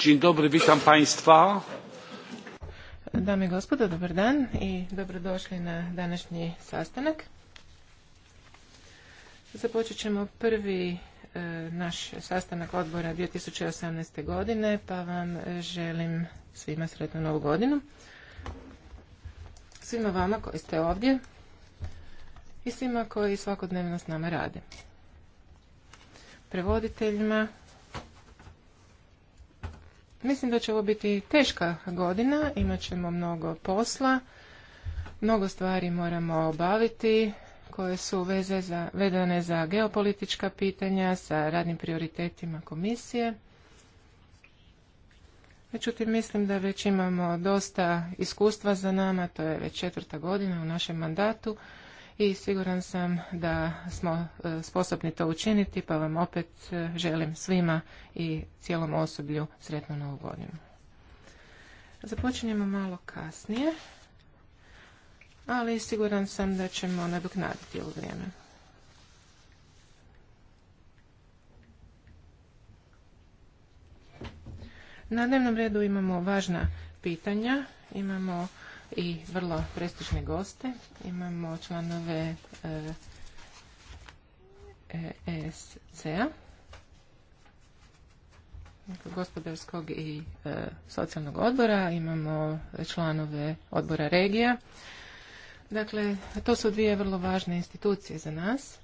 Dzień dobry, witam Państwa. Dame i gospodo, dobar dan i dobrodošli na današnji sastanak. Započet ćemo prvi e, naš sastanak odbora 2018. godine, pa vam želim svima sretnu novu godinu. Svima vama koji ste ovdje i svima koji svakodnevno s nama rade. Prevoditeljima, Mislim da će ovo biti teška godina, imat ćemo mnogo posla, mnogo stvari moramo obaviti koje su veze za, vedane za geopolitička pitanja sa radnim prioritetima komisije. Međutim, mislim da već imamo dosta iskustva za nama, to je već četvrta godina u našem mandatu i siguran sam da smo e, sposobni to učiniti, pa vam opet e, želim svima i cijelom osoblju sretnu novu godinu. Započinjemo malo kasnije, ali siguran sam da ćemo nadoknaditi ovo vrijeme. Na dnevnom redu imamo važna pitanja. Imamo i vrlo prestižne goste. Imamo članove ESC-a, e, e gospodarskog i e, socijalnog odbora, imamo članove odbora regija. Dakle, to su dvije vrlo važne institucije za nas.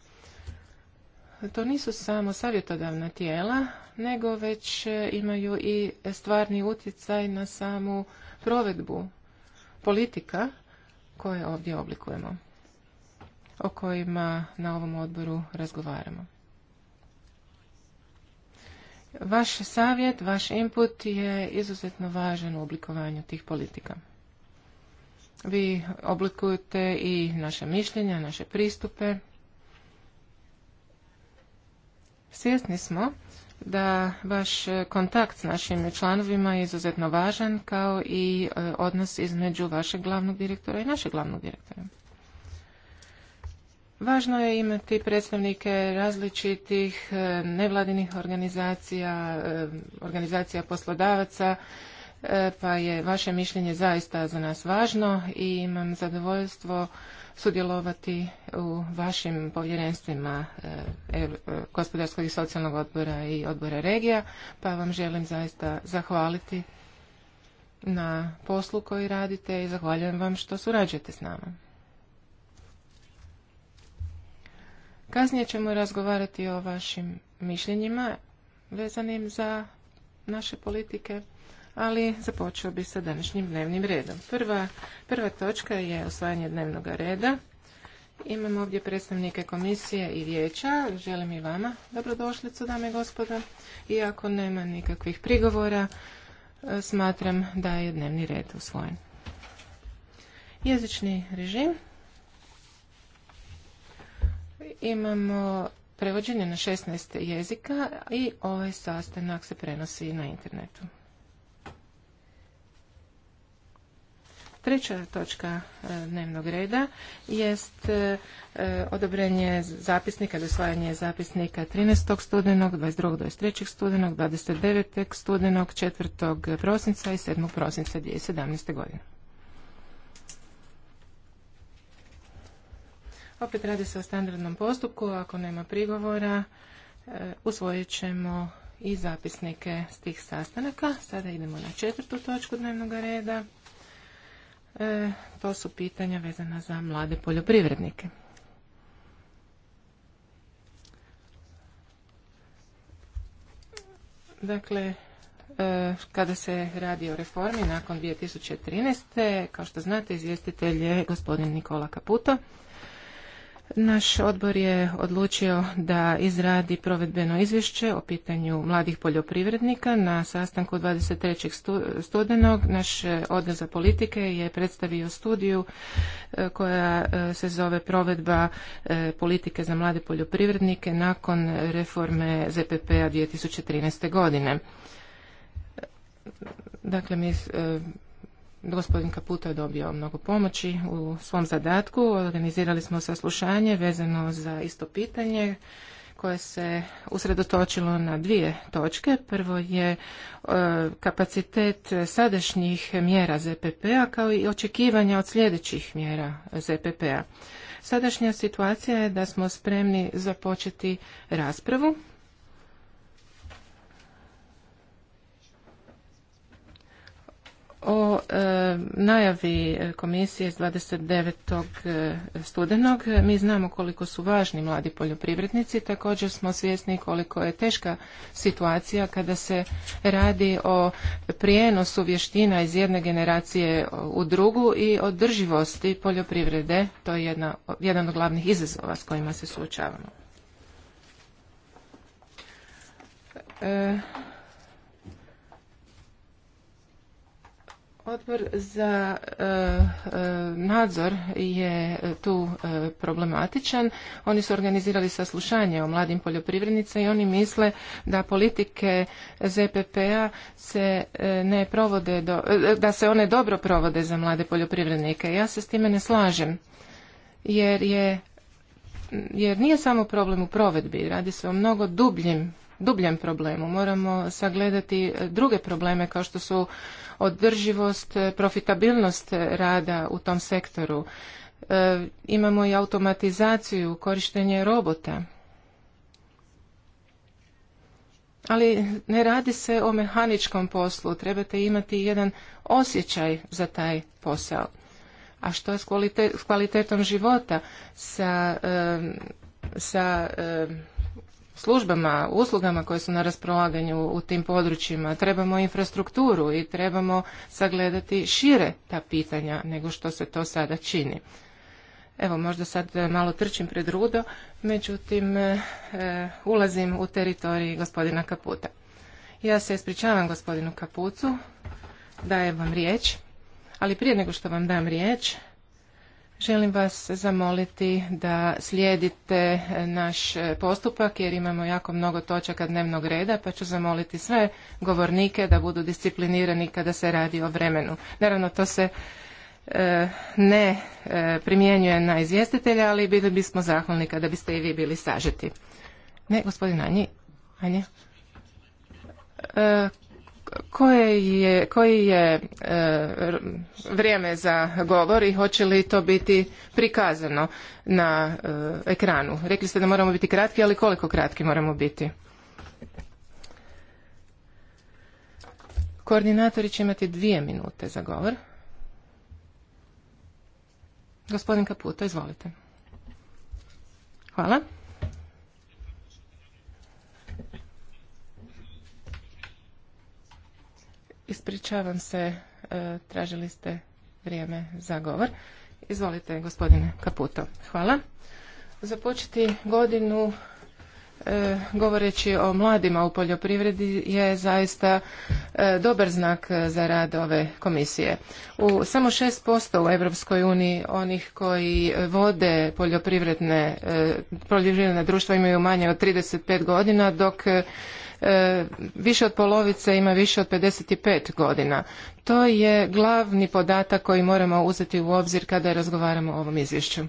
To nisu samo savjetodavna tijela, nego već imaju i stvarni utjecaj na samu provedbu politika koje ovdje oblikujemo, o kojima na ovom odboru razgovaramo. Vaš savjet, vaš input je izuzetno važan u oblikovanju tih politika. Vi oblikujete i naše mišljenja, naše pristupe. Svjesni smo da vaš kontakt s našim članovima je izuzetno važan kao i e, odnos između vašeg glavnog direktora i našeg glavnog direktora. Važno je imati predstavnike različitih e, nevladinih organizacija, e, organizacija poslodavaca, pa je vaše mišljenje zaista za nas važno i imam zadovoljstvo sudjelovati u vašim povjerenstvima e, e, gospodarskog i socijalnog odbora i odbora regija, pa vam želim zaista zahvaliti na poslu koji radite i zahvaljujem vam što surađujete s nama. Kasnije ćemo razgovarati o vašim mišljenjima vezanim za naše politike ali započeo bi sa današnjim dnevnim redom. Prva, prva točka je osvajanje dnevnog reda. Imamo ovdje predstavnike komisije i vijeća. Želim i vama dobrodošlicu, dame i gospodo. Iako nema nikakvih prigovora, e, smatram da je dnevni red usvojen. Jezični režim. Imamo prevođenje na 16 jezika i ovaj sastanak se prenosi na internetu. Treća točka e, dnevnog reda jest e, e, odobrenje zapisnika, dosvajanje zapisnika 13. studenog, 22. 23. studenog, 29. studenog, 4. prosinca i 7. prosinca 2017. godine. Opet radi se o standardnom postupku, ako nema prigovora, usvojit ćemo i zapisnike s tih sastanaka. Sada idemo na četvrtu točku dnevnog reda. E, to su pitanja vezana za mlade poljoprivrednike. Dakle, e, kada se radi o reformi nakon 2013. Kao što znate, izvjestitelj je gospodin Nikola Kaputo. Naš odbor je odlučio da izradi provedbeno izvješće o pitanju mladih poljoprivrednika. Na sastanku 23. studenog naš odbor za politike je predstavio studiju e, koja e, se zove provedba e, politike za mlade poljoprivrednike nakon reforme ZPP-a 2013. godine. Dakle, mi Gospodin Kaputa je dobio mnogo pomoći u svom zadatku. Organizirali smo saslušanje vezano za isto pitanje koje se usredotočilo na dvije točke. Prvo je e, kapacitet sadašnjih mjera ZPP-a kao i očekivanja od sljedećih mjera ZPP-a. Sadašnja situacija je da smo spremni započeti raspravu o e, najavi komisije iz 29. E, studenog. Mi znamo koliko su važni mladi poljoprivrednici, također smo svjesni koliko je teška situacija kada se radi o prijenosu vještina iz jedne generacije u drugu i održivosti poljoprivrede. To je jedan od glavnih izazova s kojima se suočavamo. E, Odbor za e, e, nadzor je e, tu problematičan. Oni su organizirali saslušanje o mladim poljoprivrednicima i oni misle da politike ZPP-a se ne provode, do, da se one dobro provode za mlade poljoprivrednike. Ja se s time ne slažem jer jer nije samo problem u provedbi, radi se o mnogo dubljim dubljem problemu. Moramo sagledati e, druge probleme kao što su održivost, e, profitabilnost rada u tom sektoru. E, imamo i automatizaciju, korištenje robota. Ali ne radi se o mehaničkom poslu, trebate imati jedan osjećaj za taj posao. A što je s, kvalitetom života, sa, sa službama, uslugama koje su na raspolaganju u tim područjima, trebamo infrastrukturu i trebamo sagledati šire ta pitanja nego što se to sada čini. Evo, možda sad malo trčim pred rudo, međutim, e, ulazim u teritorij gospodina Kaputa. Ja se ispričavam gospodinu Kapucu, dajem vam riječ, ali prije nego što vam dam riječ, Želim vas zamoliti da slijedite naš postupak jer imamo jako mnogo točaka dnevnog reda pa ću zamoliti sve govornike da budu disciplinirani kada se radi o vremenu. Naravno to se e, ne e, primjenjuje na izvjestitelja, ali bili bismo zahvalni kada biste i vi bili sažeti. Ne, gospodin e, koje je, koji je e, vrijeme za govor i hoće li to biti prikazano na e, ekranu? Rekli ste da moramo biti kratki, ali koliko kratki moramo biti? Koordinatori će imati dvije minute za govor. Gospodin Kaputo, izvolite. Hvala. Ispričavam se, e, tražili ste vrijeme za govor. Izvolite, gospodine Kaputo. Hvala. Započeti godinu e, govoreći o mladima u poljoprivredi je zaista e, dobar znak za rad ove komisije. U samo 6% u Europskoj uniji onih koji vode poljoprivredne, poljoprivredne društva imaju manje od 35 godina, dok E, više od polovice ima više od 55 godina. To je glavni podatak koji moramo uzeti u obzir kada razgovaramo o ovom izvješću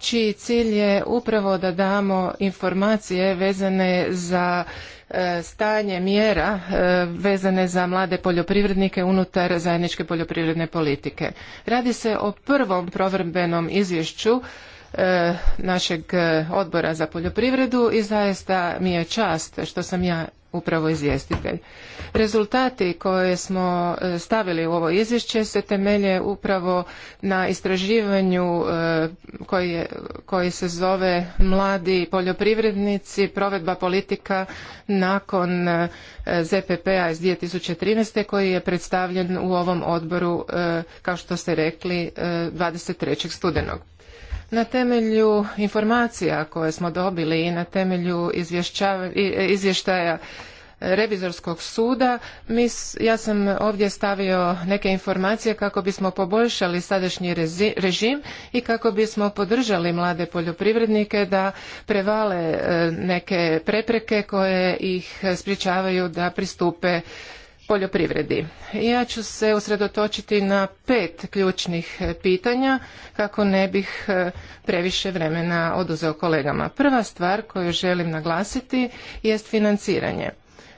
čiji cilj je upravo da damo informacije vezane za e, stanje mjera e, vezane za mlade poljoprivrednike unutar zajedničke poljoprivredne politike. Radi se o prvom provrbenom izvješću E, našeg e, odbora za poljoprivredu i zaista mi je čast što sam ja upravo izvjestitelj. Rezultati koje smo e, stavili u ovo izvješće se temelje upravo na istraživanju koji se zove Mladi poljoprivrednici, provedba politika nakon ZPP-a iz 2013. koji je predstavljen u ovom odboru, kao što ste rekli, 23. studenog. Na temelju informacija koje smo dobili i na temelju e, izvještaja revizorskog suda ja sam ovdje stavio neke informacije kako bismo poboljšali sadašnji režim i kako bismo podržali mlade poljoprivrednike da prevale e, neke prepreke koje ih e, sprječavaju da pristupe poljoprivredi. Ja ću se usredotočiti na pet ključnih pitanja kako ne bih e, previše vremena oduzeo kolegama. Prva stvar koju želim naglasiti jest financiranje.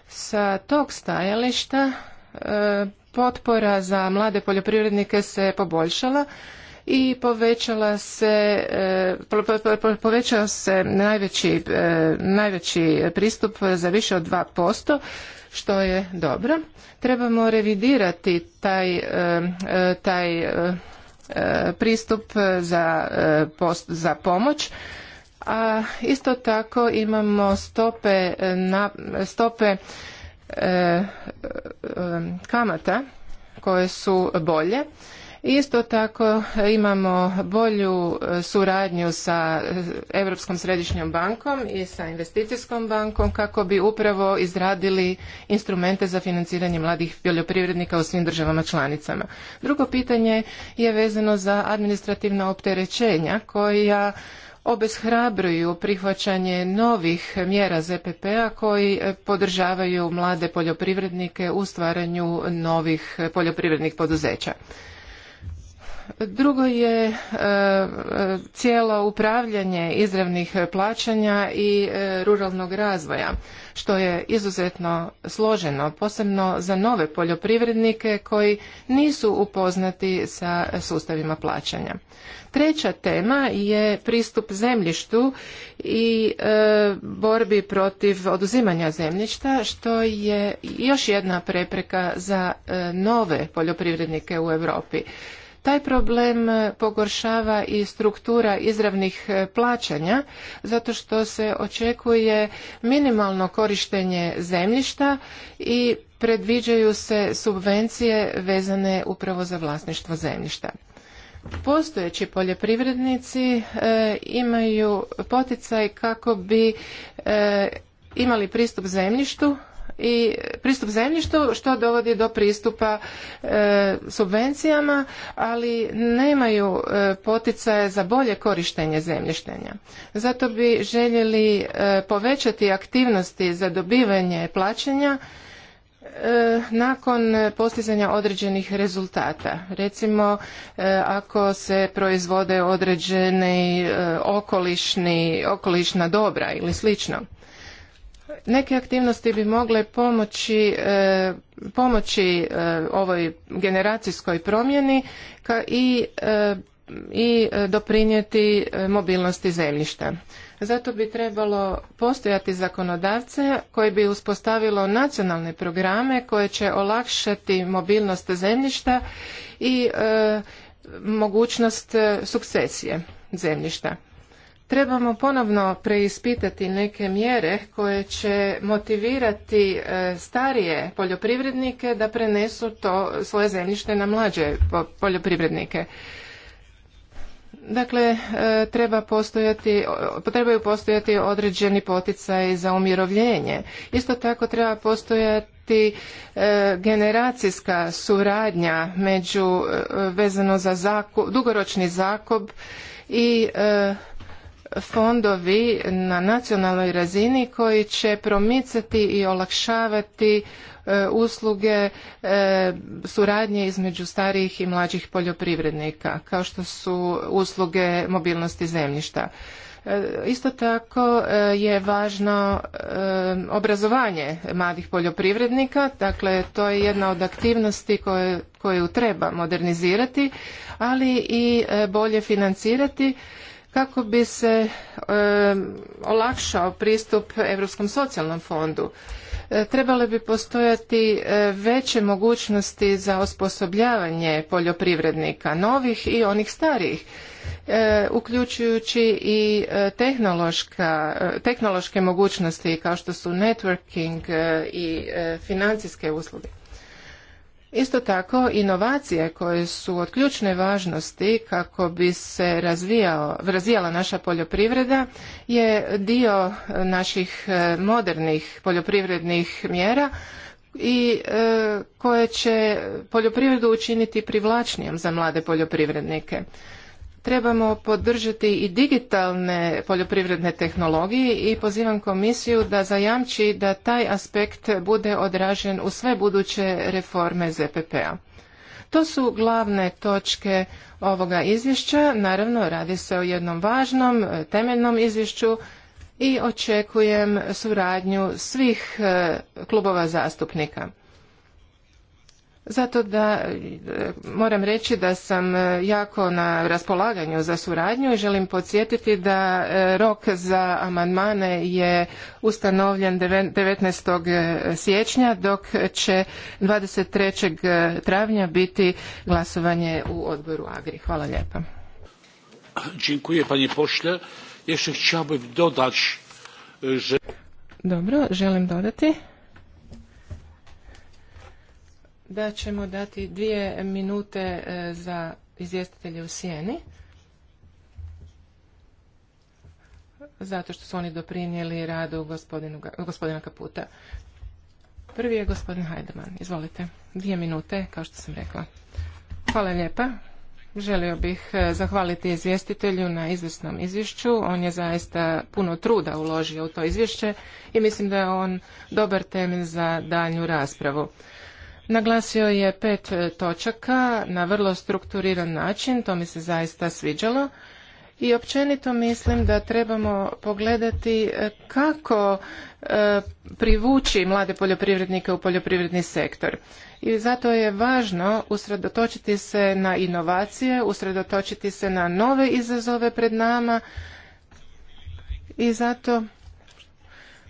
Sa tog stajališta e, potpora za mlade poljoprivrednike se poboljšala i povećala se, e, povećao se najveći, e, najveći pristup za više od 2%, što je dobro. Trebamo revidirati taj, e, taj pristup za, pomoć a isto tako imamo stope, stope kamata koje su bolje Isto tako imamo bolju e, suradnju sa e, Europskom središnjom bankom i sa investicijskom bankom kako bi upravo izradili instrumente za financiranje mladih poljoprivrednika u svim državama članicama. Drugo pitanje je vezano za administrativna opterećenja koja obeshrabruju prihvaćanje novih mjera ZPP-a koji e, podržavaju mlade poljoprivrednike u stvaranju novih poljoprivrednih poduzeća. Drugo je e, cijelo upravljanje izravnih plaćanja i e, ruralnog razvoja, što je izuzetno složeno, posebno za nove poljoprivrednike koji nisu upoznati sa sustavima plaćanja. Treća tema je pristup zemljištu i e, borbi protiv oduzimanja zemljišta, što je još jedna prepreka za nove poljoprivrednike u Europi taj problem e, pogoršava i struktura izravnih e, plaćanja zato što se očekuje minimalno korištenje zemljišta i predviđaju se subvencije vezane upravo za vlasništvo zemljišta. Postojeći poljoprivrednici e, imaju poticaj kako bi imali pristup zemljištu i pristup zemljištu što dovodi do pristupa e, subvencijama, ali nemaju e, poticaje za bolje korištenje zemljištenja. Zato bi željeli e, povećati aktivnosti za dobivanje plaćanja nakon postizanja određenih rezultata. Recimo, ako se proizvode određeni okolišni, okolišna dobra ili slično. Neke aktivnosti bi mogle pomoći, e, pomoći e, ovoj generacijskoj promjeni i e, i doprinijeti mobilnosti zemljišta. Zato bi trebalo postojati zakonodavce koji bi uspostavilo nacionalne programe koje će olakšati mobilnost zemljišta i mogućnost sukcesije zemljišta trebamo ponovno preispitati neke mjere koje će motivirati e, starije poljoprivrednike da prenesu to svoje zemljište na mlađe poljoprivrednike. Dakle, e, treba postojati, trebaju postojati određeni poticaj za umirovljenje. Isto tako treba postojati e, generacijska suradnja među vezano za zakup, dugoročni zakup i fondovi na nacionalnoj razini koji će promicati i olakšavati e, usluge e, suradnje između starijih i mlađih poljoprivrednika kao što su usluge mobilnosti zemljišta. E, isto tako je važno obrazovanje mladih poljoprivrednika, dakle to je jedna od aktivnosti koje, koju treba modernizirati, ali i bolje financirati kako bi se olakšao pristup Europskom socijalnom fondu e, trebale bi postojati e, veće mogućnosti za osposobljavanje poljoprivrednika novih i onih starijih e, uključujući i tehnološke mogućnosti kao što su networking i financijske usluge Isto tako, inovacije koje su od ključne važnosti kako bi se razvijao, razvijala naša poljoprivreda je dio e, naših e, modernih poljoprivrednih mjera i e, koje će poljoprivredu učiniti privlačnijom za mlade poljoprivrednike trebamo podržati i digitalne poljoprivredne tehnologije i pozivam komisiju da zajamči da taj aspekt bude odražen u sve buduće reforme ZPP-a. To su glavne točke ovoga izvješća. Naravno, radi se o jednom važnom, e, temeljnom izvješću i očekujem suradnju svih e, klubova zastupnika zato da e, moram reći da sam e, jako na raspolaganju za suradnju i želim podsjetiti da e, rok za amandmane je ustanovljen 19. siječnja dok će 23. travnja biti glasovanje u odboru Agri. Hvala lijepa. Dziękuję panie Jeszcze chciałbym dodać, że... Dobro, želim dodati da ćemo dati dvije minute e, za izvjestitelje u sjeni. zato što su oni doprinijeli radu gospodina Kaputa. Prvi je gospodin Hajdeman. Izvolite. Dvije minute, kao što sam rekla. Hvala lijepa. Želio bih e, zahvaliti izvjestitelju na izvrsnom izvješću. On je zaista puno truda uložio u to izvješće i mislim da je on dobar temelj za daljnju raspravu. Naglasio je pet e, točaka na vrlo strukturiran način, to mi se zaista sviđalo. I općenito mislim da trebamo pogledati e, kako e, privući mlade poljoprivrednike u poljoprivredni sektor. I zato je važno usredotočiti se na inovacije, usredotočiti se na nove izazove pred nama i zato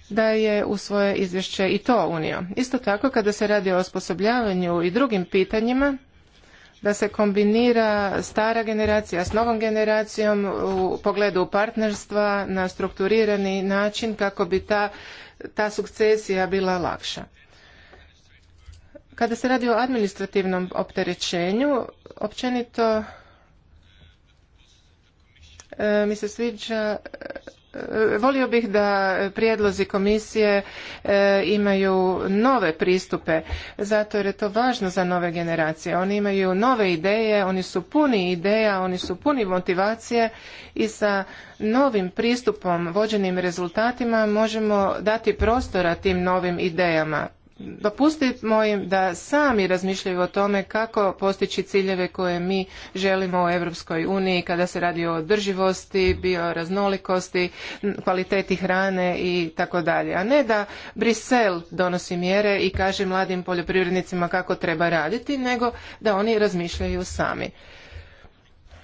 da je u svoje izvješće i to unio. Isto tako kada se radi o osposobljavanju i drugim pitanjima, da se kombinira stara generacija s novom generacijom u pogledu partnerstva na strukturirani način kako bi ta, ta sukcesija bila lakša. Kada se radi o administrativnom opterećenju, općenito e, mi se sviđa E, volio bih da prijedlozi komisije e, imaju nove pristupe zato jer je to važno za nove generacije oni imaju nove ideje oni su puni ideja oni su puni motivacije i sa novim pristupom vođenim rezultatima možemo dati prostora tim novim idejama dopustimo im da sami razmišljaju o tome kako postići ciljeve koje mi želimo u Europskoj uniji kada se radi o održivosti, bioraznolikosti, kvaliteti hrane i tako dalje. A ne da Brisel donosi mjere i kaže mladim poljoprivrednicima kako treba raditi, nego da oni razmišljaju sami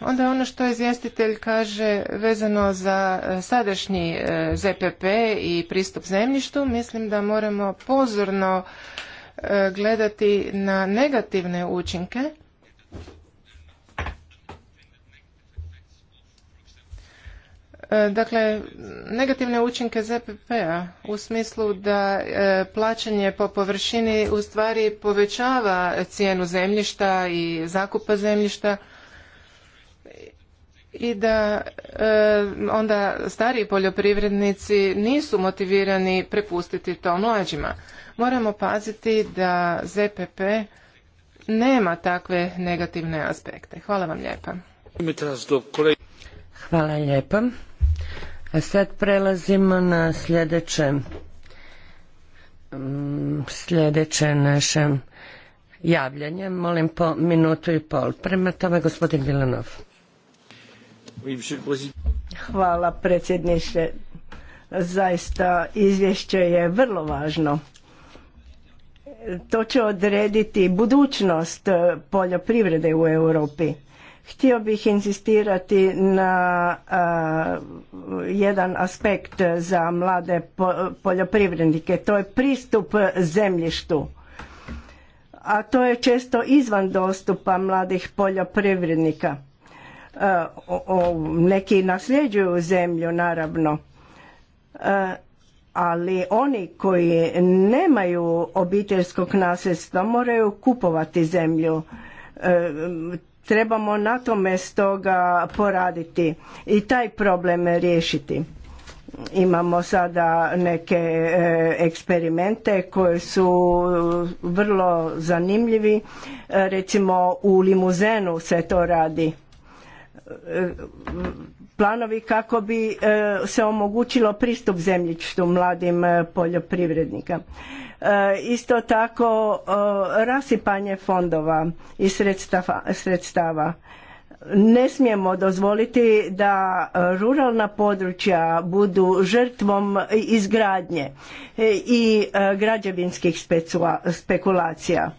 onda ono što izvjestitelj kaže vezano za e, sadašnji e, ZPP i pristup zemljištu, mislim da moramo pozorno e, gledati na negativne učinke Dakle, negativne učinke ZPP-a u smislu da plaćanje po površini u stvari povećava cijenu zemljišta i zakupa zemljišta i da e, onda stariji poljoprivrednici nisu motivirani prepustiti to mlađima. Moramo paziti da ZPP nema takve negativne aspekte. Hvala vam lijepa. Hvala lijepa. A sad prelazimo na sljedeće mm, sljedeće naše javljanje. Molim po minutu i pol. Prema tome gospodin Milanov. Hvala predsjedniče. Zaista izvješće je vrlo važno. To će odrediti budućnost eh, poljoprivrede u Europi. Htio bih insistirati na eh, jedan aspekt za mlade poljoprivrednike, to je pristup zemljištu. A to je često izvan dostupa mladih poljoprivrednika E, o, neki nasljeđuju zemlju naravno e, ali oni koji nemaju obiteljskog nasljedstva moraju kupovati zemlju e, trebamo na tome stoga poraditi i taj problem riješiti imamo sada neke eksperimente koji su vrlo zanimljivi recimo u limuzenu se to radi planovi kako bi e, se omogućilo pristup zemljištu mladim e, poljoprivrednika. E, isto tako rasipanje fondova i sredstava. Ne smijemo dozvoliti da ruralna područja budu žrtvom izgradnje i građevinskih spekulacija.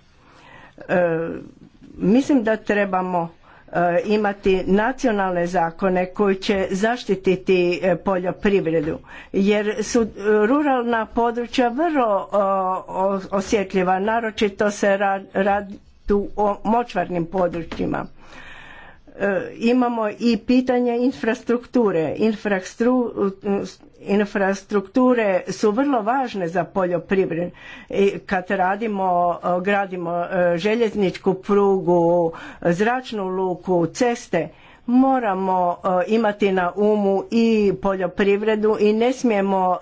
Mislim da trebamo E, imati nacionalne zakone koji će zaštititi e, poljoprivredu jer su e, ruralna područja vrlo osjetljiva naročito se radi tu o močvarnim područjima E, imamo i pitanje infrastrukture. E, infrastrukture su vrlo važne za poljoprivredu. E, kad radimo, gradimo željezničku prugu, zračnu luku, ceste, moramo imati na umu i poljoprivredu i ne smijemo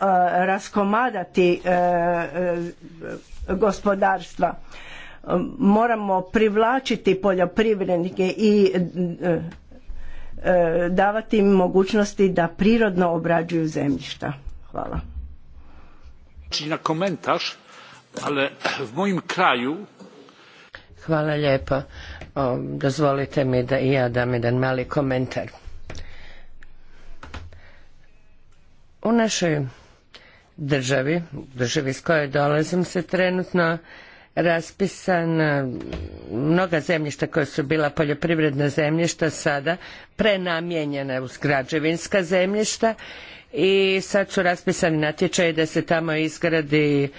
raskomadati gospodarstva moramo privlačiti poljoprivrednike i e, e, davati im mogućnosti da prirodno obrađuju zemljišta. Hvala. Znači na komentar, ali v mojim kraju... Hvala lijepo. dozvolite mi da i ja dam jedan mali komentar. U našoj državi, državi s koje dolazim se trenutno raspisan e, mnoga zemljišta koja su bila poljoprivredna zemljišta sada prenamijenjena uz građevinska zemljišta i sad su raspisani natječaji da se tamo izgradi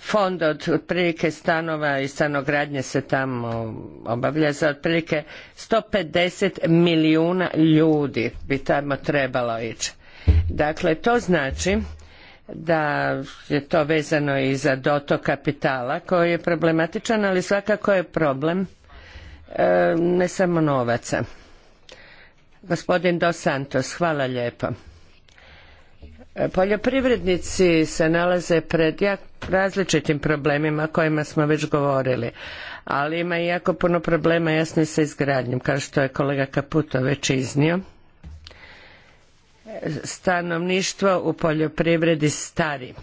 fond od otprilike stanova i stanogradnje se tamo obavlja za otprilike 150 milijuna ljudi bi tamo trebalo ići. Dakle, to znači da je to vezano i za dotok kapitala koji je problematičan, ali svakako je problem e, ne samo novaca. Gospodin Dos Santos, hvala lijepo. E, poljoprivrednici se nalaze pred različitim problemima o kojima smo već govorili, ali ima i jako puno problema jasno i sa izgradnjom, kao što je kolega Kaputo već iznio stanovništvo u poljoprivredi stari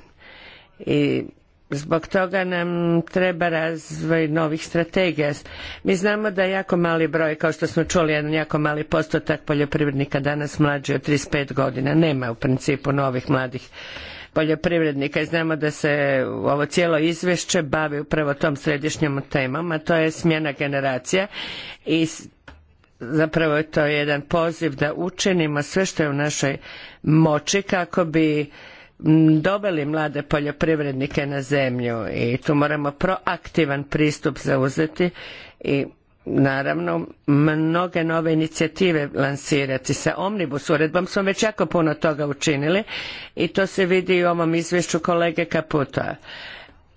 i zbog toga nam treba razvoj novih strategija. Mi znamo da je jako mali broj, kao što smo čuli, jedan jako mali postotak poljoprivrednika danas mlađi od 35 godina. Nema u principu novih mladih poljoprivrednika i znamo da se ovo cijelo izvješće bavi upravo tom središnjom temom, a to je smjena generacija i zapravo je to jedan poziv da učinimo sve što je u našoj moći kako bi dobili mlade poljoprivrednike na zemlju i tu moramo proaktivan pristup zauzeti i naravno mnoge nove inicijative lansirati. Sa Omnibus uredbom smo već jako puno toga učinili i to se vidi i u ovom izvješću kolege Kaputa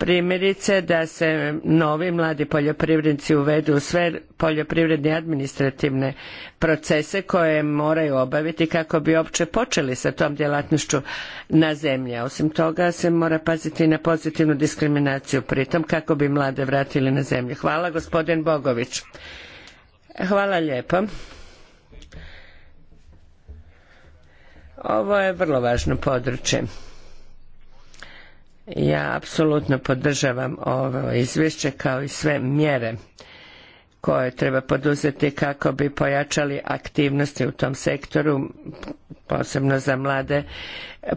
primjerice da se novi mladi poljoprivrednici uvedu u sve poljoprivredne administrativne procese koje moraju obaviti kako bi uopće počeli sa tom djelatnošću na zemlji. osim toga se mora paziti na pozitivnu diskriminaciju pritom kako bi mlade vratili na zemlju. Hvala gospodin Bogović. Hvala lijepo. Ovo je vrlo važno područje. Ja apsolutno podržavam ovo izvješće kao i sve mjere koje treba poduzeti kako bi pojačali aktivnosti u tom sektoru, posebno za mlade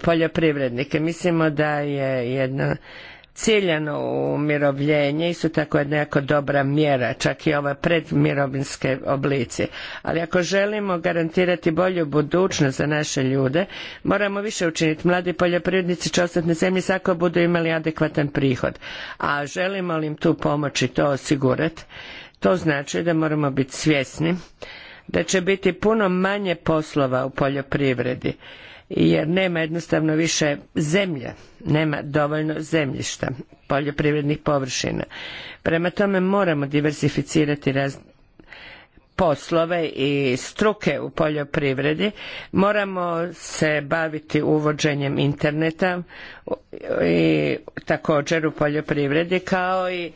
poljoprivrednike. Mislimo da je jedna ciljano umirovljenje isto tako je jako dobra mjera čak i ova predmirovinske oblici ali ako želimo garantirati bolju budućnost za naše ljude moramo više učiniti mladi poljoprivrednici će ostati na zemlji ako budu imali adekvatan prihod a želimo li im tu pomoći to osigurati to znači da moramo biti svjesni da će biti puno manje poslova u poljoprivredi jer nema jednostavno više zemlje, nema dovoljno zemljišta, poljoprivrednih površina. Prema tome moramo diversificirati raz poslove i struke u poljoprivredi moramo se baviti uvođenjem interneta i također u poljoprivredi kao i e,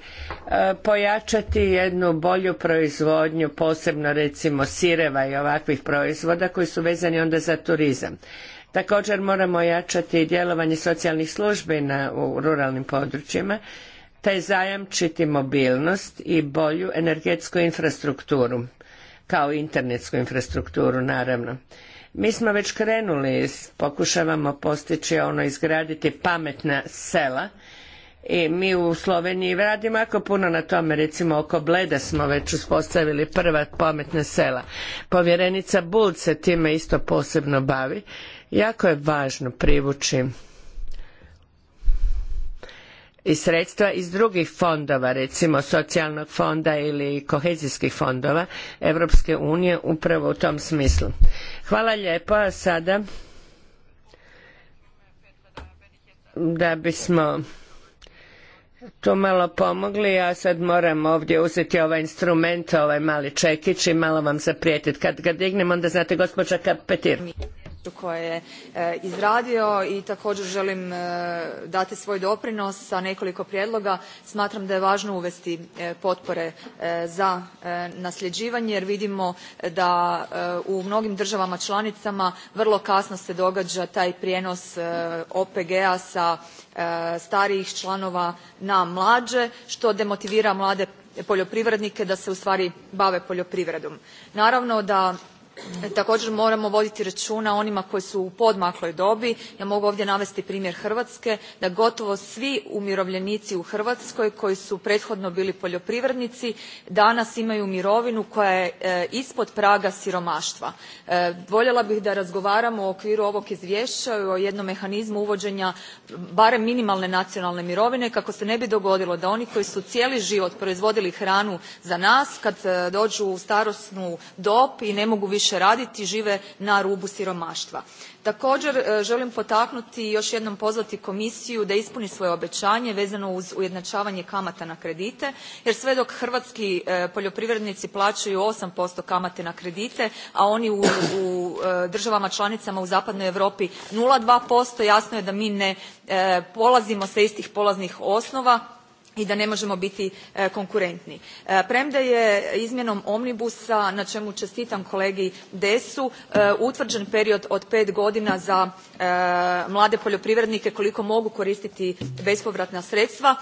pojačati jednu bolju proizvodnju posebno recimo sireva i ovakvih proizvoda koji su vezani onda za turizam Također moramo jačati djelovanje socijalnih službi na, u ruralnim područjima te zajamčiti mobilnost i bolju energetsku infrastrukturu kao internetsku infrastrukturu naravno. Mi smo već krenuli, pokušavamo postići ono izgraditi pametna sela i mi u Sloveniji radimo jako puno na tome, recimo oko Bleda smo već uspostavili prva pametna sela. Povjerenica Bulc se time isto posebno bavi Jako je važno privući i sredstva iz drugih fondova, recimo socijalnog fonda ili kohezijskih fondova Europske unije upravo u tom smislu. Hvala lijepo, a sada da bismo tu malo pomogli, ja sad moram ovdje uzeti ovaj instrument, ovaj mali čekić i malo vam zaprijetiti. Kad ga dignem onda znate gospođa Kapetir koje je e, izradio i također želim e, dati svoj doprinos sa nekoliko prijedloga. Smatram da je važno uvesti e, potpore za nasljeđivanje jer vidimo da u mnogim državama članicama vrlo kasno se događa taj prijenos OPG-a sa starijih članova na mlađe što demotivira mlade poljoprivrednike da se ustvari bave poljoprivredom. Naravno da također moramo voditi računa o onima koji su u poodmakloj dobi ja mogu ovdje navesti primjer hrvatske da gotovo svi umirovljenici u hrvatskoj koji su prethodno bili poljoprivrednici danas imaju mirovinu koja je e, ispod praga siromaštva. E, voljela bih da razgovaramo u okviru ovog izvješća o jednom mehanizmu uvođenja barem minimalne nacionalne mirovine kako se ne bi dogodilo da oni koji su cijeli život proizvodili hranu za nas kad e, dođu u starosnu dob i ne mogu više više raditi žive na rubu siromaštva. također e, želim potaknuti i još jednom pozvati komisiju da ispuni svoje obećanje vezano uz ujednačavanje kamata na kredite jer sve dok hrvatski e, poljoprivrednici plaćaju 8% kamate na kredite a oni u, e, državama članicama u zapadnoj europi 0,2%, jasno je da mi ne polazimo sa istih polaznih osnova i da ne možemo biti e, konkurentni. E, premda je izmjenom omnibusa, na čemu čestitam kolegi Desu, e, utvrđen period od pet godina za mlade poljoprivrednike koliko mogu koristiti bespovratna sredstva,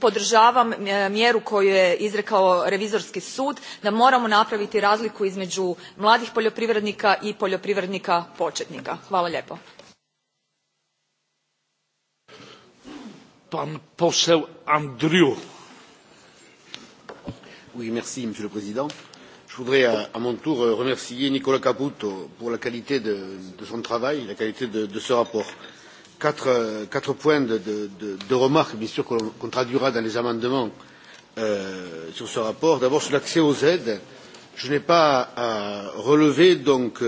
podržavam mjeru koju je izrekao revizorski sud da moramo napraviti razliku između mladih poljoprivrednika i poljoprivrednika početnika. Hvala lijepo. merci, Monsieur le Président. Je voudrais à, mon tour euh, remercier Nicolas Caputo pour la qualité de, son travail, la qualité de, ce rapport. Quatre, euh, points de, de remarques, bien sûr, qu'on traduira dans les amendements euh, sur ce rapport. D'abord, sur l'accès aux aides, je n'ai pas à relever donc,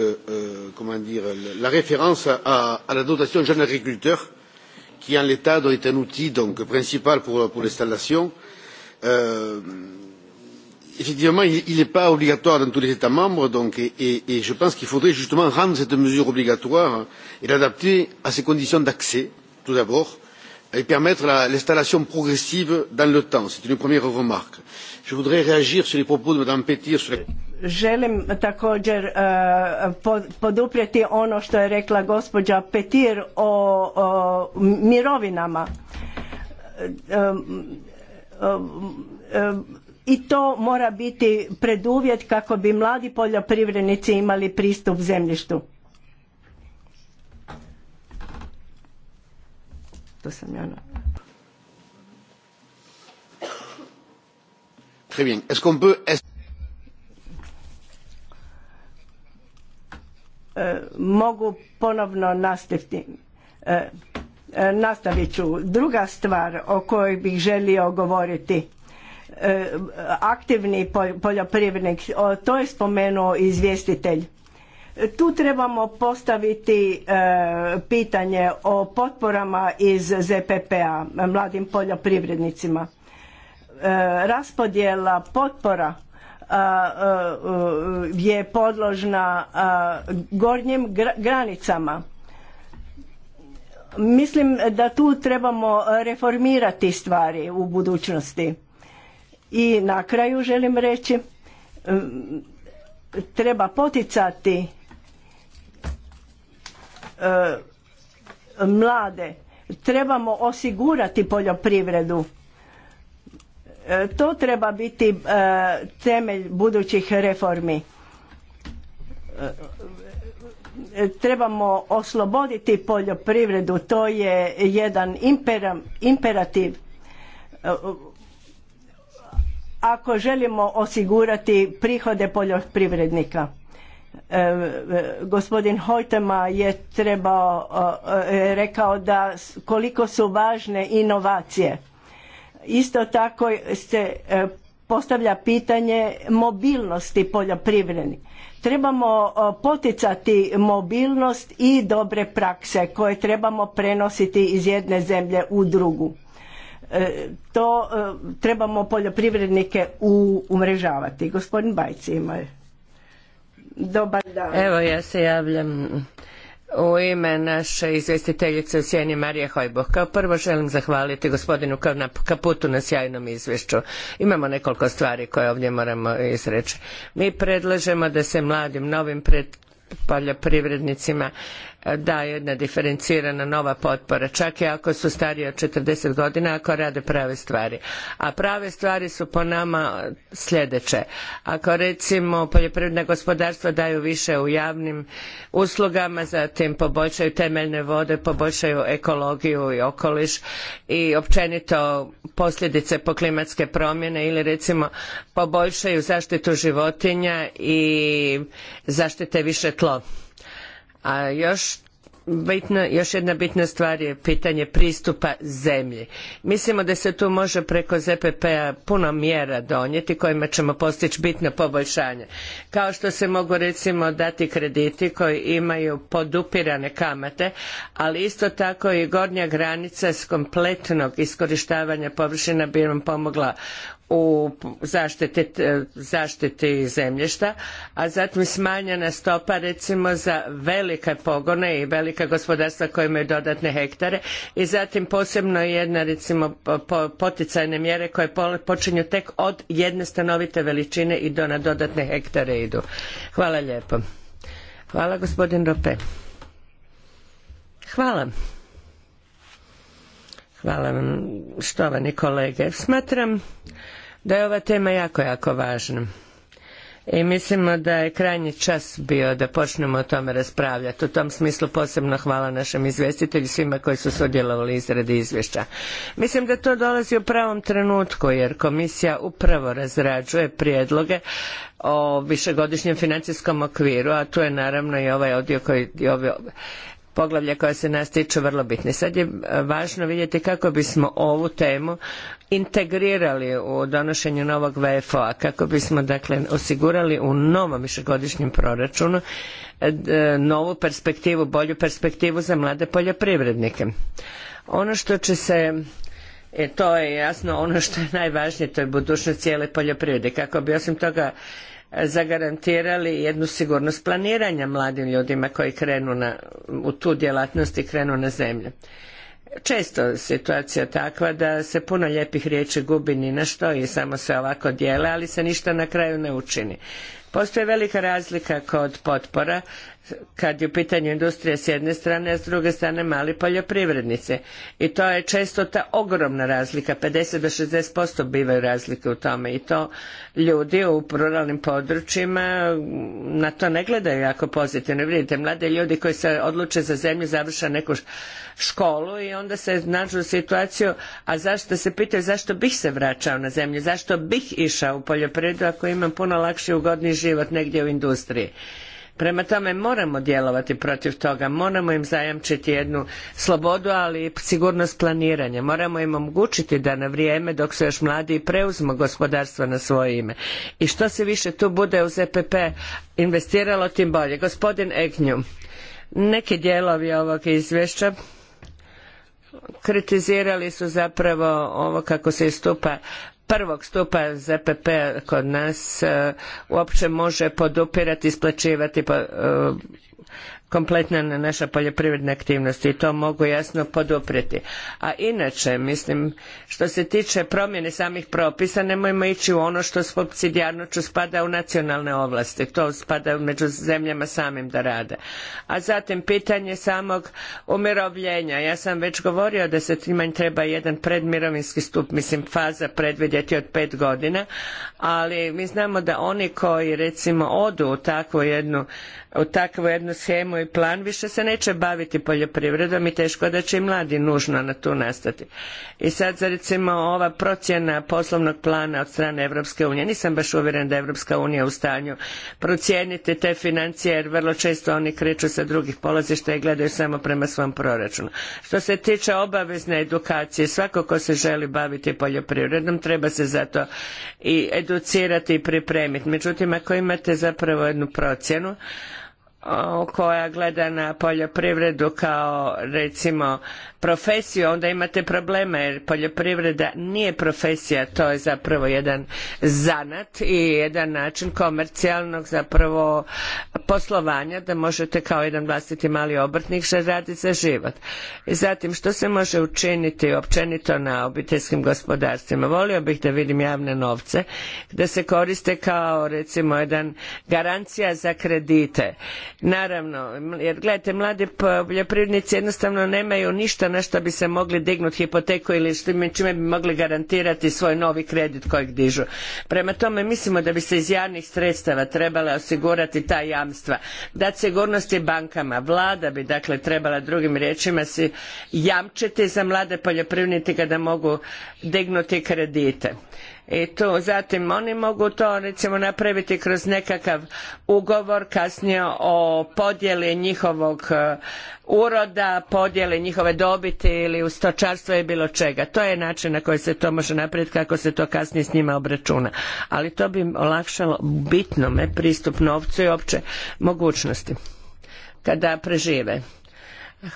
comment dire, la référence à, la dotation jeunes agriculteurs qui en l'état doit être un outil donc, principal pour, pour l'installation. Euh, effectivement il n'est pas obligatoire dans tous les états membres donc, et, et je pense qu'il faudrait justement rendre cette mesure obligatoire et l'adapter à ses conditions d'accès tout d'abord et permettre l'installation progressive dans le temps. C'est une première remarque. Je voudrais réagir sur les propos de Mme Petir sur la... Želim također e, poduprijeti ono što je rekla gospođa Petir o, mirovinama. E, e, I to mora biti preduvjet kako bi mladi poljoprivrednici imali pristup zemljištu To sam ja e, Mogu ponovno nastaviti. E, e, nastavit ću. Druga stvar o kojoj bih želio govoriti aktivni poljoprivrednik to je spomenuo izvjestitelj tu trebamo postaviti e, pitanje o potporama iz ZPP-a mladim poljoprivrednicima. E, raspodjela potpora e, je podložna gornjim granicama. Mislim da tu trebamo reformirati stvari u budućnosti. I na kraju želim reći treba poticati E, mlade. Trebamo osigurati poljoprivredu. E, to treba biti e, temelj budućih reformi. Trebamo osloboditi poljoprivredu, to je jedan imperativ ako želimo osigurati prihode poljoprivrednika Gospodin Hojtema je trebao, e, e, rekao da koliko su važne inovacije. Isto tako se e, postavlja pitanje mobilnosti poljoprivrednih. Trebamo poticati mobilnost i dobre prakse koje trebamo prenositi iz jedne zemlje u drugu. To trebamo poljoprivrednike umrežavati. Gospodin Bajci ima Dobar dan. Evo ja se javljam u ime naše izvestiteljice u sjeni Marije Hojboh. Kao prvo želim zahvaliti gospodinu Kaputu na sjajnom izvješću. Imamo nekoliko stvari koje ovdje moramo izreći. Mi predlažemo da se mladim novim pred poljoprivrednicima daje jedna diferencirana nova potpora, čak i ako su stariji od 40 godina, ako rade prave stvari. A prave stvari su po nama sljedeće. Ako recimo poljoprivredna gospodarstva daju više u javnim uslugama, zatim poboljšaju temeljne vode, poboljšaju ekologiju i okoliš i općenito posljedice po klimatske promjene ili recimo poboljšaju zaštitu životinja i zaštite više tlo a još jedna bitna stvar je pitanje pristupa zemlji. Mislimo da se tu može preko ZPP-a puno mjera donijeti kojima ćemo postići bitna poboljšanja. Kao što se mogu recimo dati krediti koji imaju podupirane kamate, ali isto tako i gornja granica s kompletnog iskorištavanja površina bi nam pomogla u zaštiti, zaštiti zemljišta, a zatim smanjena stopa recimo za velike pogone i velika gospodarstva koja imaju dodatne hektare i zatim posebno jedna recimo poticajne mjere koje počinju tek od jedne stanovite veličine i do na dodatne hektare idu. Hvala lijepo. Hvala gospodin Rope. Hvala. Hvala vam, štovani kolege. Smatram da je ova tema jako, jako važna. I mislimo da je krajnji čas bio da počnemo o tome raspravljati. U tom smislu posebno hvala našem izvjestitelju svima koji su sudjelovali izradi izvješća. Mislim da to dolazi u pravom trenutku jer komisija upravo razrađuje prijedloge o višegodišnjem financijskom okviru, a tu je naravno i ovaj odio koji, je ovaj poglavlja koja se nas tiču vrlo bitni. Sad je e, važno vidjeti kako bismo ovu temu integrirali u donošenju novog VFO-a, kako bismo dakle osigurali u novom višegodišnjem proračunu e, novu perspektivu, bolju perspektivu za mlade poljoprivrednike. Ono što će se e, to je jasno ono što je najvažnije, to je budućnost cijele poljoprivrede. Kako bi osim toga zagarantirali jednu sigurnost planiranja mladim ljudima koji krenu na, u tu djelatnost i krenu na zemlju. Često je situacija takva da se puno lijepih riječi gubi ni na što i samo se ovako dijele, ali se ništa na kraju ne učini. Postoji velika razlika kod potpora kad je u pitanju industrija s jedne strane, a s druge strane mali poljoprivrednice. I to je često ta ogromna razlika, 50 do 60% bivaju razlike u tome i to ljudi u ruralnim područjima na to ne gledaju jako pozitivno. Vidite, mlade ljudi koji se odluče za zemlju završa neku školu i onda se nađu u situaciju, a zašto se pitaju zašto bih se vraćao na zemlju, zašto bih išao u poljoprivredu ako imam puno lakši i ugodniji život negdje u industriji. Prema tome moramo djelovati protiv toga, moramo im zajamčiti jednu slobodu, ali i sigurnost planiranja. Moramo im omogućiti da na vrijeme dok su još mladi preuzmu gospodarstvo na svoje ime. I što se više tu bude u ZPP investiralo, tim bolje. Gospodin Egnju, neki dijelovi ovog izvješća kritizirali su zapravo ovo kako se istupa prvog stupa ZPP kod nas e, uopće može podupirati, isplaćivati e, kompletna na naša poljoprivredna aktivnosti i to mogu jasno poduprijeti. A inače, mislim, što se tiče promjene samih propisa, nemojmo ići u ono što s spada u nacionalne ovlasti. To spada među zemljama samim da rade. A zatim pitanje samog umirovljenja. Ja sam već govorio da se njima treba jedan predmirovinski stup, mislim faza predvidjeti od pet godina, ali mi znamo da oni koji recimo odu u takvu jednu u takvu jednu shemu i plan više se neće baviti poljoprivredom i teško da će i mladi nužno na tu nastati. I sad za recimo ova procjena poslovnog plana od strane Europske unije, nisam baš uvjeren da je Europska unija u stanju procijeniti te financije jer vrlo često oni kreću sa drugih polazišta i gledaju samo prema svom proračunu. Što se tiče obavezne edukacije, svako ko se želi baviti poljoprivredom treba se zato i educirati i pripremiti. Međutim, ako imate zapravo jednu procjenu, koja gleda na poljoprivredu kao recimo profesiju onda imate probleme jer poljoprivreda nije profesija to je zapravo jedan zanat i jedan način komercijalnog zapravo poslovanja da možete kao jedan vlastiti mali obrtnik raditi za život. I zatim što se može učiniti općenito na obiteljskim gospodarstvima? Volio bih da vidim javne novce da se koriste kao recimo jedan garancija za kredite Naravno, jer gledajte, mladi poljoprivrednici jednostavno nemaju ništa na što bi se mogli dignuti hipoteku ili čime bi mogli garantirati svoj novi kredit kojeg dižu. Prema tome mislimo da bi se iz javnih sredstava trebala osigurati ta jamstva, dati sigurnosti bankama. Vlada bi dakle trebala drugim riječima si jamčiti za mlade poljoprivrednike da mogu dignuti kredite i tu zatim oni mogu to recimo napraviti kroz nekakav ugovor kasnije o podjeli njihovog e, uroda, podjeli njihove dobiti ili u stočarstvo i bilo čega. To je način na koji se to može napraviti kako se to kasnije s njima obračuna. Ali to bi olakšalo bitnome pristup novcu i opće mogućnosti kada prežive.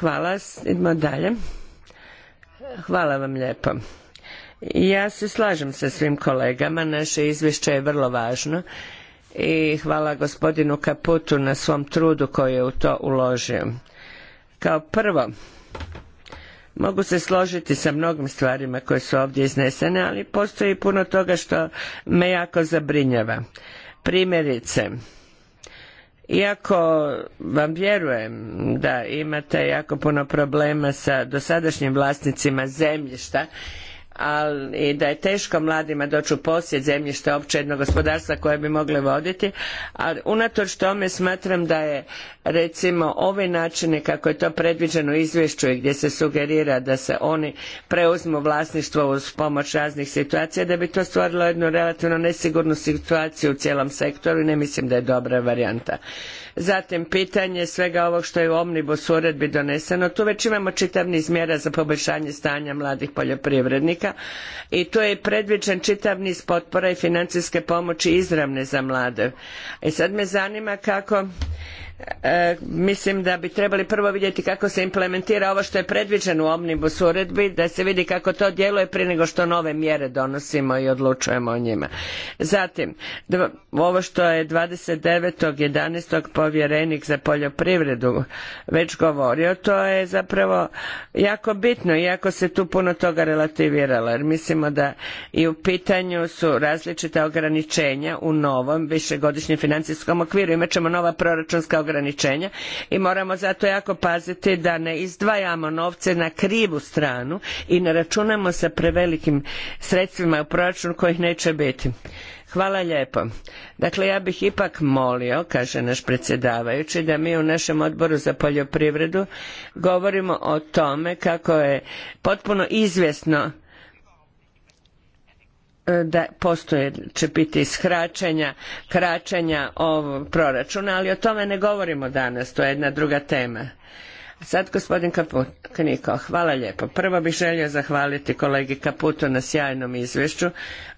Hvala, idemo dalje. Hvala vam lijepo. Ja se slažem sa svim kolegama, naše izvješće je vrlo važno i hvala gospodinu Kaputu na svom trudu koji je u to uložio. Kao prvo, mogu se složiti sa mnogim stvarima koje su ovdje iznesene, ali postoji puno toga što me jako zabrinjava. Primjerice, iako vam vjerujem da imate jako puno problema sa dosadašnjim vlasnicima zemljišta ali i da je teško mladima doći u posjed zemljišta opće jednog gospodarstva koje bi mogle voditi, ali unatoč tome smatram da je recimo ove načine kako je to predviđeno u izvješću i gdje se sugerira da se oni preuzmu vlasništvo uz pomoć raznih situacija, da bi to stvorilo jednu relativno nesigurnu situaciju u cijelom sektoru i ne mislim da je dobra varijanta zatim pitanje svega ovog što je u omnibus uredbi doneseno. Tu već imamo čitav niz mjera za poboljšanje stanja mladih poljoprivrednika i tu je predviđen čitav niz potpora i financijske pomoći izravne za mlade. E sad me zanima kako E, mislim da bi trebali prvo vidjeti kako se implementira ovo što je predviđeno u omnibus uredbi da se vidi kako to djeluje prije nego što nove mjere donosimo i odlučujemo o njima. Zatim, ovo što je 29.11. povjerenik za poljoprivredu već govorio, to je zapravo jako bitno, iako se tu puno toga relativiralo, jer mislimo da i u pitanju su različita ograničenja u novom višegodišnjem financijskom okviru. Imat ćemo nova proračunska ograničenja i moramo zato jako paziti da ne izdvajamo novce na krivu stranu i ne računamo sa prevelikim sredstvima u proračun kojih neće biti. Hvala lijepo. Dakle, ja bih ipak molio, kaže naš predsjedavajući, da mi u našem odboru za poljoprivredu govorimo o tome kako je potpuno izvjesno da postoje će biti skraćenja kraćenja ovog proračuna, ali o tome ne govorimo danas, to je jedna druga tema. Sad gospodin Kaput, hvala lijepo. Prvo bih želio zahvaliti kolegi Kaputu na sjajnom izvješću,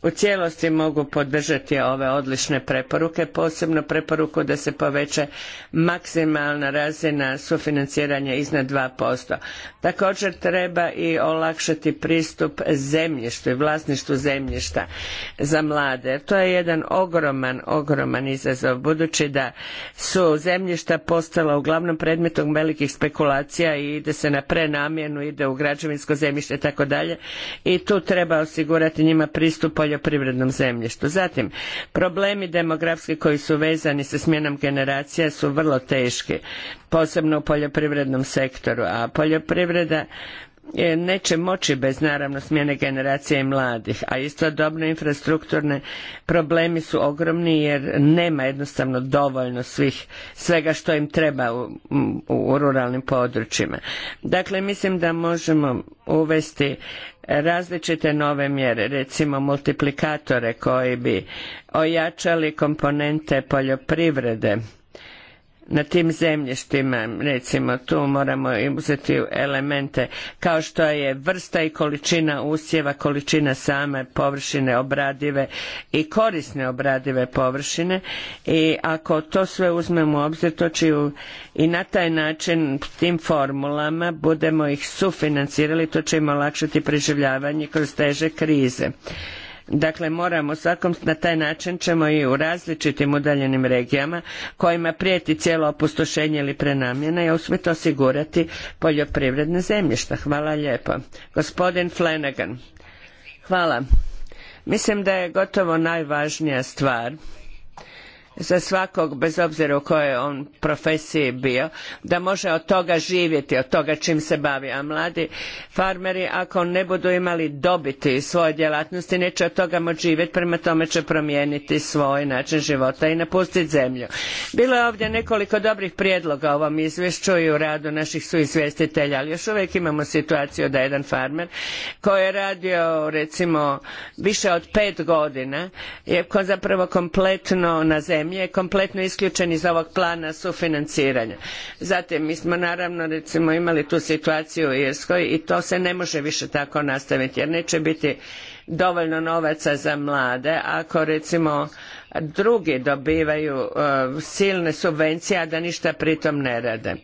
u cijelosti mogu podržati ove odlične preporuke, posebno preporuku da se poveća maksimalna razina sufinanciranja iznad 2%. Također treba i olakšati pristup zemljištu i vlasništvu zemljišta za mlade. To je jedan ogroman, ogroman izazov budući da su zemljišta postala uglavnom predmetom velikih spekulacija i ide se na prenamjenu, ide u građevinsko zemljište i tako dalje i tu treba osigurati njima pristup poljoprivrednom zemljištu. Zatim, problemi demografski koji su vezani sa smjenom generacija su vrlo teški, posebno u poljoprivrednom sektoru, a poljoprivreda e, neće moći bez naravno smjene generacije i mladih, a istodobno infrastrukturne problemi su ogromni jer nema jednostavno dovoljno svih, svega što im treba u ruralnim područjima. Dakle, mislim da možemo uvesti različite nove mjere, recimo multiplikatore koji bi ojačali komponente poljoprivrede na tim zemljištima, recimo tu moramo uzeti elemente kao što je vrsta i količina usjeva, količina same površine obradive i korisne obradive površine i ako to sve uzmemo u obzir to će i na taj način tim formulama budemo ih sufinancirali to će im olakšati preživljavanje kroz teže krize. Dakle, moramo svakom na taj način ćemo i u različitim udaljenim regijama kojima prijeti cijelo opustošenje ili prenamjena i uspjet osigurati poljoprivredne zemljišta. Hvala lijepo. Gospodin Flanagan. Hvala. Mislim da je gotovo najvažnija stvar za svakog bez obzira u kojoj on profesiji bio da može od toga živjeti od toga čim se bavi a mladi farmeri ako ne budu imali dobiti svoje djelatnosti neće od toga moći živjeti prema tome će promijeniti svoj način života i napustiti zemlju bilo je ovdje nekoliko dobrih prijedloga u ovom izvješću i u radu naših suizvjestitelja ali još uvijek imamo situaciju da jedan farmer koji je radio recimo više od pet godina je zapravo kompletno na zemlji je kompletno isključen iz ovog plana sufinanciranja. Zatim mi smo naravno recimo imali tu situaciju u Irskoj i to se ne može više tako nastaviti jer neće biti dovoljno novaca za mlade ako recimo drugi dobivaju eh, silne subvencije a da ništa pritom ne rade.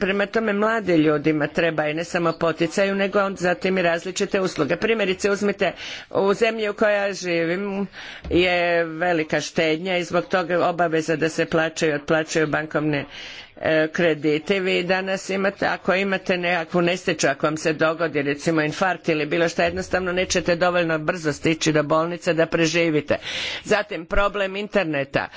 Prema tome, mlade ljudima treba ne samo poticaju, nego zatim i različite usluge. Primjerice, uzmite u zemlji u kojoj ja živim je velika štednja i zbog toga obaveza da se plaćaju, otplaćaju bankovne E, kredite. Vi danas imate, ako imate nekakvu nesreću, ako vam se dogodi recimo infarkt ili bilo šta, jednostavno nećete dovoljno brzo stići do bolnice da preživite. Zatim problem interneta,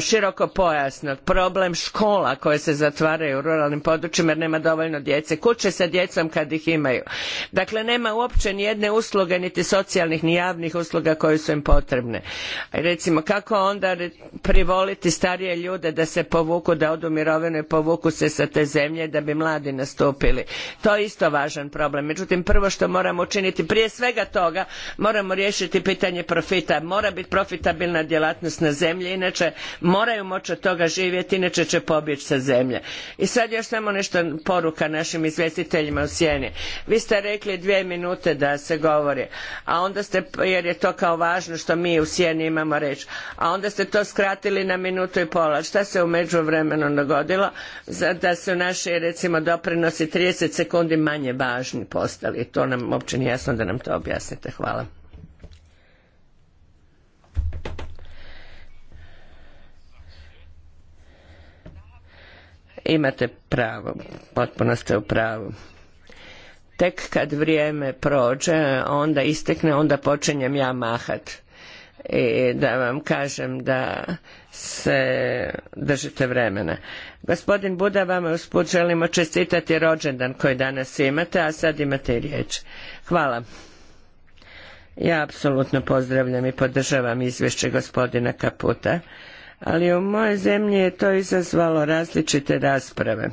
široko pojasno, problem škola koje se zatvaraju u ruralnim područjima jer nema dovoljno djece, kuće sa djecom kad ih imaju. Dakle, nema uopće ni jedne usluge, niti socijalnih, ni javnih usluga koje su im potrebne. Recimo, kako onda privoliti starije ljude da se povuku, da odu mirovinu povuku se sa te zemlje da bi mladi nastupili. To je isto važan problem. Međutim, prvo što moramo učiniti, prije svega toga, moramo riješiti pitanje profita. Mora biti profitabilna djelatnost na zemlji, inače moraju moći od toga živjeti, inače će pobjeći sa zemlje. I sad još samo nešto poruka našim izvjestiteljima u sjeni. Vi ste rekli dvije minute da se govori, a onda ste, jer je to kao važno što mi u sjeni imamo reći, a onda ste to skratili na minutu i pola. Šta se u međuvremenu dogodilo? da su naši recimo doprinosi 30 sekundi manje važni postali. To nam uopće nije jasno da nam to objasnite. Hvala. Imate pravo, potpuno ste u pravu tek kad vrijeme prođe, onda istekne, onda počinjem ja mahat i da vam kažem da se držite vremena. Gospodin Buda, vama usput želimo čestitati rođendan koji danas imate, a sad imate i riječ. Hvala. Ja apsolutno pozdravljam i podržavam izvješće gospodina Kaputa, ali u mojoj zemlji je to izazvalo različite rasprave.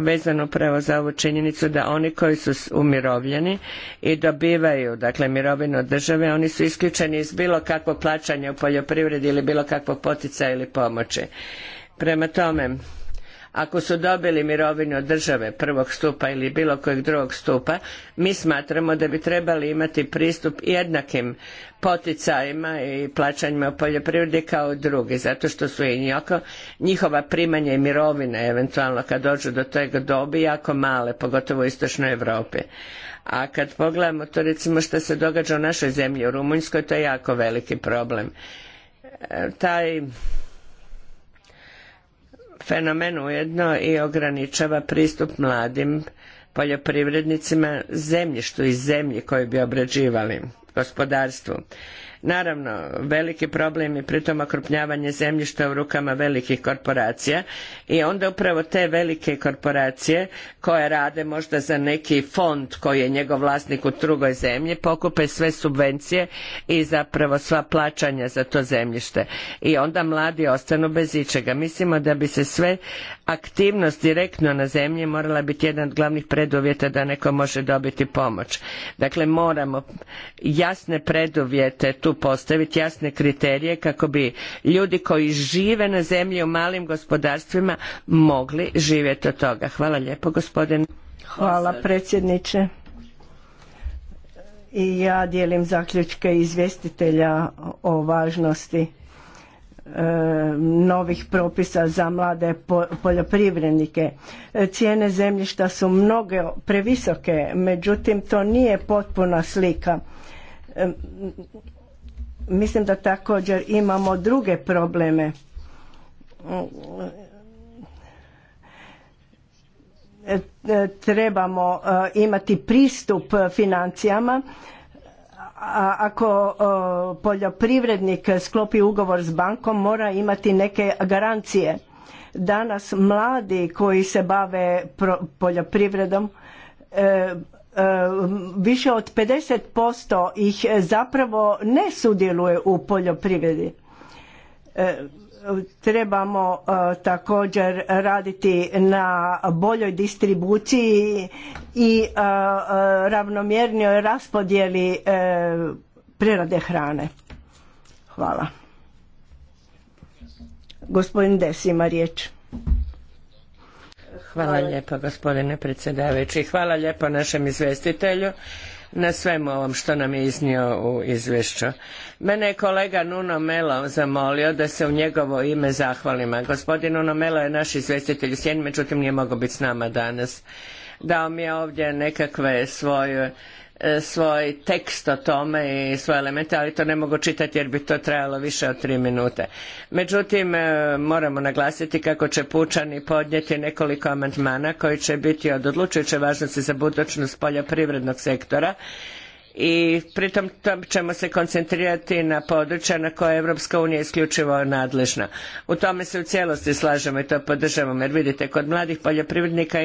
vezano upravo za ovu činjenicu da oni koji su umirovljeni i dobivaju dakle mirovinu od države oni su isključeni iz bilo kakvog plaćanja u poljoprivredi ili bilo kakvog poticaja ili pomoći. Prema tome, ako su dobili mirovinu od države prvog stupa ili bilo kojeg drugog stupa, mi smatramo da bi trebali imati pristup jednakim poticajima i plaćanjima u poljoprivredi kao drugi, zato što su i njihova primanja i mirovine eventualno kad dođu do tog dobi jako male, pogotovo u istočnoj Europi. A kad pogledamo to recimo što se događa u našoj zemlji, u Rumunjskoj, to je jako veliki problem. E, taj fenomen ujedno i ograničava pristup mladim poljoprivrednicima zemljištu i zemlji koju bi obrađivali gospodarstvu Naravno, veliki problem je pritom okrupnjavanje zemljišta u rukama velikih korporacija i onda upravo te velike korporacije koje rade možda za neki fond koji je njegov vlasnik u drugoj zemlji pokupe sve subvencije i zapravo sva plaćanja za to zemljište i onda mladi ostanu bez ičega. Mislimo da bi se sve aktivnost direktno na zemlji morala biti jedan od glavnih preduvjeta da neko može dobiti pomoć. Dakle, moramo jasne preduvjete tu postaviti jasne kriterije kako bi ljudi koji žive na zemlji u malim gospodarstvima mogli živjeti od toga. Hvala lijepo Hvala predsjedniče. I ja dijelim zaključke izvjestitelja o važnosti e, novih propisa za mlade poljoprivrednike. E, cijene zemljišta su mnoge previsoke, međutim to nije potpuna slika. E, Mislim da također imamo druge probleme. E, e, trebamo e, imati pristup financijama. A ako poljoprivrednik sklopi ugovor s bankom mora imati neke garancije. Danas mladi koji se bave poljoprivredom E, više od 50% ih e, zapravo ne sudjeluje u poljoprivredi. E, trebamo također raditi na boljoj distribuciji i ravnomjernijoj raspodjeli prerade hrane. Hvala. Gospodin Des ima riječ. Hvala lijepo gospodine predsjedavajući. Hvala lijepo našem izvjestitelju na svemu ovom što nam je iznio u izvješću. Mene je kolega Nuno Melo zamolio da se u njegovo ime zahvalima. Gospodin Nuno Melo je naš izvjestitelj u Sjeni, međutim nije mogao biti s nama danas. Dao mi je ovdje nekakve svoje E, svoj tekst o tome i svoje elemente, ali to ne mogu čitati jer bi to trajalo više od tri minute. Međutim, e, moramo naglasiti kako će pučani podnijeti nekoliko amandmana koji će biti od odlučujuće važnosti za budućnost poljoprivrednog sektora i pritom ćemo se koncentrirati na područja na koje Europska unija isključivo nadležna. U tome se u cijelosti slažemo i to podržavamo jer vidite kod mladih poljoprivrednika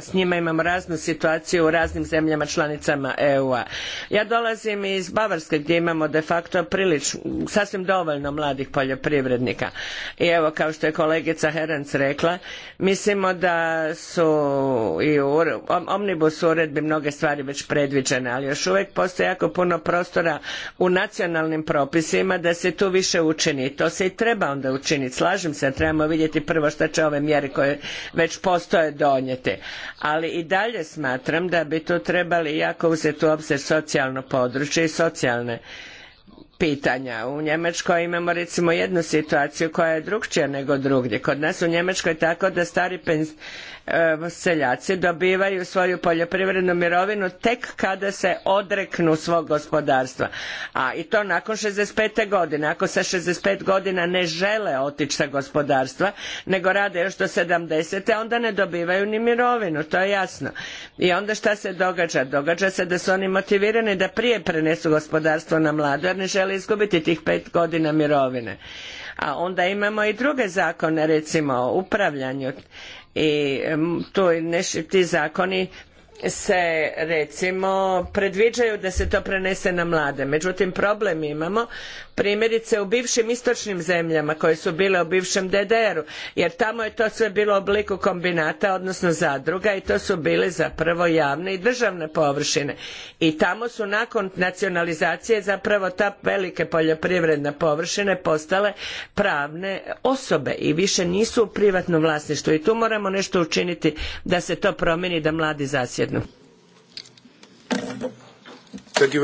s njima imamo raznu situaciju u raznim zemljama članicama EU-a. Ja dolazim iz Bavarske gdje imamo de facto prilično, sasvim dovoljno mladih poljoprivrednika. I evo kao što je kolegica Herenc rekla, mislimo da su i u Omnibus uredbi mnoge stvari već predviđene, ali još uvijek postoje postoji jako puno prostora u nacionalnim propisima da se tu više učini. To se i treba onda učiniti. Slažem se, trebamo vidjeti prvo što će ove mjere koje već postoje donijeti. Ali i dalje smatram da bi tu trebali jako uzeti u obzir socijalno područje i socijalne pitanja. U Njemačkoj imamo recimo jednu situaciju koja je drukčija nego drugdje. Kod nas u Njemačkoj je tako da stari E, seljaci dobivaju svoju poljoprivrednu mirovinu tek kada se odreknu svog gospodarstva. A i to nakon 65. godine. Ako sa 65 godina ne žele otići sa gospodarstva, nego rade još do 70. onda ne dobivaju ni mirovinu, to je jasno. I onda šta se događa? Događa se da su oni motivirani da prije prenesu gospodarstvo na mladu jer ne žele izgubiti tih pet godina mirovine. A onda imamo i druge zakone, recimo o upravljanju i tu neši ti zakoni se recimo predviđaju da se to prenese na mlade. Međutim, problem imamo primjerice u bivšim istočnim zemljama koje su bile u bivšem ddr u jer tamo je to sve bilo u obliku kombinata odnosno zadruga i to su bile zapravo javne i državne površine i tamo su nakon nacionalizacije zapravo ta velike poljoprivredne površine postale pravne osobe i više nisu u privatnom vlasništvu i tu moramo nešto učiniti da se to promijeni da mladi zasjednu. Thank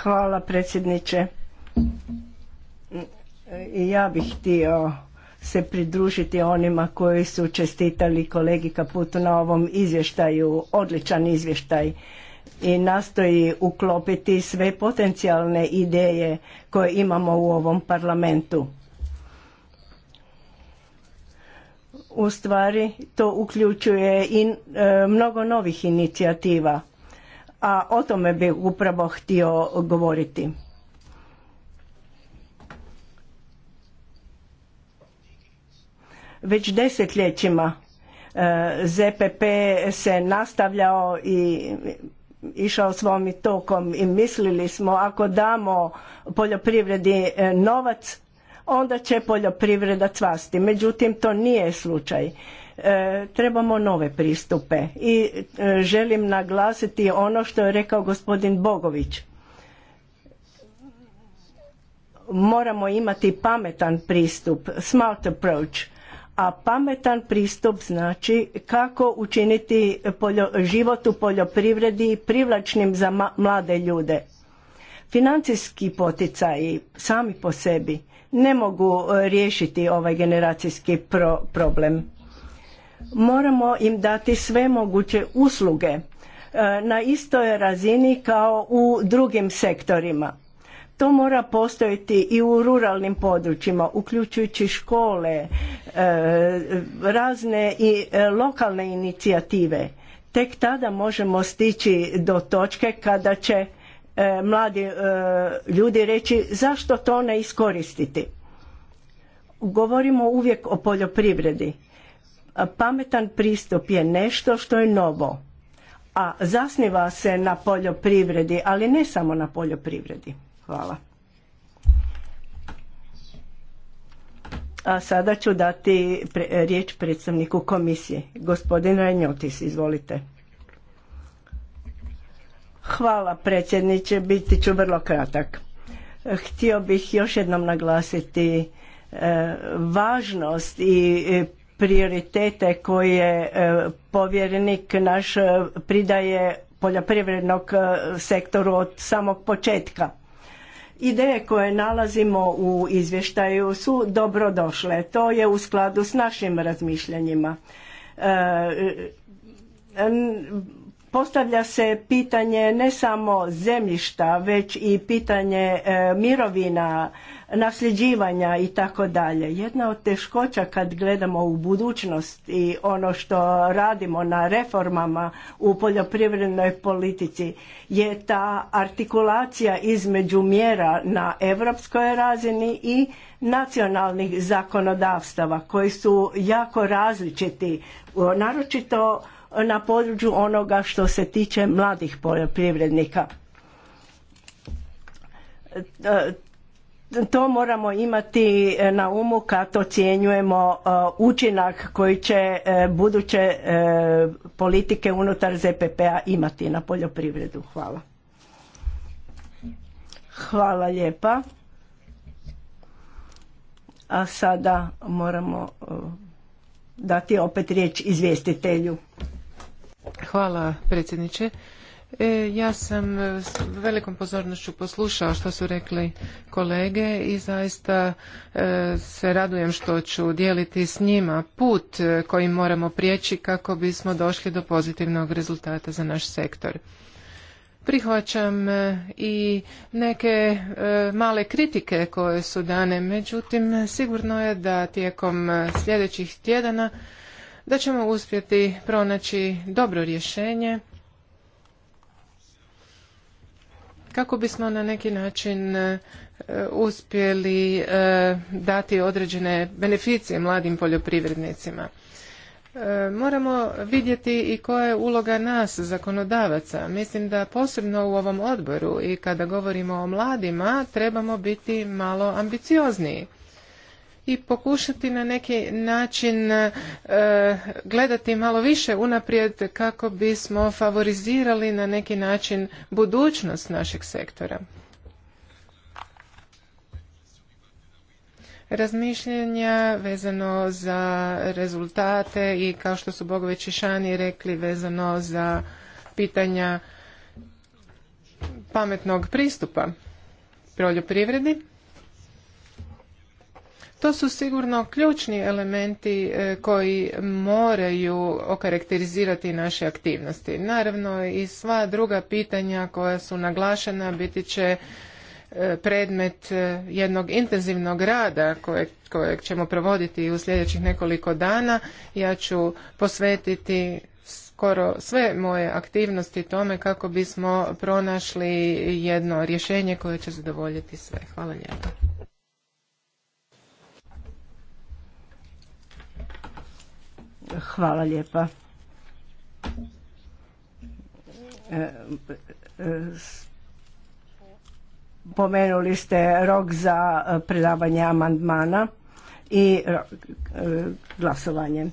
Hvala predsjedniče. Ja bih htio se pridružiti onima koji su čestitali kolegi Kaputu na ovom izvještaju, odličan izvještaj i nastoji uklopiti sve potencijalne ideje koje imamo u ovom parlamentu. U stvari to uključuje i e, mnogo novih inicijativa a o tome bih upravo htio govoriti. Već desetljećima e, ZPP se nastavljao i išao svom tokom i mislili smo ako damo poljoprivredi e, novac onda će poljoprivreda cvasti. Međutim, to nije slučaj. E, trebamo nove pristupe i e, želim naglasiti ono što je rekao gospodin Bogović. Moramo imati pametan pristup, smart approach, a pametan pristup znači kako učiniti poljo, život u poljoprivredi privlačnim za mlade ljude. Financijski poticaji sami po sebi ne mogu e, riješiti ovaj generacijski problem moramo im dati sve moguće usluge e, na istoj razini kao u drugim sektorima. To mora postojiti i u ruralnim područjima, uključujući škole, e, razne i e, lokalne inicijative. Tek tada možemo stići do točke kada će mladi ljudi reći zašto to ne iskoristiti. Govorimo uvijek o poljoprivredi Pametan pristup je nešto što je novo, a zasniva se na poljoprivredi, ali ne samo na poljoprivredi. Hvala. A sada ću dati riječ predstavniku komisije. Gospodin Renjotis, izvolite. Hvala predsjedniče, biti ću vrlo kratak. Htio bih još jednom naglasiti e, važnost i prioritete koje e, povjerenik naš e, pridaje poljoprivrednog e, sektoru od samog početka. Ideje koje nalazimo u izvještaju su dobrodošle. To je u skladu s našim razmišljanjima. Postavlja se pitanje ne samo zemljišta, već i pitanje mirovina, nasljeđivanja i tako dalje. Jedna od teškoća kad gledamo u budućnost i ono što radimo na reformama u poljoprivrednoj politici je ta artikulacija između mjera na europskoj razini i nacionalnih zakonodavstava koji su jako različiti, naročito na području onoga što se tiče mladih poljoprivrednika to moramo imati e, na umu kad ocjenjujemo e, učinak koji će e, buduće politike unutar ZPPA a imati na poljoprivredu. Hvala. Hvala lijepa. A sada moramo dati opet riječ izvjestitelju. Hvala predsjedniče. E, ja sam s velikom pozornošću poslušao što su rekli kolege i zaista e, se radujem što ću dijeliti s njima put e, koji moramo prijeći kako bismo došli do pozitivnog rezultata za naš sektor. Prihvaćam i neke male kritike koje su dane, međutim sigurno je da tijekom sljedećih tjedana da ćemo uspjeti pronaći dobro rješenje kako bismo na neki način e, uspjeli e, dati određene beneficije mladim poljoprivrednicima. E, moramo vidjeti i koja je uloga nas, zakonodavaca. Mislim da posebno u ovom odboru i kada govorimo o mladima trebamo biti malo ambiciozniji i pokušati na neki način e, gledati malo više unaprijed kako bismo favorizirali na neki način budućnost našeg sektora. razmišljanja vezano za rezultate i kao što su i Šani rekli vezano za pitanja pametnog pristupa poljoprivredi. To su sigurno ključni elementi e, koji moraju okarakterizirati naše aktivnosti. Naravno i sva druga pitanja koja su naglašena biti će e, predmet e, jednog intenzivnog rada kojeg, ćemo provoditi u sljedećih nekoliko dana. Ja ću posvetiti skoro sve moje aktivnosti tome kako bismo pronašli jedno rješenje koje će zadovoljiti sve. Hvala lijepo. Hvala lijepa. E, e, pomenuli ste rok za predavanje amandmana i e, glasovanje.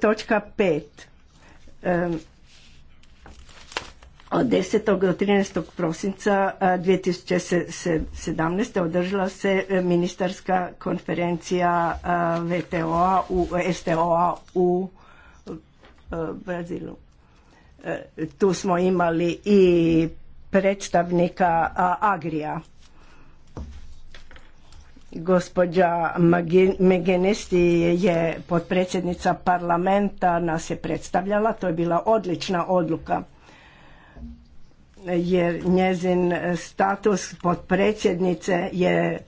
Točka pet od 10. do 13. prosinca 2017. održala se e, ministarska konferencija VTO-a u STO-a u e, Brazilu. E, tu smo imali i predstavnika Agrija. Gospođa Megenesti je potpredsjednica parlamenta, nas je predstavljala, to je bila odlična odluka jer njezin status potpredsjednice je e,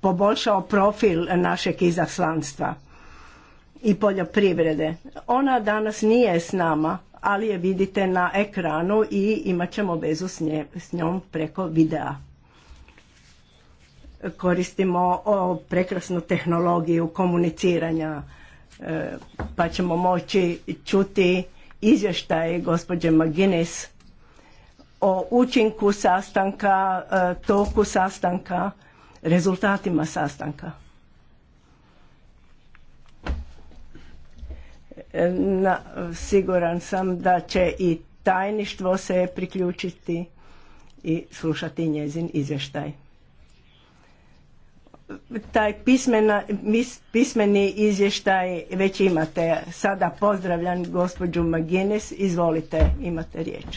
poboljšao profil našeg izaslanstva i poljoprivrede. Ona danas nije s nama, ali je vidite na ekranu i imat ćemo vezu s, njom preko videa. Koristimo o, prekrasnu tehnologiju komuniciranja, e, pa ćemo moći čuti izvještaj gospođe McGuinness o učinku sastanka, e, toku sastanka, rezultatima sastanka. E, na, siguran sam da će i tajništvo se priključiti i slušati njezin izvještaj. Taj pismena, pismeni izvještaj već imate. Sada pozdravljam gospođu Magines. Izvolite, imate riječ.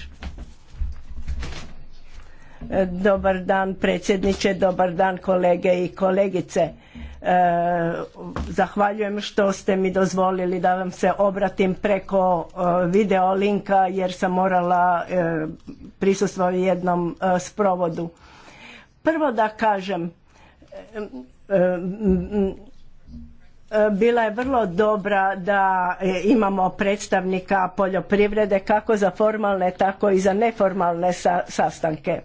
E, dobar dan predsjedniče, dobar dan kolege i kolegice. E, zahvaljujem što ste mi dozvolili da vam se obratim preko e, video linka jer sam morala prisustvovati jednom sprovodu. Prvo da kažem, bila je vrlo dobra da imamo predstavnika poljoprivrede kako za formalne tako i za neformalne sastanke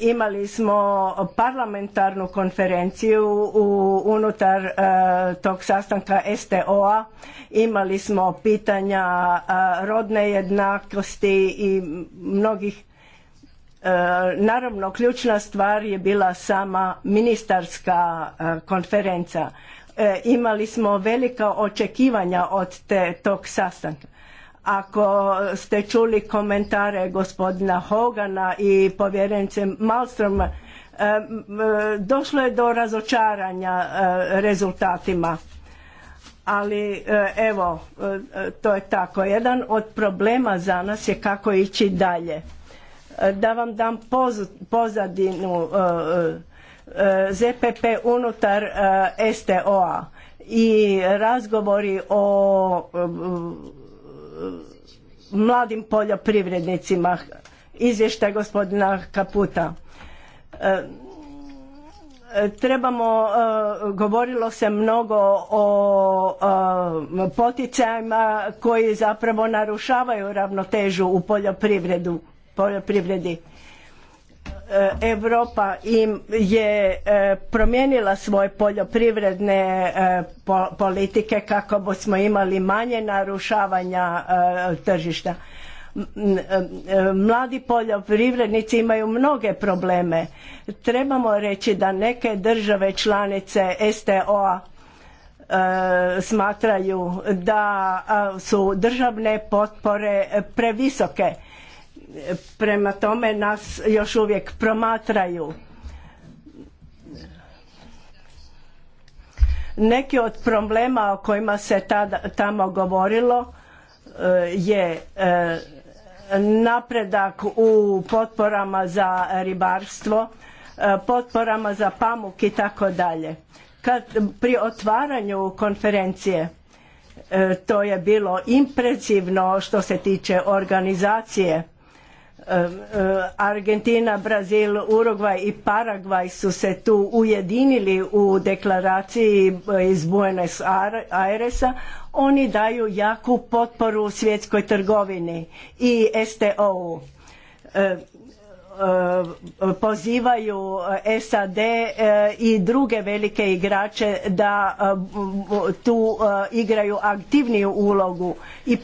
imali smo parlamentarnu konferenciju u, unutar e, tog sastanka STO-a. Imali smo pitanja e, rodne jednakosti i mnogih. E, naravno, ključna stvar je bila sama ministarska konferenca. Imali smo velika očekivanja od tog sastanka ako ste čuli komentare gospodina Hogana i povjerenice Malstrom, e, e, došlo je do razočaranja e, rezultatima. Ali evo, to je tako. Jedan od problema za nas je kako ići dalje. Da vam dam pozadinu ZPP unutar STO-a i razgovori o mladim poljoprivrednicima, izvještaj gospodina Kaputa. E, trebamo, e, govorilo se mnogo o poticajima koji zapravo narušavaju ravnotežu u poljoprivredi Europa im je e, promijenila svoje poljoprivredne e, politike kako bismo imali manje narušavanja e, tržišta. Mladi poljoprivrednici imaju mnoge probleme. Trebamo reći da neke države članice STO-a smatraju da su državne potpore previsoke Prema tome nas još uvijek promatraju. Neki od problema o kojima se tada, tamo govorilo e, je e, napredak u potporama za ribarstvo, e, potporama za pamuk i tako dalje. Kad pri otvaranju konferencije to je bilo impresivno što se tiče organizacije Argentina, Brazil, Urugvaj i Paragvaj su se tu ujedinili u deklaraciji eh, iz Buenos Airesa. Oni daju jaku potporu svjetskoj trgovini i STO-u. E, pozivaju e, SAD e, i druge velike igrače da tu igraju aktivniju ulogu i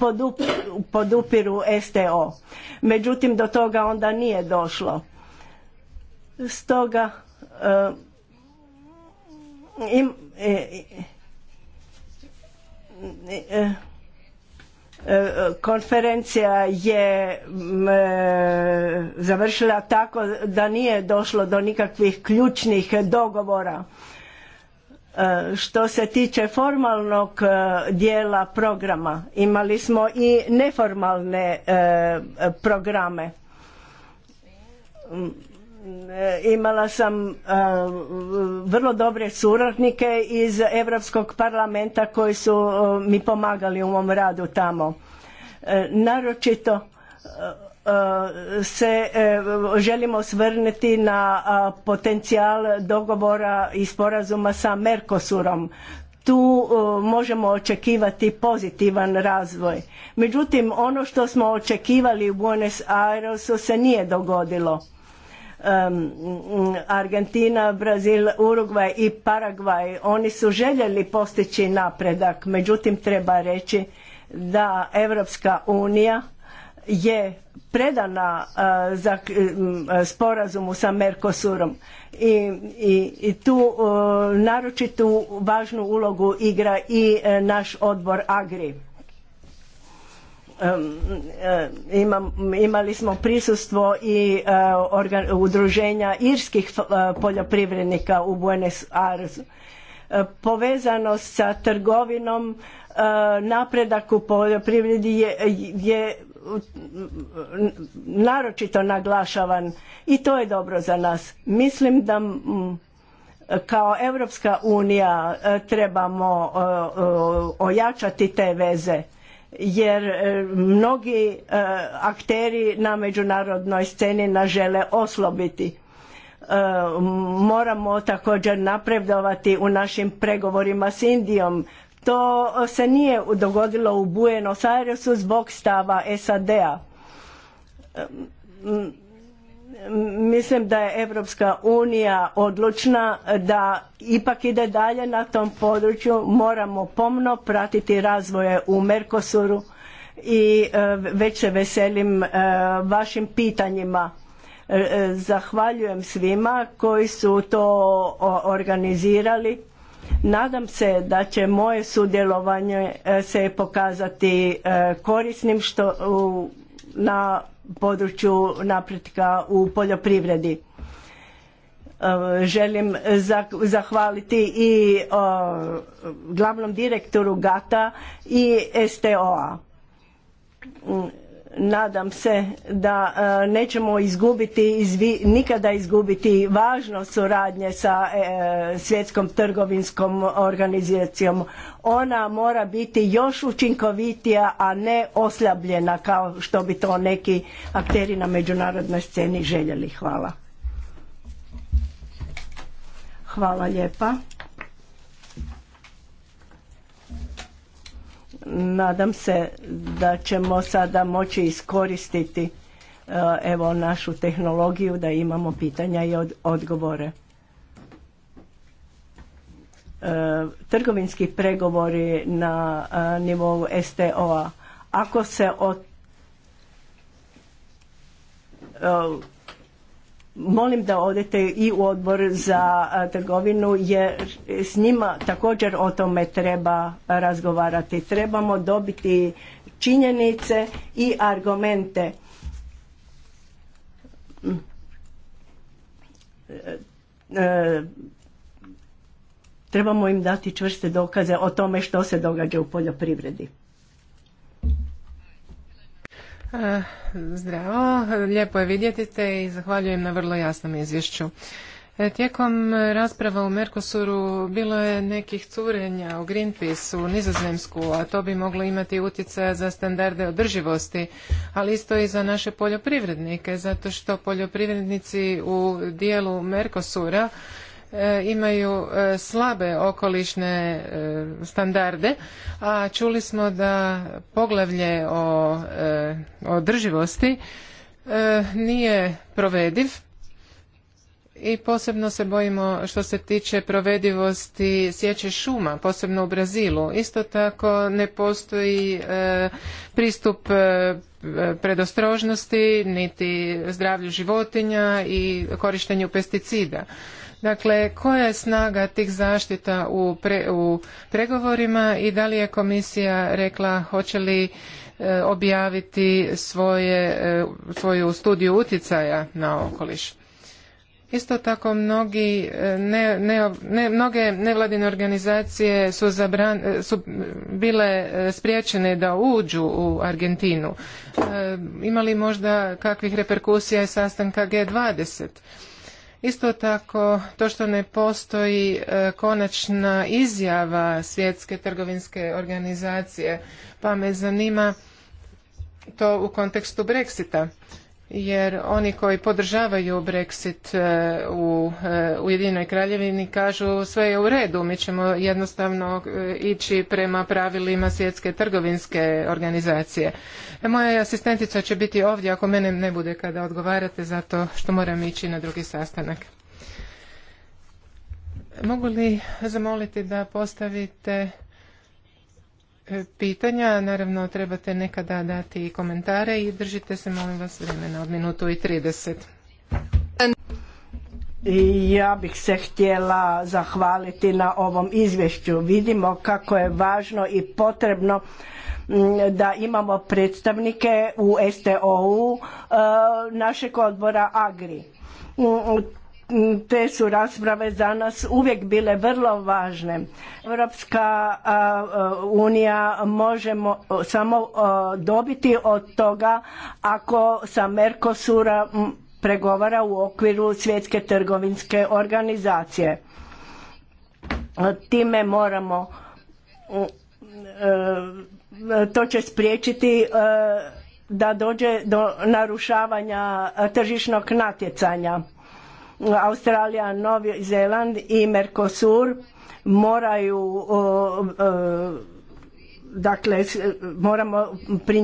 podupiru STO. Međutim, do toga onda nije došlo. Stoga im, E, konferencija je e, završila tako da nije došlo do nikakvih ključnih dogovora e, što se tiče formalnog dijela programa imali smo i neformalne programe E, imala sam e, vrlo dobre suradnike iz Europskog parlamenta koji su e, mi pomagali u mom radu tamo. Naročito se želimo osvrnuti na potencijal dogovora i sporazuma sa Mercosurom. Tu možemo očekivati pozitivan razvoj. Međutim, ono što smo očekivali u Buenos Airesu se nije dogodilo Argentina, Brazil, Urugvaj i Paragvaj, oni su željeli postići napredak, međutim treba reći da Europska unija je predana e, za e, sporazumu sa Mercosurom i, i, i tu e, naročitu važnu ulogu igra i naš odbor Agri imali smo prisustvo i e, udruženja irskih e, poljoprivrednika u Buenos Airesu. E, Povezanost sa trgovinom, napredak u poljoprivredi je, je naročito naglašavan i to je dobro za nas. Mislim da kao Europska unija trebamo ojačati te veze jer e, mnogi e, akteri na međunarodnoj sceni nas žele oslobiti. E, moramo također napredovati u našim pregovorima s Indijom. To se nije dogodilo u Buenos Airesu zbog stava SAD-a mislim da je Europska unija odlučna da ipak ide dalje na tom području. Moramo pomno pratiti razvoje u Merkosuru i e, već se veselim e, vašim pitanjima. E, zahvaljujem svima koji su to organizirali. Nadam se da će moje sudjelovanje se pokazati korisnim što na području napretka u poljoprivredi. E, želim zahvaliti i glavnom direktoru GATA i STO-a nadam se da e, nećemo izgubiti nikada izgubiti važnost suradnje sa e, svjetskom trgovinskom organizacijom ona mora biti još učinkovitija a ne oslabljena kao što bi to neki akteri na međunarodnoj sceni željeli hvala hvala lijepa Nadam se da ćemo sada moći iskoristiti e, evo našu tehnologiju da imamo pitanja i odgovore. E, trgovinski pregovori na e, nivou STO-a. Ako se od molim da odete i u odbor za trgovinu jer s njima također o tome treba razgovarati. Trebamo dobiti činjenice i argumente. E, e, trebamo im dati čvrste dokaze o tome što se događa u poljoprivredi. Eh, zdravo, lijepo je vidjeti te i zahvaljujem na vrlo jasnom izvješću. Eh, tijekom rasprava u Merkosuru bilo je nekih curenja u Greenpeace u Nizozemsku, a to bi moglo imati utjecaja za standarde održivosti, ali isto i za naše poljoprivrednike, zato što poljoprivrednici u dijelu Merkosura E, imaju e, slabe okolišne e, standarde, a čuli smo da poglavlje o održivosti nije provediv i posebno se bojimo što se tiče provedivosti sječe šuma, posebno u Brazilu. Isto tako ne postoji pristup predostrožnosti, niti zdravlju životinja i korištenju pesticida. Dakle, koja je snaga tih zaštita u, u pregovorima i da li je komisija rekla hoće li e, objaviti svoje, e, svoju studiju utjecaja na okoliš? Isto tako mnogi, e, ne, ne, ne, mnoge nevladine organizacije su, zabran, su bile spriječene da uđu u Argentinu. E, imali možda kakvih reperkusija i sastanka G20? Isto tako, to što ne postoji e, konačna izjava svjetske trgovinske organizacije, pa me zanima to u kontekstu Brexita jer oni koji podržavaju Brexit e, u e, Jedinoj kraljevini kažu sve je u redu, mi ćemo jednostavno e, ići prema pravilima svjetske trgovinske organizacije. Moja asistentica će biti ovdje ako mene ne bude kada odgovarate zato što moram ići na drugi sastanak. Mogu li zamoliti da postavite pitanja. Naravno, trebate nekada dati komentare i držite se, molim vas, vremena od minutu i 30. Ja bih se htjela zahvaliti na ovom izvješću. Vidimo kako je važno i potrebno mm, da imamo predstavnike u STO-u e, našeg odbora AGRI mm, te su rasprave za nas uvijek bile vrlo važne. Europska unija možemo samo dobiti od toga ako sa Mercosura pregovara u okviru svjetske trgovinske organizacije. Time moramo e, to će spriječiti e, da dođe do narušavanja tržišnog natjecanja Australija, Novi Zeland i Mercosur moraju dakle moramo pri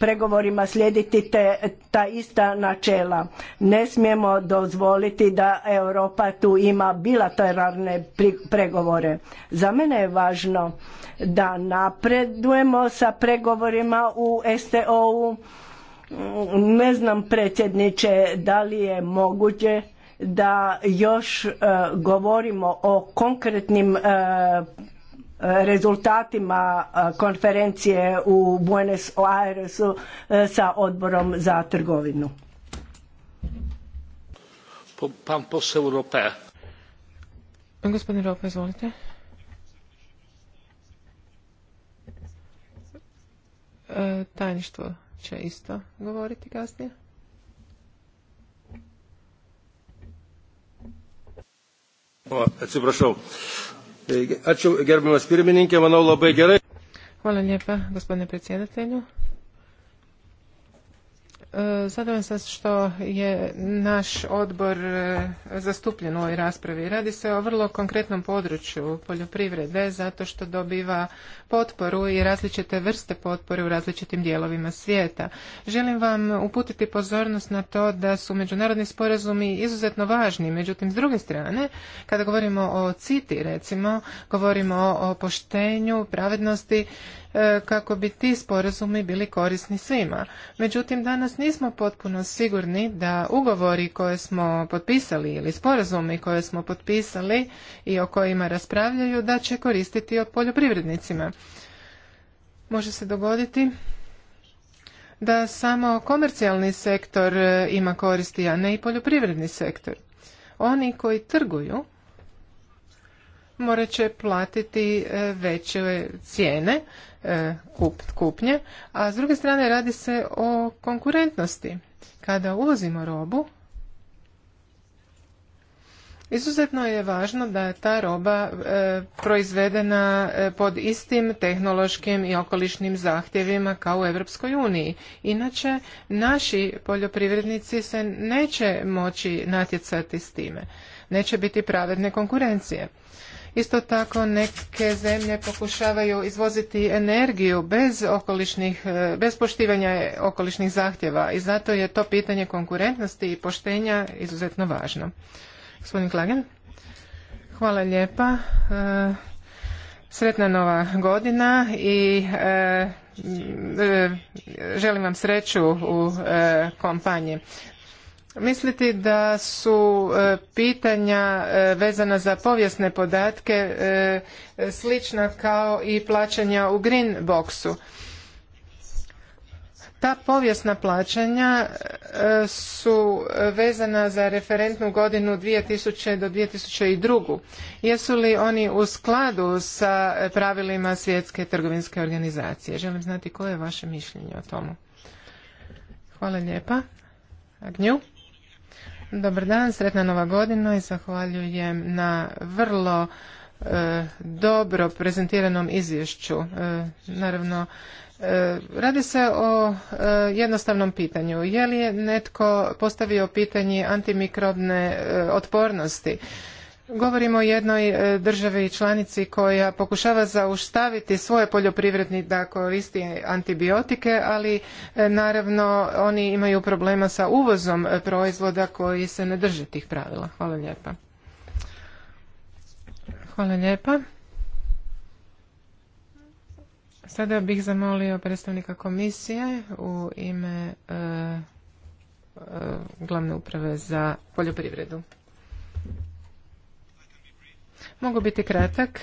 pregovorima slijediti te, ta ista načela. Ne smijemo dozvoliti da Europa tu ima bilateralne pregovore. Za mene je važno da napredujemo sa pregovorima u STO-u. Ne znam predsjedniče da li je moguće da još e, govorimo o konkretnim e, rezultatima e, konferencije u Buenos Airesu sa odborom za trgovinu. Pan Rope. Gospodin Rope, izvolite. tajništvo će isto govoriti kasnije. E, pirmininkė, Hvala gospodine predsjedatelju. Zadovoljna e, sam što je naš odbor e, zastupljen u ovoj raspravi. Radi se o vrlo konkretnom području poljoprivrede zato što dobiva potporu i različite vrste potpore u različitim dijelovima svijeta. Želim vam uputiti pozornost na to da su međunarodni sporazumi izuzetno važni, međutim s druge strane, kada govorimo o CITI recimo, govorimo o poštenju, pravednosti, E, kako bi ti sporazumi bili korisni svima. Međutim, danas nismo potpuno sigurni da ugovori koje smo potpisali ili sporazumi koje smo potpisali i o kojima raspravljaju da će koristiti od poljoprivrednicima. Može se dogoditi da samo komercijalni sektor e, ima koristi, a ne i poljoprivredni sektor. Oni koji trguju morat će platiti e, veće cijene e, kupnje, a s druge strane radi se o konkurentnosti. Kada uvozimo robu, Izuzetno je važno da je ta roba e, proizvedena pod istim tehnološkim i okolišnim zahtjevima kao u Europskoj uniji. Inače, naši poljoprivrednici se neće moći natjecati s time. Neće biti pravedne konkurencije. Isto tako neke zemlje pokušavaju izvoziti energiju bez, okolišnih, e, bez poštivanja okolišnih zahtjeva i zato je to pitanje konkurentnosti i poštenja izuzetno važno. Gospodin Klagen. Hvala lijepa. E, sretna nova godina i e, želim vam sreću u kompanji misliti da su e, pitanja e, vezana za povijesne podatke e, slična kao i plaćanja u green boxu. Ta povijesna plaćanja su vezana za referentnu godinu 2000 do 2002. Jesu li oni u skladu sa pravilima svjetske trgovinske organizacije? Želim znati koje je vaše mišljenje o tomu. Hvala lijepa. Agnju. Dobar dan, sretna nova godina i zahvaljujem na vrlo e, dobro prezentiranom izvješću. E, naravno, e, radi se o jednostavnom pitanju. Je li je netko postavio pitanje antimikrobne otpornosti? Govorimo o jednoj e, državi članici koja pokušava zaustaviti svoje poljoprivrednike da koristi antibiotike, ali e, naravno oni imaju problema sa uvozom e, proizvoda koji se ne drže tih pravila. Hvala lijepa. Hvala lijepa. Sada bih zamolio predstavnika komisije u ime glavne uprave za poljoprivredu. Mogu biti kratak.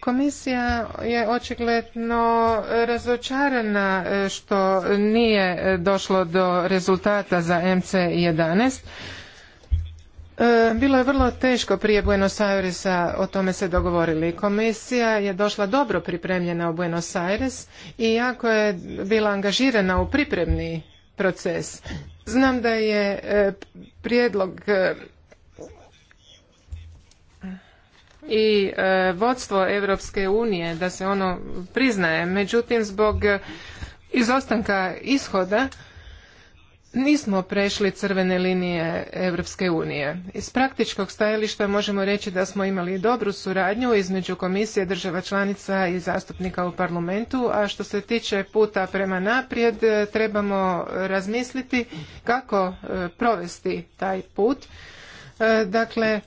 Komisija je očigledno razočarana e, što nije došlo do rezultata za MC11. E, bilo je vrlo teško prije Buenos Airesa, o tome se dogovorili. Komisija je došla dobro pripremljena u Buenos Aires i jako je bila angažirana u pripremni proces. Znam da je e, prijedlog i e, vodstvo Europske unije da se ono priznaje. Međutim, zbog izostanka ishoda nismo prešli crvene linije Europske unije. Iz praktičkog stajališta možemo reći da smo imali dobru suradnju između komisije država članica i zastupnika u parlamentu, a što se tiče puta prema naprijed e, trebamo razmisliti kako e, provesti taj put. Dakle,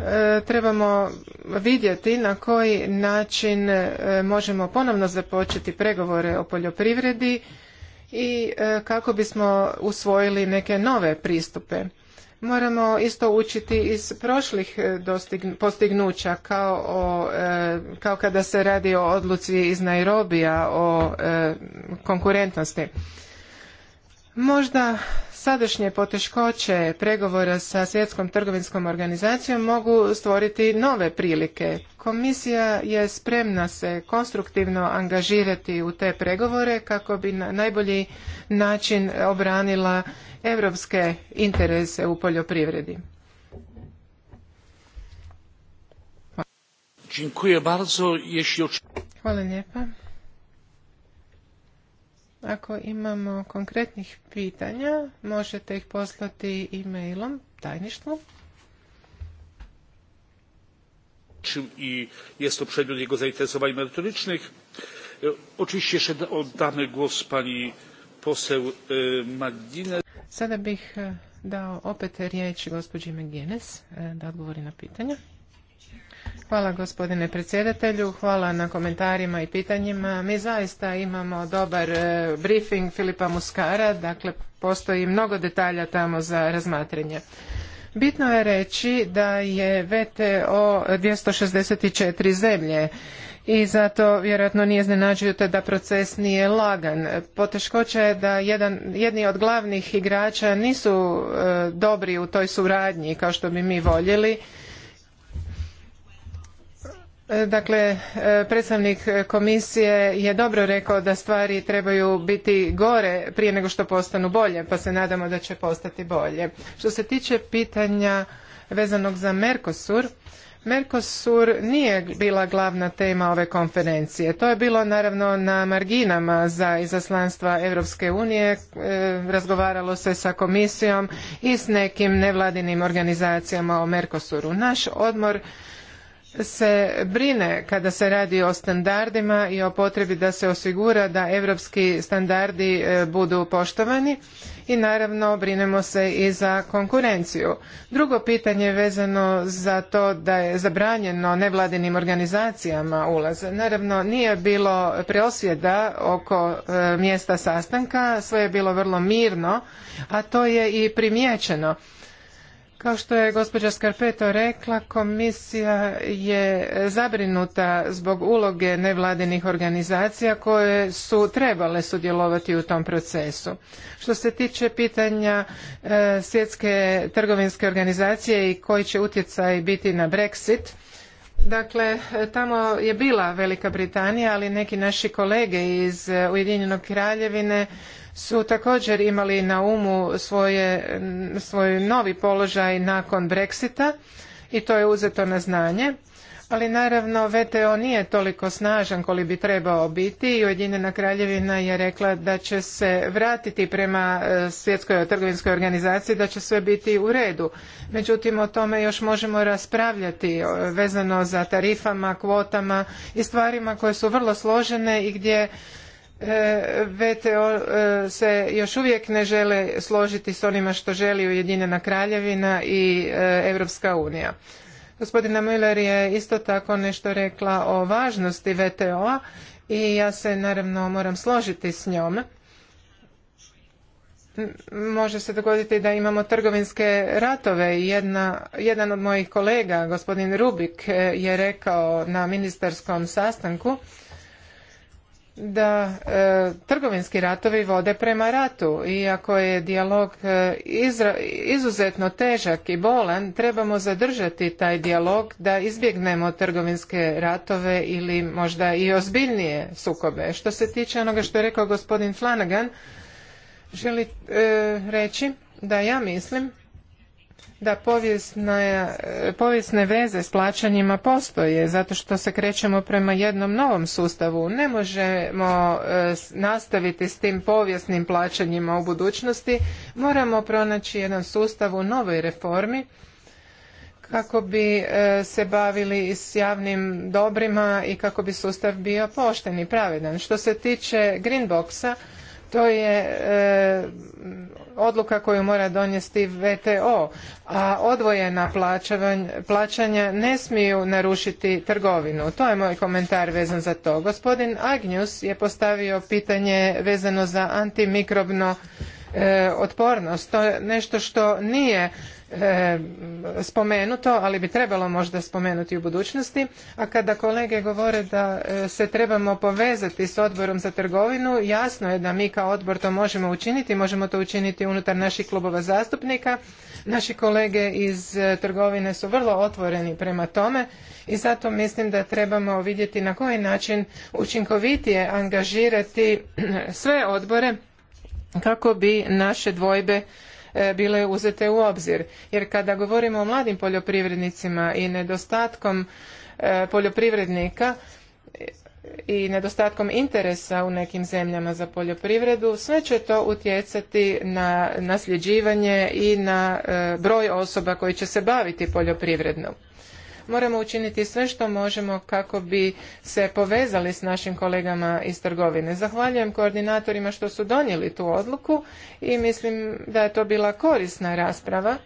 E, trebamo vidjeti na koji način e, možemo ponovno započeti pregovore o poljoprivredi i e, kako bismo usvojili neke nove pristupe. Moramo isto učiti iz prošlih postignuća kao, kao kada se radi o odluci iz Nairobija o konkurentnosti. Možda sadašnje poteškoće pregovora sa svjetskom trgovinskom organizacijom mogu stvoriti nove prilike. Komisija je spremna se konstruktivno angažirati u te pregovore kako bi na najbolji način obranila europske interese u poljoprivredi. Hvala lijepa. Ako imamo konkretnih pitanja, možete ih poslati e-mailom, tajništvu. Czym i jest to przedmiot jego zainteresowań merytorycznych. E, oczywiście jeszcze oddamy głos pani poseł e, Magdine. Sada bih e, dao opet riječ gospođi McGuinness da odgovori na pitanja. Hvala gospodine predsjedatelju, hvala na komentarima i pitanjima. Mi zaista imamo dobar e, briefing Filipa Muskara, dakle postoji mnogo detalja tamo za razmatranje. Bitno je reći da je VTO 264 zemlje i zato vjerojatno nije iznenađujete da proces nije lagan. Poteškoća je da jedan, jedni od glavnih igrača nisu e, dobri u toj suradnji kao što bi mi voljeli Dakle, e, predstavnik komisije je dobro rekao da stvari trebaju biti gore prije nego što postanu bolje, pa se nadamo da će postati bolje. Što se tiče pitanja vezanog za Mercosur, Mercosur nije bila glavna tema ove konferencije. To je bilo naravno na marginama za izaslanstva Europske unije. E, razgovaralo se sa komisijom i s nekim nevladinim organizacijama o Mercosuru. Naš odmor se brine kada se radi o standardima i o potrebi da se osigura da europski standardi e, budu poštovani i naravno brinemo se i za konkurenciju. Drugo pitanje vezano za to da je zabranjeno nevladinim organizacijama ulaz. Naravno nije bilo preosvjeda oko e, mjesta sastanka, sve je bilo vrlo mirno, a to je i primijećeno. Kao što je gospođa Skarpeto rekla, komisija je zabrinuta zbog uloge nevladinih organizacija koje su trebale sudjelovati u tom procesu. Što se tiče pitanja e, svjetske trgovinske organizacije i koji će utjecaj biti na Brexit, Dakle, tamo je bila Velika Britanija, ali neki naši kolege iz Ujedinjenog kraljevine su također imali na umu svoje, svoj novi položaj nakon Brexita i to je uzeto na znanje. Ali naravno VTO nije toliko snažan koliko bi trebao biti i Ujedinjena kraljevina je rekla da će se vratiti prema e, svjetskoj trgovinskoj organizaciji da će sve biti u redu. Međutim, o tome još možemo raspravljati e, vezano za tarifama, kvotama i stvarima koje su vrlo složene i gdje E, VTO e, se još uvijek ne žele složiti s onima što želi Ujedinjena Kraljevina i Europska unija. Gospodina Müller je isto tako nešto rekla o važnosti VTO-a i ja se naravno moram složiti s njom. Može se dogoditi da imamo trgovinske ratove. i jedan od mojih kolega, gospodin Rubik, e, je rekao na ministarskom sastanku da e, trgovinski ratovi vode prema ratu iako je dijalog e, izuzetno težak i bolan trebamo zadržati taj dijalog da izbjegnemo trgovinske ratove ili možda i ozbiljnije sukobe što se tiče onoga što je rekao gospodin Flanagan želi e, reći da ja mislim da povijesne, veze s plaćanjima postoje zato što se krećemo prema jednom novom sustavu ne možemo e, nastaviti s tim povijesnim plaćanjima u budućnosti moramo pronaći jedan sustav u novoj reformi kako bi e, se bavili s javnim dobrima i kako bi sustav bio pošten i pravedan što se tiče greenboxa to je e, odluka koju mora donijesti VTO, a odvojena plaćanja ne smiju narušiti trgovinu. To je moj komentar vezan za to. Gospodin Agnjus je postavio pitanje vezano za antimikrobno E, otpornost. To je nešto što nije e, spomenuto, ali bi trebalo možda spomenuti u budućnosti. A kada kolege govore da e, se trebamo povezati s odborom za trgovinu, jasno je da mi kao odbor to možemo učiniti, možemo to učiniti unutar naših klubova zastupnika. Naši kolege iz trgovine su vrlo otvoreni prema tome i zato mislim da trebamo vidjeti na koji način učinkovitije angažirati sve odbore kako bi naše dvojbe e, bile uzete u obzir. Jer kada govorimo o mladim poljoprivrednicima i nedostatkom e, poljoprivrednika i nedostatkom interesa u nekim zemljama za poljoprivredu, sve će to utjecati na nasljeđivanje i na e, broj osoba koji će se baviti poljoprivrednom moramo učiniti sve što možemo kako bi se povezali s našim kolegama iz trgovine. Zahvaljujem koordinatorima što su donijeli tu odluku i mislim da je to bila korisna rasprava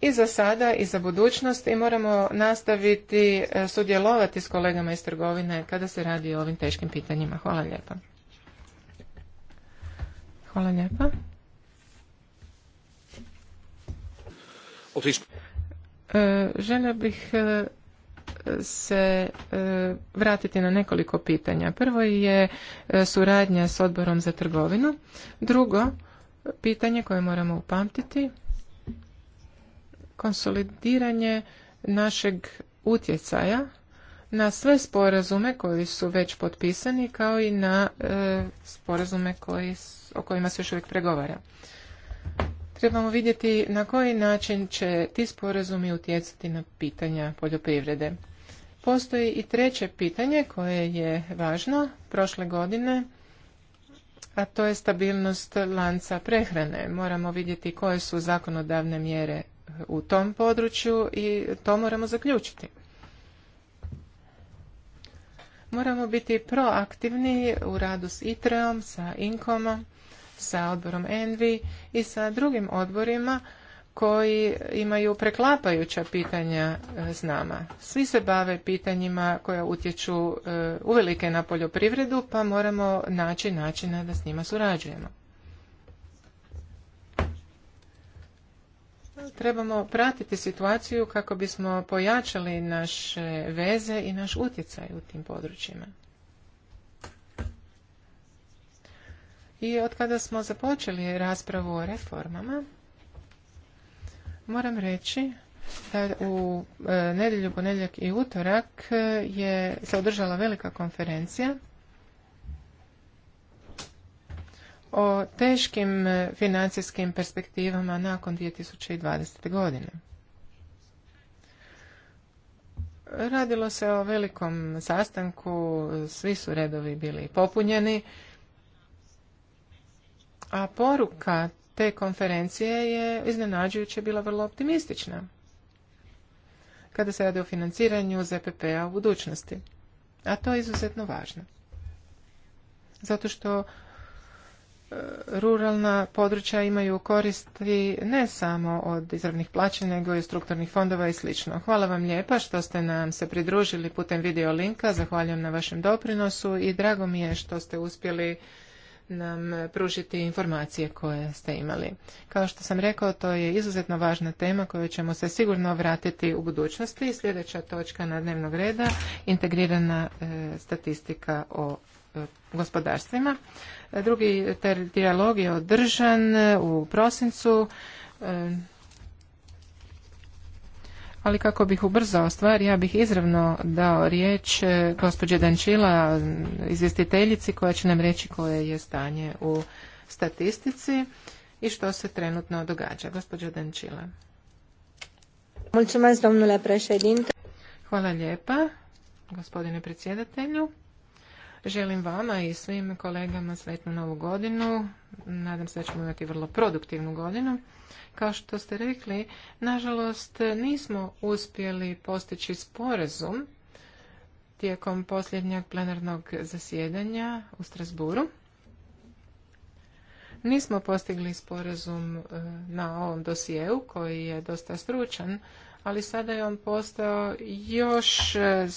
i za sada i za budućnost i moramo nastaviti e, sudjelovati s kolegama iz trgovine kada se radi o ovim teškim pitanjima. Hvala lijepa. Hvala lijepa. E, Žele bih e, se e, vratiti na nekoliko pitanja. Prvo je suradnja s odborom za trgovinu. Drugo, pitanje koje moramo upamtiti, konsolidiranje našeg utjecaja na sve sporazume koji su već potpisani kao i na sporazume o kojima se još uvijek pregovara trebamo vidjeti na koji način će ti sporazumi utjecati na pitanja poljoprivrede. Postoji i treće pitanje koje je važno prošle godine, a to je stabilnost lanca prehrane. Moramo vidjeti koje su zakonodavne mjere u tom području i to moramo zaključiti. Moramo biti proaktivni u radu s ITREOM, sa inkom sa odborom Envi i sa drugim odborima koji imaju preklapajuća pitanja e, s nama. Svi se bave pitanjima koja utječu e, uvelike na poljoprivredu, pa moramo naći načina da s njima surađujemo. Trebamo pratiti situaciju kako bismo pojačali naše veze i naš utjecaj u tim područjima. I od kada smo započeli raspravu o reformama, moram reći da u e, nedjelju, ponedjeljak i utorak je se održala velika konferencija o teškim financijskim perspektivama nakon 2020. godine. Radilo se o velikom sastanku, svi su redovi bili popunjeni a poruka te konferencije je iznenađujuće bila vrlo optimistična kada se radi o financiranju ZPP-a u budućnosti. A to je izuzetno važno. Zato što e, ruralna područja imaju koristi ne samo od izravnih plaćanja, nego i strukturnih fondova i sl. Hvala vam lijepa što ste nam se pridružili putem video linka. Zahvaljujem na vašem doprinosu i drago mi je što ste uspjeli nam pružiti informacije koje ste imali. Kao što sam rekao, to je izuzetno važna tema koju ćemo se sigurno vratiti u budućnosti. Sljedeća točka na dnevnog reda, integrirana e, statistika o e, gospodarstvima. E, drugi dijalog je održan u prosincu ali kako bih ubrzao stvar, ja bih izravno dao riječ e, gospođe Dančila, izvjestiteljici koja će nam reći koje je stanje u statistici i što se trenutno događa. Gospođa Dančila. Hvala lijepa, gospodine predsjedatelju. Želim vama i svim kolegama sretnu novu godinu. Nadam se da ćemo imati vrlo produktivnu godinu. Kao što ste rekli, nažalost nismo uspjeli postići sporazum tijekom posljednjeg plenarnog zasjedanja u Strasburu. Nismo postigli sporazum e, na ovom dosijeu koji je dosta stručan ali sada je on postao još e, e,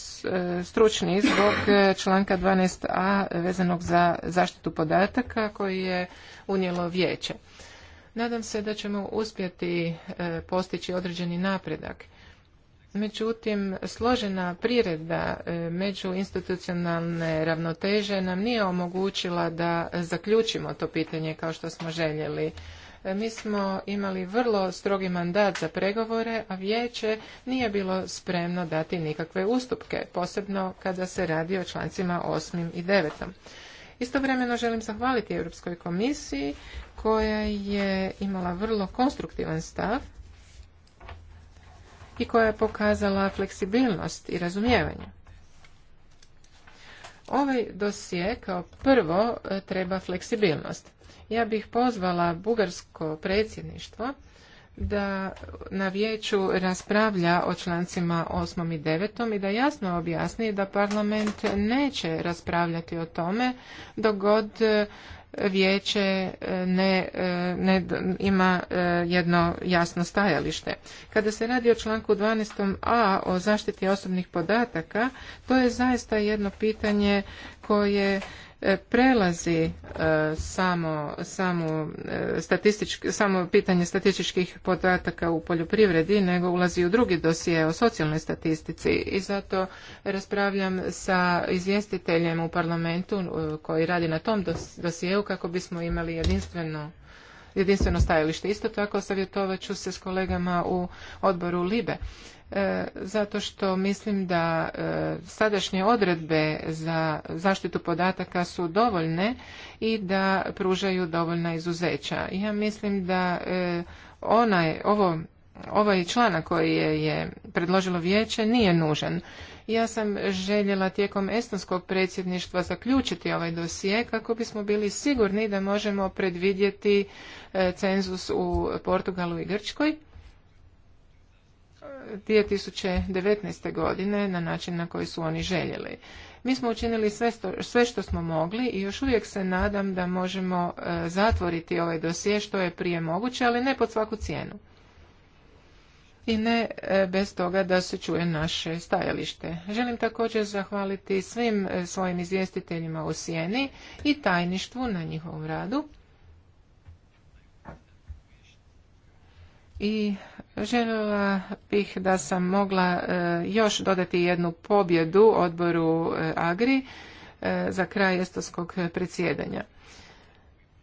stručni zbog e, članka 12a vezanog za zaštitu podataka koji je unijelo vijeće. Nadam se da ćemo uspjeti postići određeni napredak. Međutim, složena priredba međuinstitucionalne ravnoteže nam nije omogućila da zaključimo to pitanje kao što smo željeli. E, mi smo imali vrlo strogi mandat za pregovore, a vijeće nije bilo spremno dati nikakve ustupke, posebno kada se radi o člancima 8. i 9. Istovremeno želim zahvaliti Europskoj komisiji koja je imala vrlo konstruktivan stav i koja je pokazala fleksibilnost i razumijevanje. Ovaj dosije kao prvo e, treba fleksibilnost. Ja bih pozvala bugarsko predsjedništvo da na vijeću raspravlja o člancima 8. i 9. i da jasno objasni da parlament neće raspravljati o tome dok god e, vijeće e, ne, e, ima e, jedno jasno stajalište. Kada se radi o članku 12a o zaštiti osobnih podataka, to je zaista jedno pitanje koje E, prelazi e, samo, samo, e, samo pitanje statističkih podataka u poljoprivredi, nego ulazi u drugi dosije o socijalnoj statistici i zato raspravljam sa izvjestiteljem u parlamentu koji radi na tom dosijeu kako bismo imali jedinstveno jedinstveno stajalište. Isto tako savjetovat ću se s kolegama u odboru LIBE E, zato što mislim da e, sadašnje odredbe za zaštitu podataka su dovoljne i da pružaju dovoljna izuzeća. Ja mislim da e, onaj, ovo, ovaj članak koji je, je predložilo vijeće nije nužan. Ja sam željela tijekom estonskog predsjedništva zaključiti ovaj dosije kako bismo bili sigurni da možemo predvidjeti cenzus u Portugalu i Grčkoj 2019. godine na način na koji su oni željeli. Mi smo učinili sve, sve što smo mogli i još uvijek se nadam da možemo e, zatvoriti ovaj dosje što je prije moguće, ali ne pod svaku cijenu. I ne e, bez toga da se čuje naše stajalište. Želim također zahvaliti svim e, svojim izvjestiteljima u Sjeni i tajništvu na njihovom radu. i željela bih da sam mogla e, još dodati jednu pobjedu odboru e, Agri e, za kraj estoskog predsjedanja.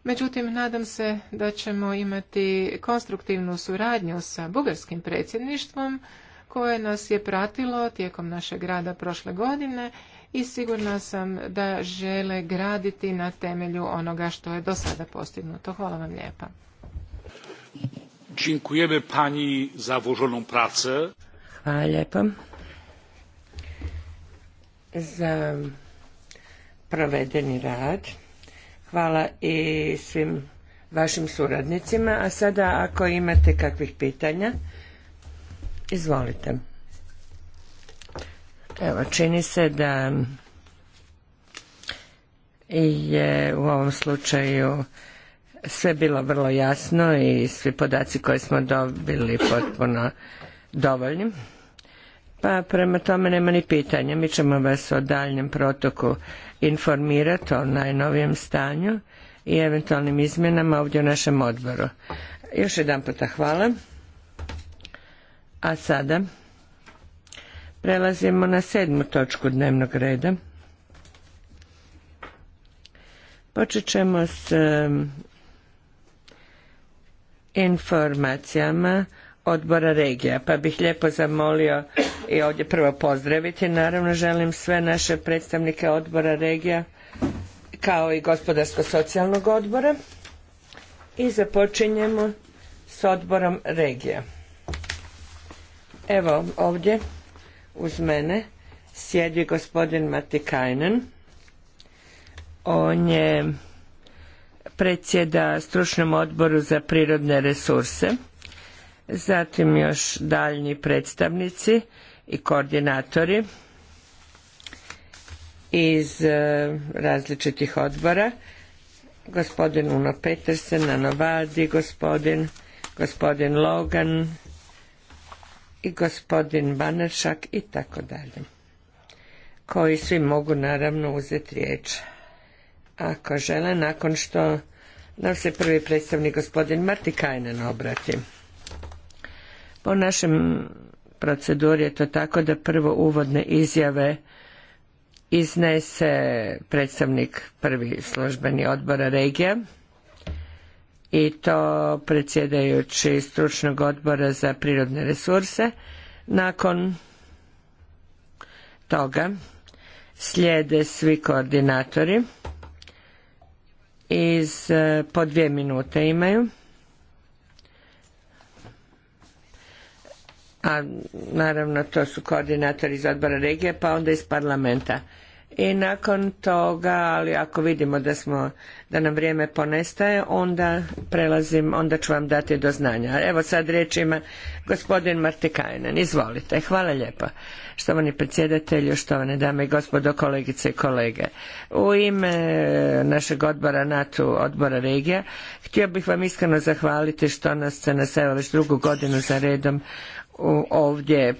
Međutim, nadam se da ćemo imati konstruktivnu suradnju sa bugarskim predsjedništvom koje nas je pratilo tijekom našeg rada prošle godine i sigurna sam da žele graditi na temelju onoga što je do sada postignuto. Hvala vam lijepa. Dziękujemy pani za włożoną pracę. Hvala za provedeni rad. Hvala i svim vašim suradnicima. A sada ako imate kakvih pitanja, izvolite. Evo, čini se da je u ovom slučaju sve bilo vrlo jasno i svi podaci koje smo dobili potpuno dovoljni. Pa prema tome nema ni pitanja. Mi ćemo vas o daljnjem protoku informirati o najnovijem stanju i eventualnim izmjenama ovdje u našem odboru. Još jedan puta hvala. A sada prelazimo na sedmu točku dnevnog reda. Počet ćemo s informacijama odbora regija, pa bih lijepo zamolio i ovdje prvo pozdraviti. Naravno želim sve naše predstavnike odbora regija kao i gospodarsko-socijalnog odbora i započinjemo s odborom regija. Evo ovdje uz mene sjedi gospodin Matikajnen. On je predsjeda stručnom odboru za prirodne resurse, zatim još daljnji predstavnici i koordinatori iz e, različitih odbora, gospodin Uno Petersen na Novadi, gospodin, gospodin Logan i gospodin banašak i tako dalje, koji svi mogu naravno uzeti riječ ako žele, nakon što nam se prvi predstavnik gospodin Marti Kajnen obrati. Po našem proceduri je to tako da prvo uvodne izjave iznese predstavnik prvi službeni odbora regija i to predsjedajući stručnog odbora za prirodne resurse. Nakon toga slijede svi koordinatori iz e, po dvije minute imaju. A naravno to su koordinatori iz odbora regije pa onda iz parlamenta i nakon toga, ali ako vidimo da smo, da nam vrijeme ponestaje, onda prelazim, onda ću vam dati do znanja. Evo sad riječ ima gospodin Martikajnen. Izvolite. Hvala lijepa. Štovani predsjedatelju, štovane dame i gospodo, kolegice i kolege. U ime našeg odbora NATO, odbora regija, htio bih vam iskreno zahvaliti što nas se nas evo već drugu godinu za redom ovdje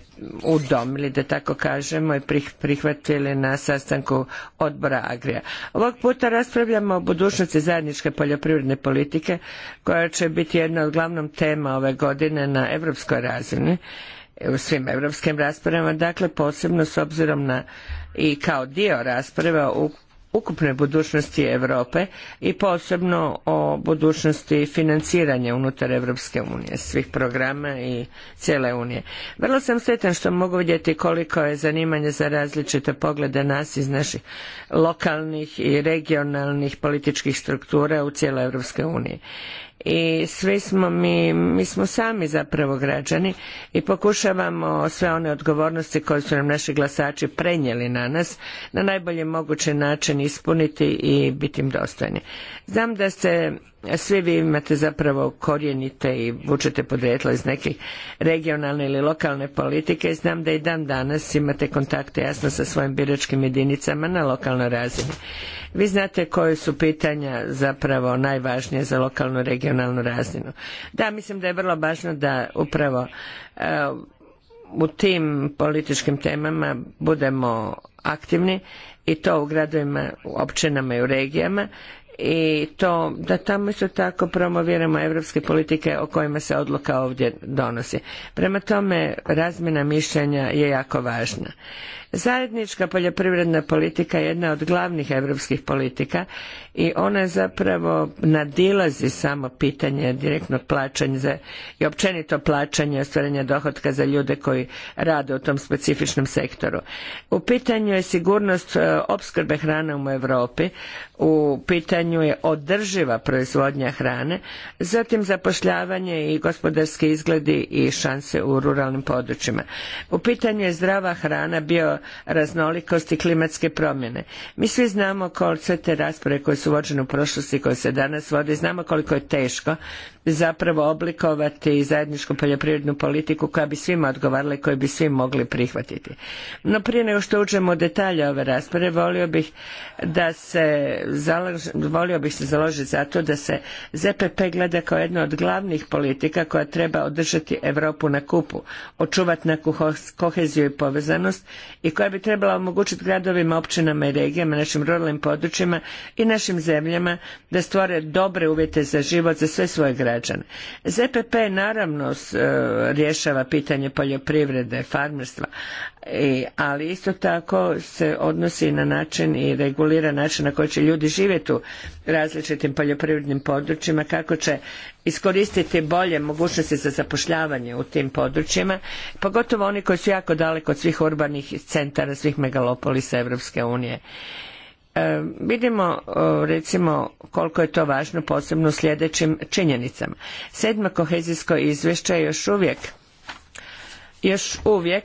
udomili, da tako kažemo, i prihvatili na sastanku odbora Agrija. Ovog puta raspravljamo o budućnosti zajedničke poljoprivredne politike, koja će biti jedna od glavnom tema ove godine na europskoj razini u svim europskim raspravama, dakle posebno s obzirom na i kao dio rasprave u ukupne budućnosti Europe i posebno o budućnosti financiranja unutar Europske unije, svih programa i cijele unije. Vrlo sam sretan što mogu vidjeti koliko je zanimanje za različite poglede nas iz naših lokalnih i regionalnih političkih struktura u cijeloj Europskoj uniji i svi smo mi, mi smo sami zapravo građani i pokušavamo sve one odgovornosti koje su nam naši glasači prenijeli na nas na najbolji mogući način ispuniti i biti im dostojni. Znam da se svi vi imate zapravo korijenite i vučete podrijetla iz nekih regionalne ili lokalne politike i znam da i dan danas imate kontakte jasno sa svojim biračkim jedinicama na lokalnoj razini. Vi znate koje su pitanja zapravo najvažnije za lokalnu regionalnu razinu. Da, mislim da je vrlo važno da upravo eh, u tim političkim temama budemo aktivni i to u gradovima, u općinama i u regijama i to da tamo isto tako promoviramo europske politike o kojima se odluka ovdje donosi. Prema tome, razmjena mišljenja je jako važna. Zajednička poljoprivredna politika je jedna od glavnih europskih politika i ona zapravo nadilazi samo pitanje direktnog plaćanja i općenito plaćanja ostvarenja dohotka za ljude koji rade u tom specifičnom sektoru. U pitanju je sigurnost e, opskrbe hrane u Europi, u pitanju je održiva proizvodnja hrane, zatim zapošljavanje i gospodarski izgledi i šanse u ruralnim područjima. U pitanju je zdrava hrana, bio raznolikosti klimatske promjene. Mi svi znamo koliko sve te rasprave koje su vođene u prošlosti i koje se danas vode, znamo koliko je teško zapravo oblikovati zajedničku poljoprivrednu politiku koja bi svima odgovarala i koju bi svi mogli prihvatiti. No prije nego što uđemo u detalje ove rasprave, volio bih da se volio bih se založiti za to da se ZPP gleda kao jedna od glavnih politika koja treba održati Europu na kupu, očuvati na koheziju i povezanost i koja bi trebala omogućiti gradovima, općinama i regijama, našim ruralnim područjima i našim zemljama da stvore dobre uvjete za život za sve svoje građane ZPP naravno e, rješava pitanje poljoprivrede, farmerstva, e, ali isto tako se odnosi na način i regulira način na koji će ljudi živjeti u različitim poljoprivrednim područjima, kako će iskoristiti bolje mogućnosti za zapošljavanje u tim područjima, pogotovo oni koji su jako daleko od svih urbanih centara, svih megalopolisa Europske unije vidimo recimo koliko je to važno posebno u sljedećim činjenicama. Sedma kohezijsko izvješće je još uvijek još uvijek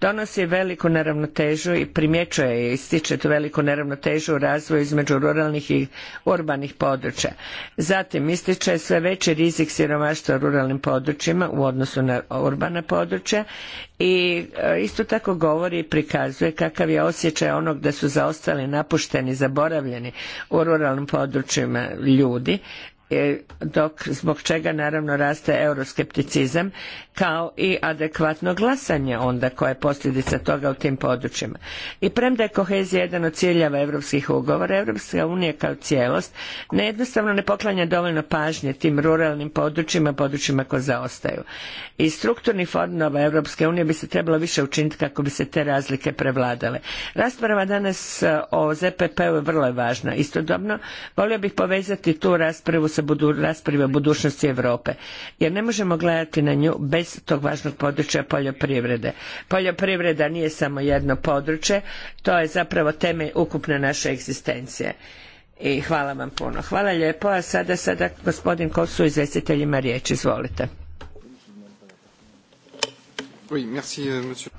donosi veliku neravnotežu i primjećuje i ističe tu veliku neravnotežu u razvoju između ruralnih i urbanih područja. Zatim ističe sve veći rizik siromaštva u ruralnim područjima u odnosu na urbana područja i e, isto tako govori i prikazuje kakav je osjećaj onog da su zaostali, napušteni, zaboravljeni u ruralnim područjima ljudi, dok zbog čega naravno raste euroskepticizam kao i adekvatno glasanje onda koje je posljedica toga u tim područjima. I premda je kohezija jedan od ciljeva europskih ugovora, Evropska unija kao cijelost ne ne poklanja dovoljno pažnje tim ruralnim područjima, područjima koje zaostaju. I strukturni fondova Europske unije bi se trebalo više učiniti kako bi se te razlike prevladale. Rasprava danas e, o ZPP-u je vrlo važna. Istodobno volio bih povezati tu raspravu sa se o budućnosti Europe. Jer ne možemo gledati na nju bez tog važnog područja poljoprivrede. Poljoprivreda nije samo jedno područje, to je zapravo temelj ukupne naše egzistencije. I hvala vam puno. Hvala lijepo, a sada, sada gospodin Kosu izvjestiteljima riječ, izvolite. Euh,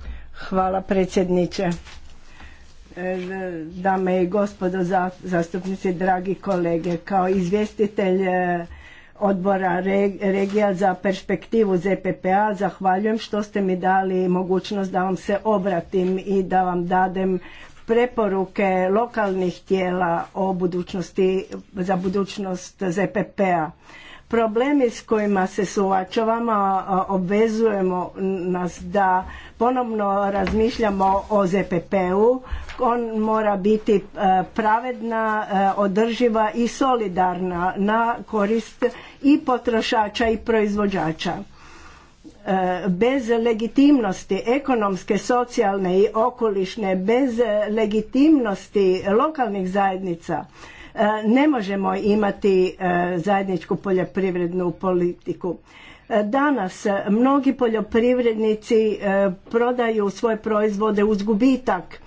hvala predsjedniče. E, dame i gospodo zastupnici, dragi kolege. Kao izvjestitelj e, odbora regija za perspektivu ZPPA zahvaljujem što ste mi dali mogućnost da vam se obratim i da vam dadem preporuke lokalnih tijela o budućnosti, za budućnost ZPPA. Problemi s kojima se suočavamo obvezujemo nas da ponovno razmišljamo o ZPPU u on mora biti e, pravedna, e, održiva i solidarna na korist i potrošača i proizvođača. E, bez legitimnosti ekonomske, socijalne i okolišne, bez legitimnosti lokalnih zajednica ne možemo imati zajedničku poljoprivrednu politiku. Danas mnogi poljoprivrednici prodaju svoje proizvode uz gubitak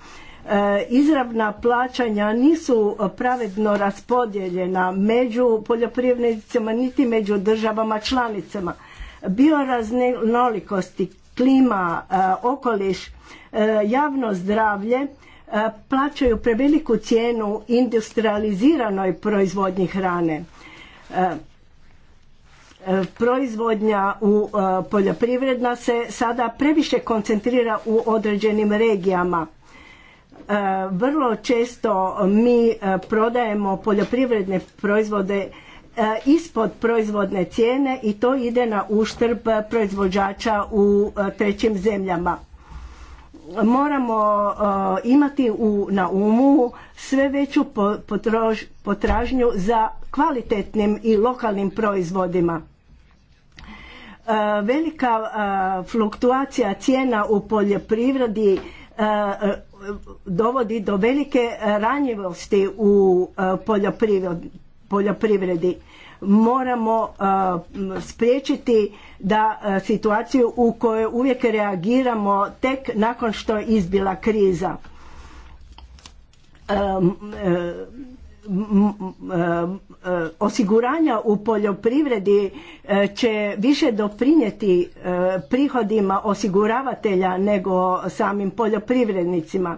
E, izravna plaćanja nisu pravedno raspodijeljena među poljoprivrednicima niti među državama članicama. Bioraznolikosti, klima, e, okoliš, e, javno zdravlje plaćaju preveliku cijenu industrializiranoj proizvodnji hrane. Proizvodnja u poljoprivredna se sada previše koncentrira u određenim regijama E, vrlo često mi e, prodajemo poljoprivredne proizvode e, ispod proizvodne cijene i to ide na uštrb proizvođača u trećim zemljama. Moramo imati na umu sve veću potražnju za kvalitetnim i lokalnim proizvodima. Velika fluktuacija cijena u poljoprivredi dovodi do velike e, ranjivosti u e, poljoprivredi. Moramo e, spriječiti da situaciju u kojoj uvijek reagiramo tek nakon što je izbila kriza. E, osiguranja u poljoprivredi e, će više doprinijeti e, prihodima osiguravatelja nego samim poljoprivrednicima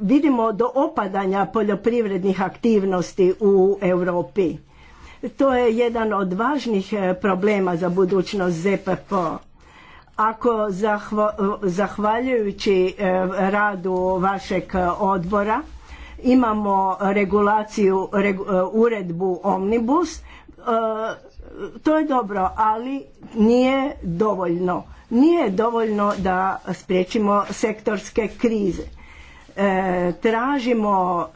vidimo do opadanja poljoprivrednih aktivnosti u Europi. To je jedan od važnih problema za budućnost ZPP ako zahvaljujući e, radu vašeg odbora imamo regulaciju e, uredbu omnibus e, to je dobro ali nije dovoljno nije dovoljno da spriječimo sektorske krize tražimo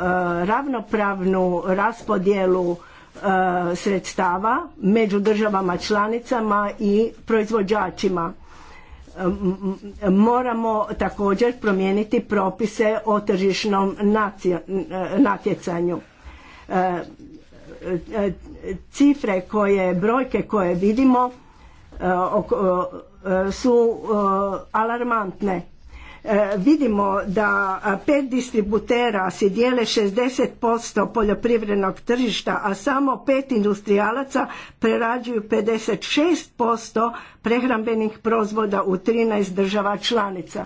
ravnopravnu raspodjelu sredstava među državama članicama i proizvođačima moramo također promijeniti propise o tržišnom e, natjecanju e, e, cifre koje brojke koje vidimo su alarmantne E, vidimo da pet distributera se dijele 60% poljoprivrednog tržišta, a samo pet industrijalaca prerađuju 56% prehrambenih proizvoda u 13 država članica.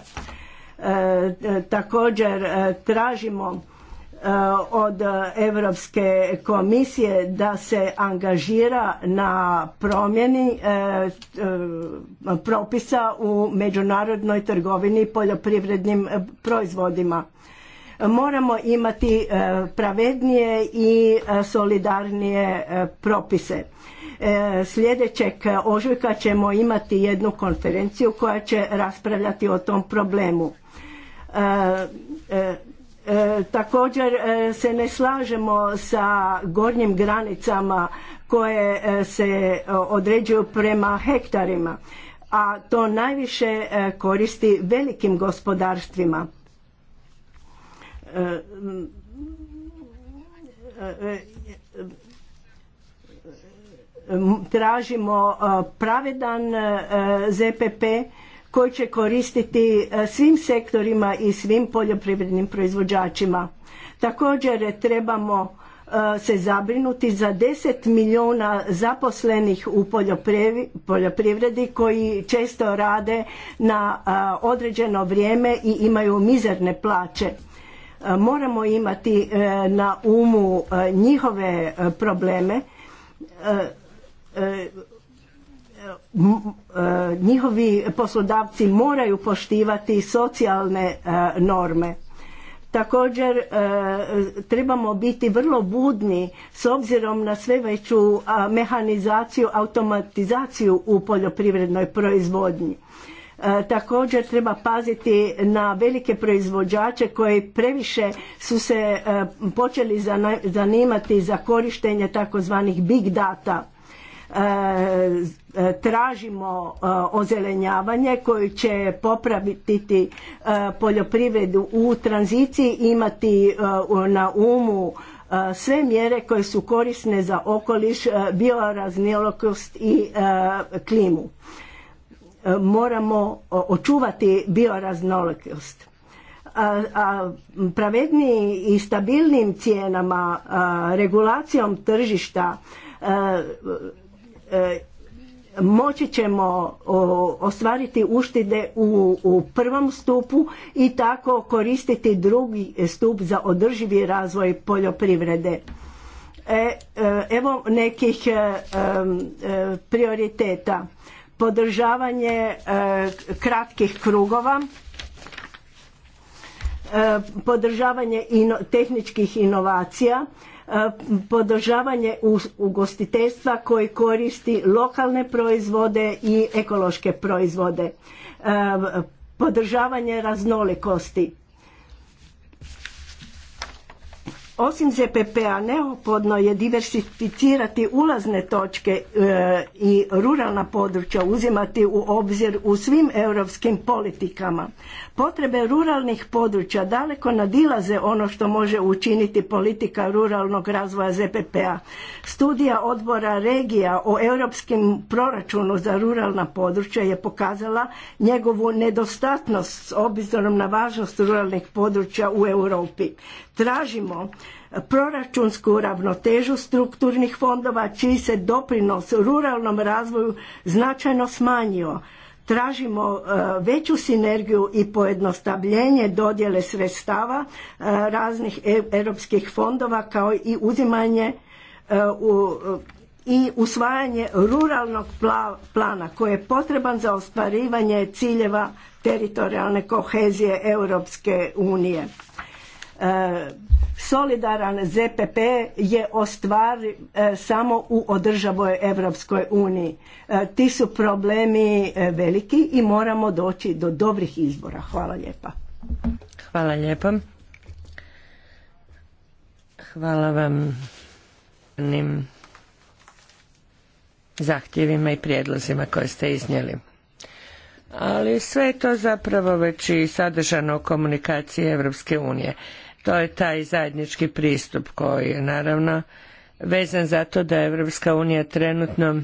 E, e, također tražimo Eh, od Europske komisije da se angažira na promjeni eh, eh, propisa u međunarodnoj trgovini poljoprivrednim proizvodima. Moramo imati pravednije i solidarnije propise. Sljedećeg ožujka ćemo imati jednu konferenciju koja će raspravljati o tom problemu. E, također e, se ne slažemo sa gornjim granicama koje e, se određuju prema hektarima, a to najviše koristi velikim gospodarstvima tražimo pravedan ZPP koji će koristiti e, svim sektorima i svim poljoprivrednim proizvođačima. Također e, trebamo e, se zabrinuti za 10 milijuna zaposlenih u poljoprivredi koji često rade na određeno vrijeme i imaju mizerne plaće. Moramo imati na umu njihove probleme E, njihovi poslodavci moraju poštivati socijalne e, norme. Također e, trebamo biti vrlo budni s obzirom na sve veću mehanizaciju, automatizaciju u poljoprivrednoj proizvodnji. Također treba paziti na velike proizvođače koji previše su se počeli zanimati za korištenje takozvanih big data E, e, tražimo e, ozelenjavanje koje će popraviti poljoprivredu u tranziciji imati na umu sve mjere koje su korisne za okoliš, bioraznolikost i klimu. Moramo očuvati bioraznolikost. A, a pravedniji i stabilnim cijenama, regulacijom tržišta, E, moći ćemo ostvariti uštide u, prvom stupu i tako koristiti drugi stup za održivi razvoj poljoprivrede. E, e, evo nekih prioriteta. Podržavanje kratkih krugova, podržavanje tehničkih inovacija, podržavanje ugostiteljstva koji koristi lokalne proizvode i ekološke proizvode podržavanje raznolikosti Osim ZPP-a neophodno je diversificirati ulazne točke e, i ruralna područja uzimati u obzir u svim europskim politikama. Potrebe ruralnih područja daleko nadilaze ono što može učiniti politika ruralnog razvoja ZPP-a. Studija odbora regija o europskim proračunu za ruralna područja je pokazala njegovu nedostatnost s obzirom na važnost ruralnih područja u Europi. Tražimo proračunsku ravnotežu strukturnih fondova čiji se doprinos ruralnom razvoju značajno smanjio. Tražimo e, veću sinergiju i pojednostavljenje dodjele sredstava e, raznih e, europskih fondova kao i uzimanje i usvajanje ruralnog plana koji je potreban za ostvarivanje ciljeva teritorijalne kohezije Europske unije. Solidaran ZPP je ostvari e, samo u održavoj Evropskoj uniji. E, ti su problemi e, veliki i moramo doći do dobrih izbora. Hvala lijepa. Hvala lijepa. Hvala vam nim zahtjevima i prijedlozima koje ste iznijeli. Ali sve je to zapravo već i sadržano u komunikaciji Evropske unije. To je taj zajednički pristup koji je naravno vezan za to da Evropska unija trenutno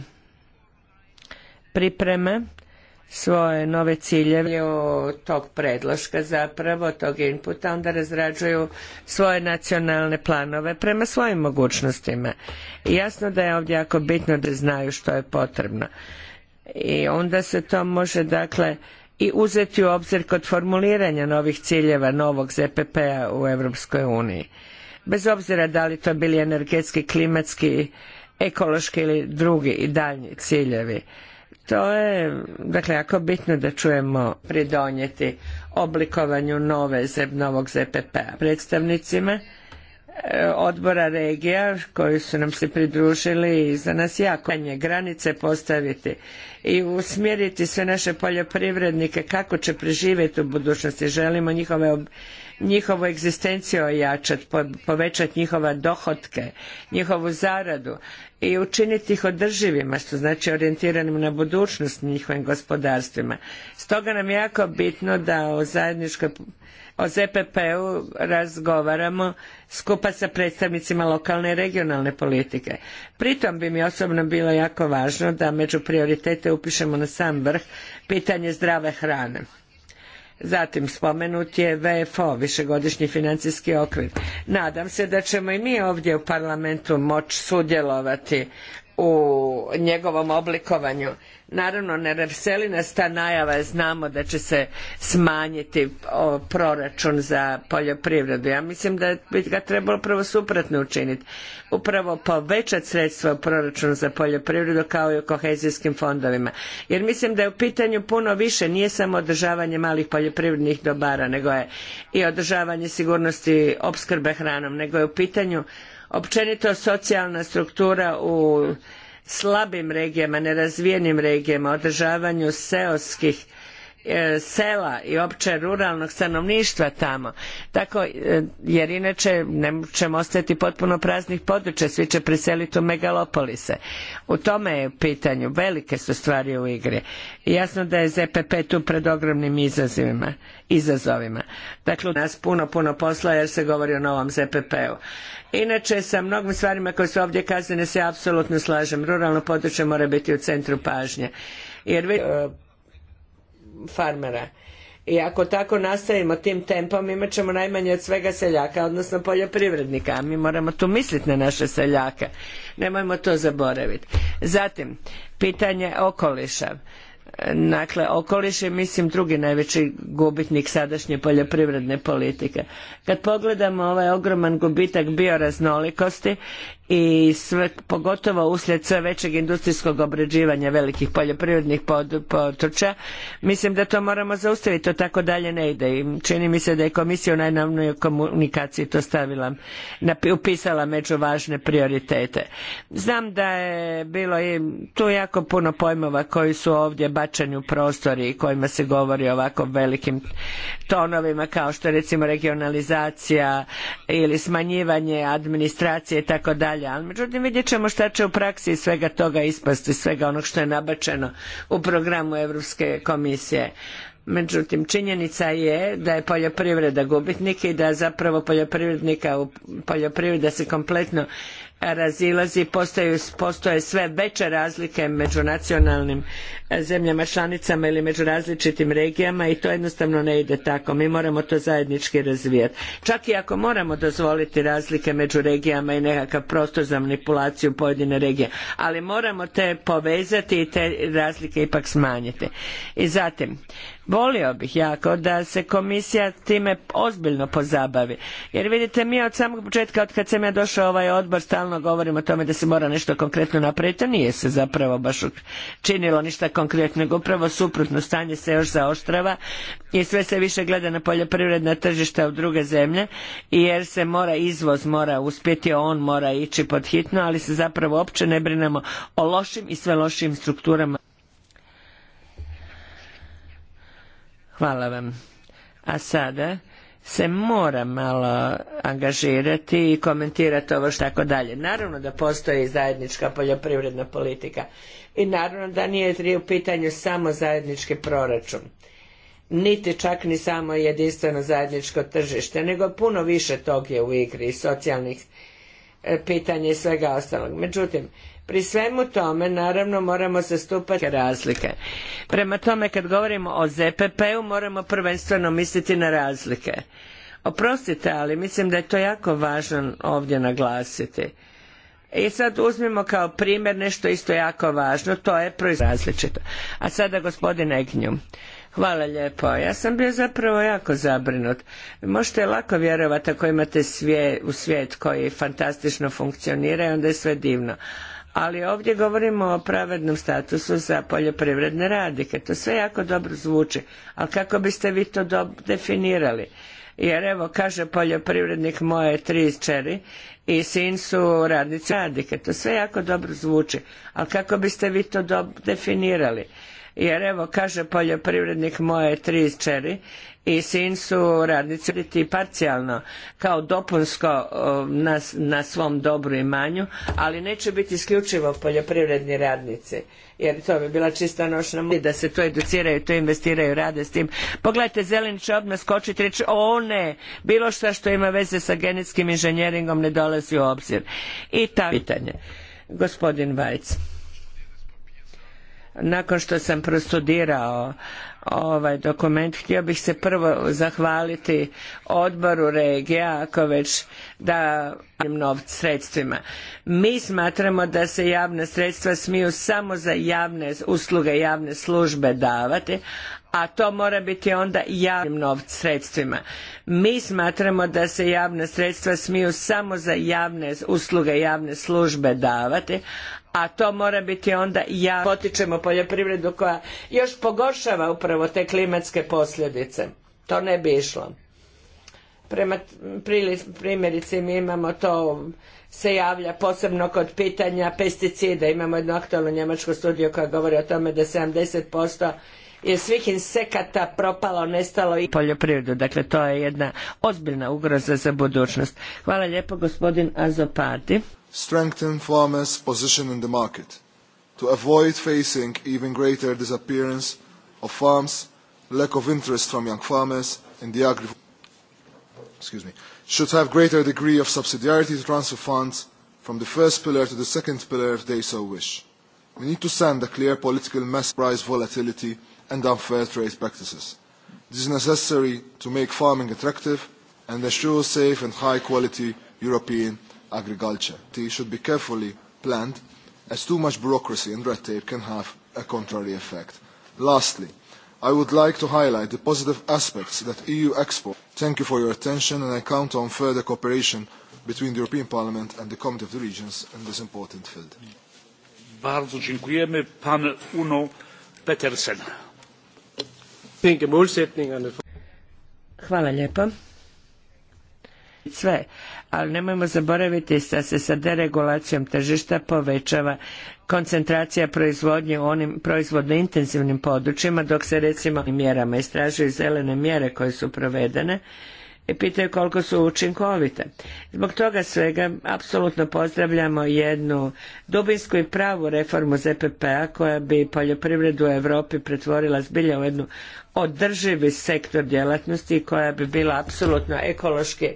pripreme svoje nove ciljeve tog predloška zapravo, tog inputa, onda razrađuju svoje nacionalne planove prema svojim mogućnostima. I jasno da je ovdje jako bitno da znaju što je potrebno. I onda se to može dakle i uzeti u obzir kod formuliranja novih ciljeva novog ZPP-a u Europskoj uniji. Bez obzira da li to bili energetski, klimatski, ekološki ili drugi i daljnji ciljevi. To je, dakle, jako bitno da čujemo pridonijeti oblikovanju nove, novog ZPP-a predstavnicima E, odbora regija koji su nam se pridružili i za nas jako je granice postaviti i usmjeriti sve naše poljoprivrednike kako će preživjeti u budućnosti. Želimo njihove, njihovu egzistenciju ojačati, povećati njihova dohotke, njihovu zaradu i učiniti ih održivima, što znači orijentiranim na budućnost njihovim gospodarstvima. Stoga nam je jako bitno da u zajedničkoj o ZPP-u razgovaramo skupa sa predstavnicima lokalne i regionalne politike. Pritom bi mi osobno bilo jako važno da među prioritete upišemo na sam vrh pitanje zdrave hrane. Zatim spomenut je VFO, višegodišnji financijski okvir. Nadam se da ćemo i mi ovdje u parlamentu moći sudjelovati u njegovom oblikovanju. Naravno, ne veseli nas ta najava, znamo da će se smanjiti proračun za poljoprivredu. Ja mislim da bi ga trebalo upravo suprotno učiniti. Upravo povećati sredstva u proračunu za poljoprivredu kao i u kohezijskim fondovima. Jer mislim da je u pitanju puno više, nije samo održavanje malih poljoprivrednih dobara, nego je i održavanje sigurnosti opskrbe hranom, nego je u pitanju općenito socijalna struktura u slabim regijama, nerazvijenim regijama, održavanju seoskih e, sela i opće ruralnog stanovništva tamo. Tako, e, jer inače ne ćemo ostati potpuno praznih područja, svi će preseliti u megalopolise. U tome je u pitanju, velike su stvari u igri. jasno da je ZPP tu pred ogromnim izazovima. izazovima. Dakle, nas puno, puno posla jer se govori o novom ZPP-u. Inače sa mnogim stvarima koje su ovdje kazane se apsolutno slažem. Ruralno područje mora biti u centru pažnje. Jer e, farmera. I ako tako nastavimo tim tempom imat ćemo najmanje od svega seljaka, odnosno poljoprivrednika. A mi moramo tu misliti na naše seljake. Nemojmo to zaboraviti. Zatim, pitanje okoliša Dakle, okoliš je, mislim, drugi najveći gubitnik sadašnje poljoprivredne politike. Kad pogledamo ovaj ogroman gubitak bioraznolikosti i pogotovo uslijed sve većeg industrijskog obrađivanja velikih poljoprivrednih područja mislim da to moramo zaustaviti to tako dalje ne ide i čini mi se da je komisija u najnovnoj komunikaciji to stavila upisala među važne prioritete znam da je bilo i tu jako puno pojmova koji su ovdje bačeni u prostor i kojima se govori ovako velikim tonovima kao što recimo regionalizacija ili smanjivanje administracije i tako dalje dalje. Ali međutim vidjet ćemo šta će u praksi iz svega toga ispasti, svega onog što je nabačeno u programu Europske komisije. Međutim, činjenica je da je poljoprivreda gubitnik i da zapravo poljoprivrednika, poljoprivreda se kompletno razilazi, postoje, sve veće razlike među nacionalnim e, zemljama članicama ili među različitim regijama i to jednostavno ne ide tako. Mi moramo to zajednički razvijati. Čak i ako moramo dozvoliti razlike među regijama i nekakav prostor za manipulaciju pojedine regije, ali moramo te povezati i te razlike ipak smanjiti. I zatim, volio bih jako da se komisija time ozbiljno pozabavi. Jer vidite, mi od samog početka, od kad sam ja došao ovaj odbor, stalno stalno govorimo o tome da se mora nešto konkretno napraviti, a nije se zapravo baš činilo ništa konkretno, nego upravo suprotno stanje se još zaoštrava i sve se više gleda na poljoprivredna tržišta u druge zemlje jer se mora izvoz mora uspjeti, on mora ići pod hitno, ali se zapravo uopće ne brinemo o lošim i sve lošim strukturama. Hvala vam. A sada se mora malo angažirati i komentirati ovo što tako dalje. Naravno da postoji zajednička poljoprivredna politika i naravno da nije u pitanju samo zajednički proračun niti čak ni samo jedinstveno zajedničko tržište, nego puno više tog je u igri socijalnih e, pitanja i svega ostalog. Međutim, Pri svemu tome, naravno, moramo zastupati razlike. Prema tome, kad govorimo o ZPP-u, moramo prvenstveno misliti na razlike. Oprostite, ali mislim da je to jako važno ovdje naglasiti. I sad uzmimo kao primjer nešto isto jako važno, to je proizvod različito. A sada gospodin Egnju. Hvala lijepo. Ja sam bio zapravo jako zabrinut. Možete lako vjerovati ako imate svijet u svijet koji fantastično funkcionira i onda je sve divno ali ovdje govorimo o pravednom statusu za poljoprivredne radnike. To sve jako dobro zvuči, ali kako biste vi to definirali? Jer evo, kaže poljoprivrednik moje tri čeri i sin su radnici radike. To sve jako dobro zvuči, ali kako biste vi to definirali? Jer evo, kaže poljoprivrednik moje tri čeri i sin su radnici parcijalno kao dopunsko na, svom dobru i manju, ali neće biti isključivo poljoprivredni radnici jer to bi bila čista nošna da se to educiraju, to investiraju, rade s tim. Pogledajte, zeleni će odmah skočiti i reći, o ne, bilo šta što ima veze sa genetskim inženjeringom ne dolazi u obzir. I ta pitanje. Gospodin Vajc nakon što sam prostudirao ovaj dokument. Htio bih se prvo zahvaliti odboru regija, ako već da novc sredstvima. Mi smatramo da se javna sredstva smiju samo za javne usluge, javne službe davati, a to mora biti onda javnim novc sredstvima. Mi smatramo da se javna sredstva smiju samo za javne usluge, javne službe davati, a to mora biti onda ja potičemo poljoprivredu koja još pogoršava upravo te klimatske posljedice. To ne bi išlo. Prema primjerice mi imamo to se javlja posebno kod pitanja pesticida. Imamo jednu aktualnu njemačku studiju koja govori o tome da 70% je svih insekata propalo, nestalo i poljoprivredu. Dakle, to je jedna ozbiljna ugroza za budućnost. Hvala lijepo gospodin azopardi strengthen farmers' position in the market to avoid facing even greater disappearance of farms, lack of interest from young farmers in the agri excuse me, should have greater degree of subsidiarity to transfer funds from the first pillar to the second pillar if they so wish. We need to send a clear political message price volatility and unfair trade practices. This is necessary to make farming attractive and ensure safe and high quality European agriculture. They should be carefully planned as too much bureaucracy and red tape can have a contrary effect. Lastly, I would like to highlight the positive aspects that EU export. Thank you for your attention and I count on further cooperation between the European Parliament and the Committee of the Regions in this important field. Bardzo dziękujemy. Pan Uno Petersen. Hvala lijepa sve, ali nemojmo zaboraviti da se sa deregulacijom tržišta povećava koncentracija proizvodnje u onim proizvodno intenzivnim područjima dok se recimo mjerama istražuju zelene mjere koje su provedene i pitaju koliko su učinkovite. Zbog toga svega apsolutno pozdravljamo jednu dubinsku i pravu reformu ZPP-a koja bi poljoprivredu u Europi pretvorila zbilja u jednu održivi sektor djelatnosti koja bi bila apsolutno ekološki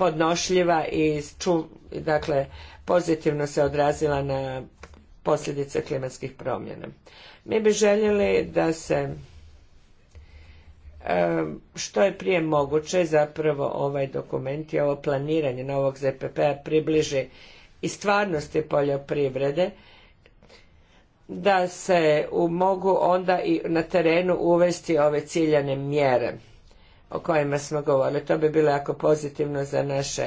podnošljiva i dakle pozitivno se odrazila na posljedice klimatskih promjena. Mi bi željeli da se što je prije moguće zapravo ovaj dokument i ovo planiranje novog ZPP-a približi i stvarnosti poljoprivrede da se mogu onda i na terenu uvesti ove ciljane mjere o kojima smo govorili. To bi bilo jako pozitivno za naše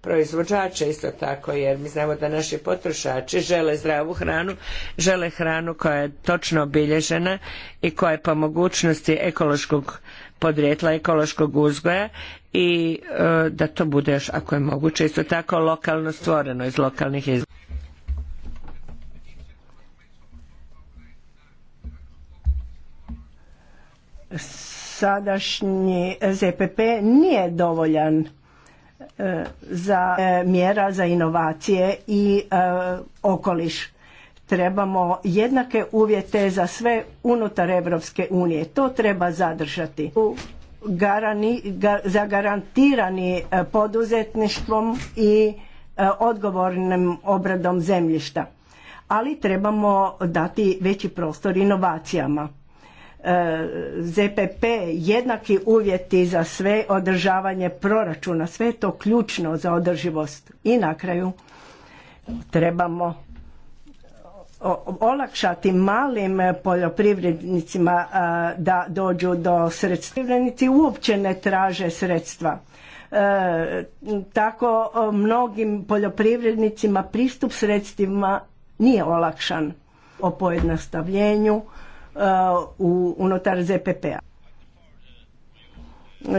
proizvođače isto tako jer mi znamo da naši potrošači žele zdravu hranu, žele hranu koja je točno obilježena i koja je po mogućnosti ekološkog podrijetla, ekološkog uzgoja i e, da to bude još ako je moguće isto tako lokalno stvoreno iz lokalnih izvora sadašnji ZPP nije dovoljan e, za e, mjera za inovacije i e, okoliš. Trebamo jednake uvjete za sve unutar Europske unije. To treba zadržati. za garantirani zagarantirani poduzetništvom i odgovornim obradom zemljišta. Ali trebamo dati veći prostor inovacijama. E, ZPP, jednaki uvjeti za sve održavanje proračuna, sve je to ključno za održivost. I na kraju trebamo olakšati malim poljoprivrednicima e, da dođu do sredstva. Poljoprivrednici uopće ne traže sredstva. E, tako mnogim poljoprivrednicima pristup sredstvima nije olakšan o pojednostavljenju unutar ZPP-a.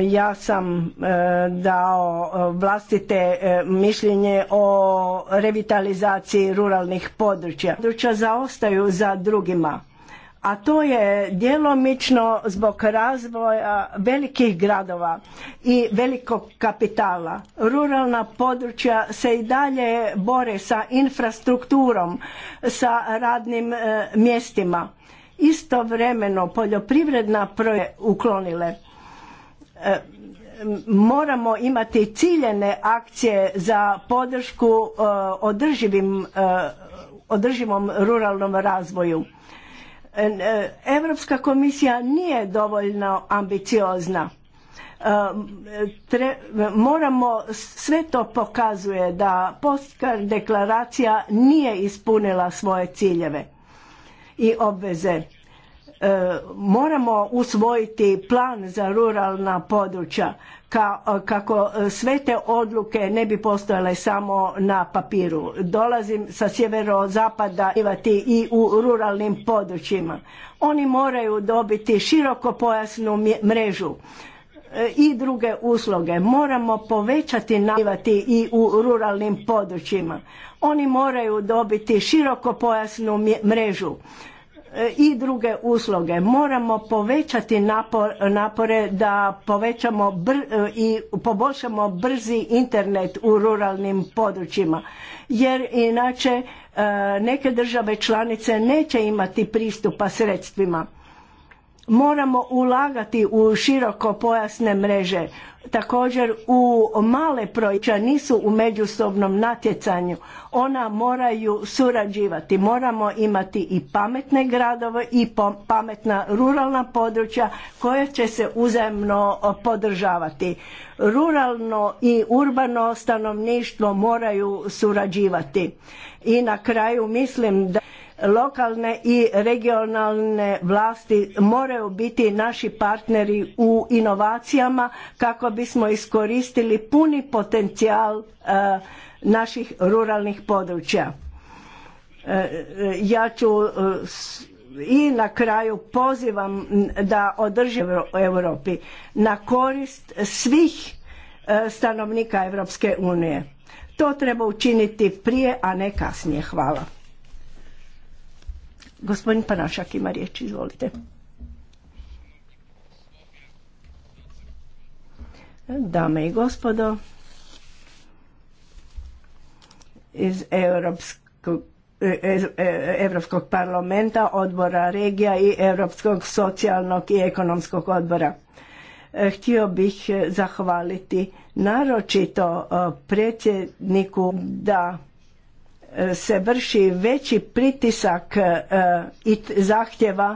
Ja sam e, dao e, vlastite e, mišljenje o revitalizaciji ruralnih područja. Područja zaostaju za drugima a to je djelomično zbog razvoja velikih gradova i velikog kapitala. Ruralna područja se i dalje bore sa infrastrukturom, sa radnim mjestima istovremeno poljoprivredna proje uklonile. E, moramo imati ciljene akcije za podršku e, održivim, e, održivom ruralnom razvoju. Europska komisija nije dovoljno ambiciozna. moramo, sve to pokazuje da Postkar deklaracija nije ispunila svoje ciljeve i obveze. E, moramo usvojiti plan za ruralna područja e, kako e, sve te odluke ne bi postojale samo na papiru. Dolazim sa sjeverozapada i u ruralnim područjima. Oni moraju dobiti široko pojasnu mrežu E, i druge usluge. Moramo povećati navivati i u ruralnim područjima. Oni moraju dobiti široko pojasnu mrežu e, i druge usluge. Moramo povećati napore da povećamo br e, i poboljšamo brzi internet u ruralnim područjima. Jer inače neke države članice neće imati pristupa sredstvima Moramo ulagati u široko pojasne mreže, također u male projekte nisu u međusobnom natjecanju. Ona moraju surađivati. Moramo imati i pametne gradove i pametna ruralna područja koja će se uzajemno podržavati. Ruralno i urbano stanovništvo moraju surađivati. I na kraju mislim da Lokalne i regionalne vlasti moraju biti naši partneri u inovacijama kako bismo iskoristili puni potencijal e, naših ruralnih područja. E, ja ću e, i na kraju pozivam da održi Europi na korist svih stanovnika Europske unije. To treba učiniti prije, a ne kasnije. Hvala. Gospodin Panašak ima riječ, izvolite. Dame i gospodo, iz e, e, e, Europskog parlamenta, odbora regija i Europskog socijalnog i ekonomskog odbora. Htio bih zahvaliti naročito predsjedniku da se vrši veći pritisak e, i zahtjeva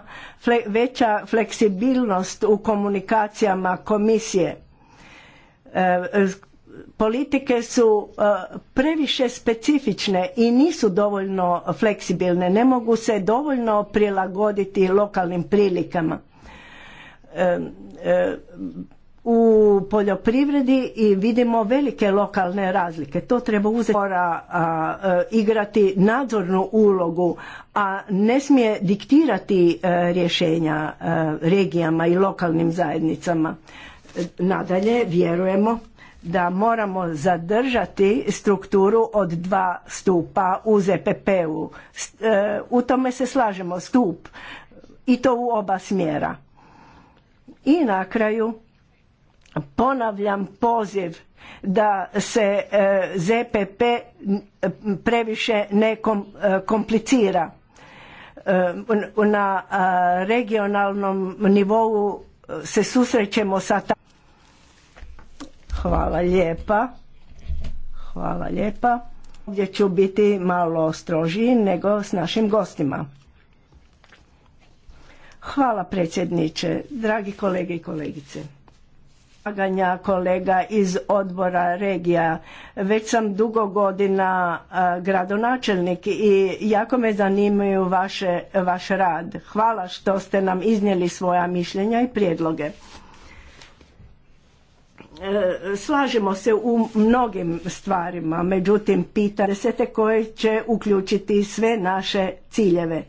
veća fleksibilnost u komunikacijama komisije. E, politike su e, previše specifične i nisu dovoljno fleksibilne, ne mogu se dovoljno prilagoditi lokalnim prilikama u poljoprivredi i vidimo velike lokalne razlike. To treba uzeti, mora igrati nadzornu ulogu, a ne smije diktirati e, rješenja e, regijama i lokalnim zajednicama. Nadalje vjerujemo da moramo zadržati strukturu od dva stupa u ZPP-u. E, u tome se slažemo stup i to u oba smjera. I na kraju ponavljam poziv da se e, ZPP previše ne e, komplicira e, na regionalnom nivou se susrećemo sa ta... Hvala lijepa. Hvala lijepa. Ovdje ću biti malo strožiji nego s našim gostima. Hvala predsjedniče, dragi kolege i kolegice izlaganja kolega iz odbora regija. Već sam dugo godina gradonačelnik i jako me zanimaju vaše, vaš rad. Hvala što ste nam iznijeli svoja mišljenja i prijedloge. E, slažemo se u mnogim stvarima, međutim pitanje se koje će uključiti sve naše ciljeve.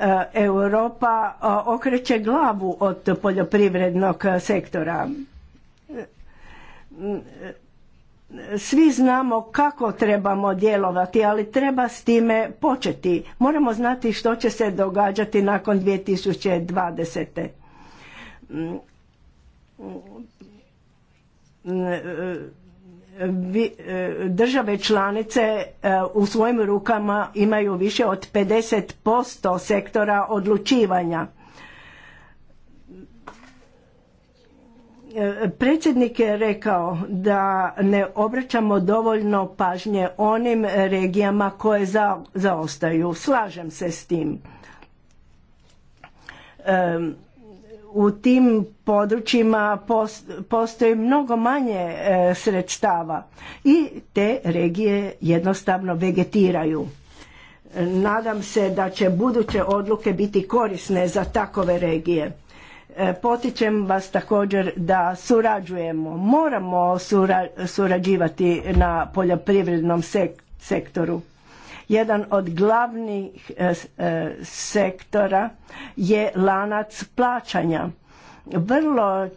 E, Europa e, okreće glavu od poljoprivrednog sektora. E, svi znamo kako trebamo djelovati, ali treba s time početi. Moramo znati što će se događati nakon 2020. E, države članice e, u svojim rukama imaju više od 50% sektora odlučivanja. E, predsjednik je rekao da ne obraćamo dovoljno pažnje onim regijama koje zaostaju. Slažem se s tim u tim područjima postoji mnogo manje e, sredstava i te regije jednostavno vegetiraju. Nadam se da će buduće odluke biti korisne za takove regije. E, potičem vas također da surađujemo. Moramo surađivati na poljoprivrednom sektoru jedan od glavnih e, e, sektora je lanac plaćanja. Vrlo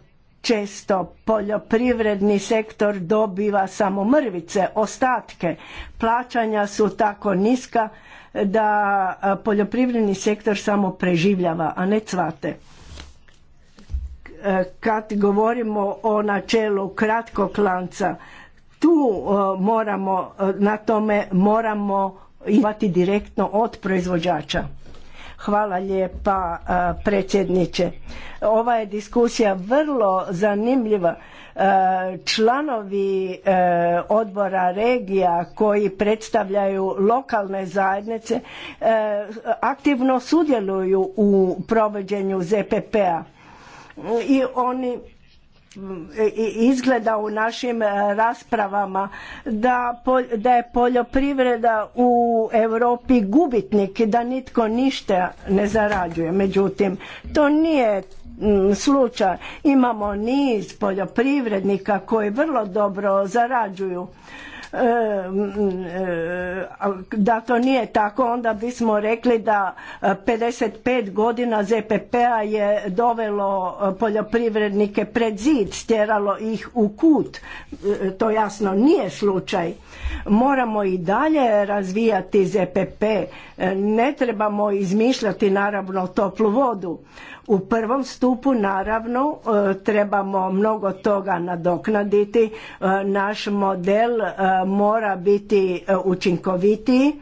često poljoprivredni sektor dobiva samo mrvice, ostatke. Plaćanja su tako niska da e, poljoprivredni sektor samo preživljava, a ne cvate. Kad govorimo o načelu kratkog lanca, tu moramo, na tome moramo imati direktno od proizvođača. Hvala lijepa predsjedniče. Ova je diskusija vrlo zanimljiva. Članovi e, odbora regija koji predstavljaju lokalne zajednice e, aktivno sudjeluju u provođenju ZPP-a i oni E, izgleda u našim e, raspravama da, da je poljoprivreda u Europi gubitnik da nitko ništa ne zarađuje. Međutim, to nije slučaj. Imamo niz poljoprivrednika koji vrlo dobro zarađuju. E, da to nije tako onda bismo rekli da 55 e, godina ZPP-a je dovelo e, poljoprivrednike pred zid, stjeralo ih u kut. To jasno nije slučaj. Moramo i dalje razvijati ZPP. Ne trebamo izmišljati naravno toplu vodu. U prvom stupu naravno e, trebamo mnogo toga nadoknaditi. E, naš model e, mora biti učinkovitiji.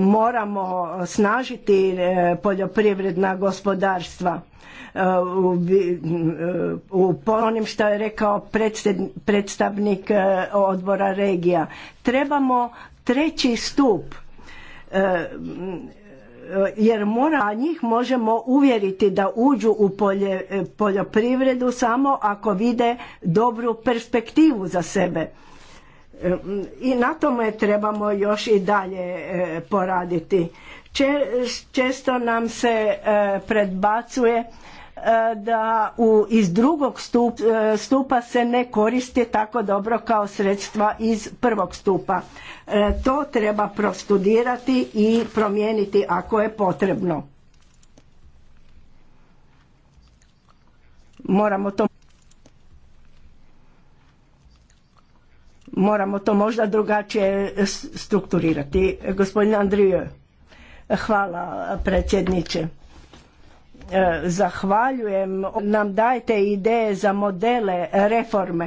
Moramo snažiti poljoprivredna gospodarstva u onim što je rekao predstavnik odbora regija. Trebamo treći stup jer mora njih možemo uvjeriti da uđu u e, poljoprivredu samo ako vide dobru perspektivu za sebe e, mm, i na tome trebamo još i dalje e, poraditi često nam se predbacuje E, da iz drugog e, stupa se ne koriste tako dobro kao sredstva iz prvog stupa. E, to treba prostudirati i promijeniti ako je potrebno. Moramo to moramo to možda drugačije strukturirati. Gospodin Andrije, hvala predsjedniče. E, zahvaljujem nam dajte ideje za modele reforme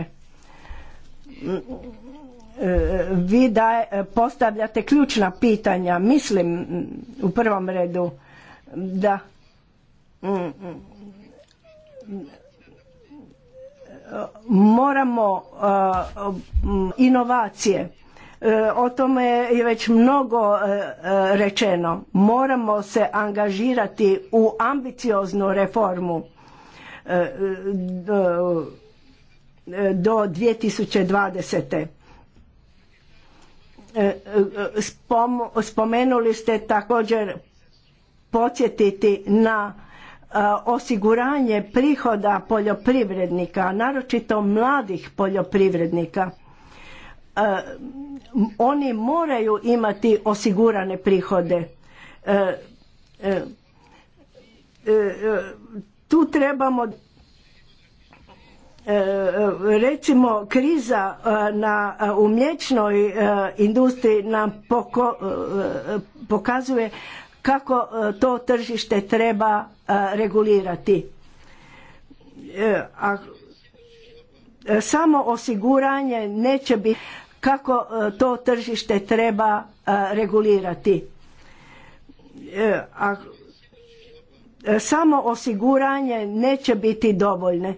e, vi postavljate ključna pitanja mislim u prvom redu da moramo e, inovacije E, o tome je već mnogo e, e, rečeno. Moramo se angažirati u ambicioznu reformu do 2020. Spomenuli ste također podsjetiti na osiguranje prihoda poljoprivrednika, naročito mladih poljoprivrednika Eh, oni moraju imati osigurane prihode. Eh, eh, tu trebamo recimo kriza na u industriji nam pokazuje kako to tržište treba regulirati. A samo osiguranje neće biti kako e, to tržište treba e, regulirati. E, samo osiguranje neće biti dovoljne.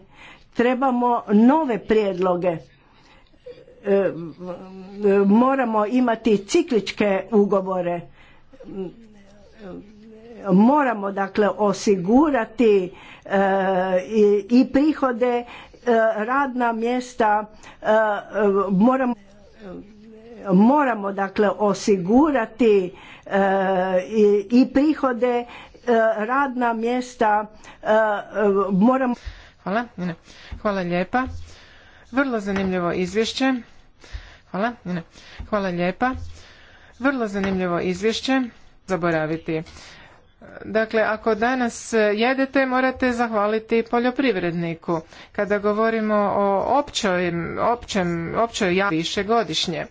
Trebamo nove prijedloge. Moramo imati cikličke ugovore. Moramo dakle osigurati i prihode radna mjesta moramo moramo dakle osigurati e, i, prihode e, radna mjesta e, moramo hvala ne. hvala lijepa vrlo zanimljivo izvješće hvala ne. hvala lijepa vrlo zanimljivo izvješće zaboraviti Dakle, ako danas jedete, morate zahvaliti poljoprivredniku. Kada govorimo o općoj, općem, općoj godišnje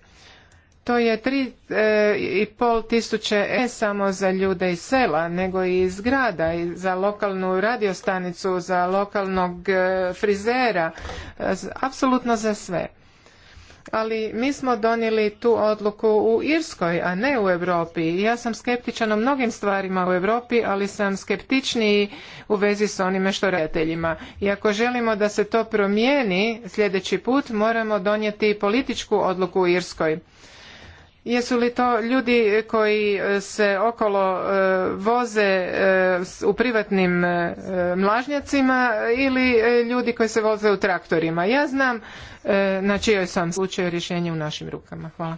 to je 3,5 eh, tisuće ne samo za ljude iz sela, nego i iz grada, i za lokalnu radiostanicu, za lokalnog eh, frizera, eh, apsolutno za sve ali mi smo donijeli tu odluku u Irskoj, a ne u Europi. Ja sam skeptičan o mnogim stvarima u Europi, ali sam skeptičniji u vezi s onime što rediteljima. I ako želimo da se to promijeni sljedeći put, moramo donijeti političku odluku u Irskoj. Jesu li to ljudi koji e, se okolo e, voze e, u privatnim mlažnjacima ili ljudi koji se voze u traktorima? Ja znam na čijoj sam slučaju rješenje u našim rukama. Hvala.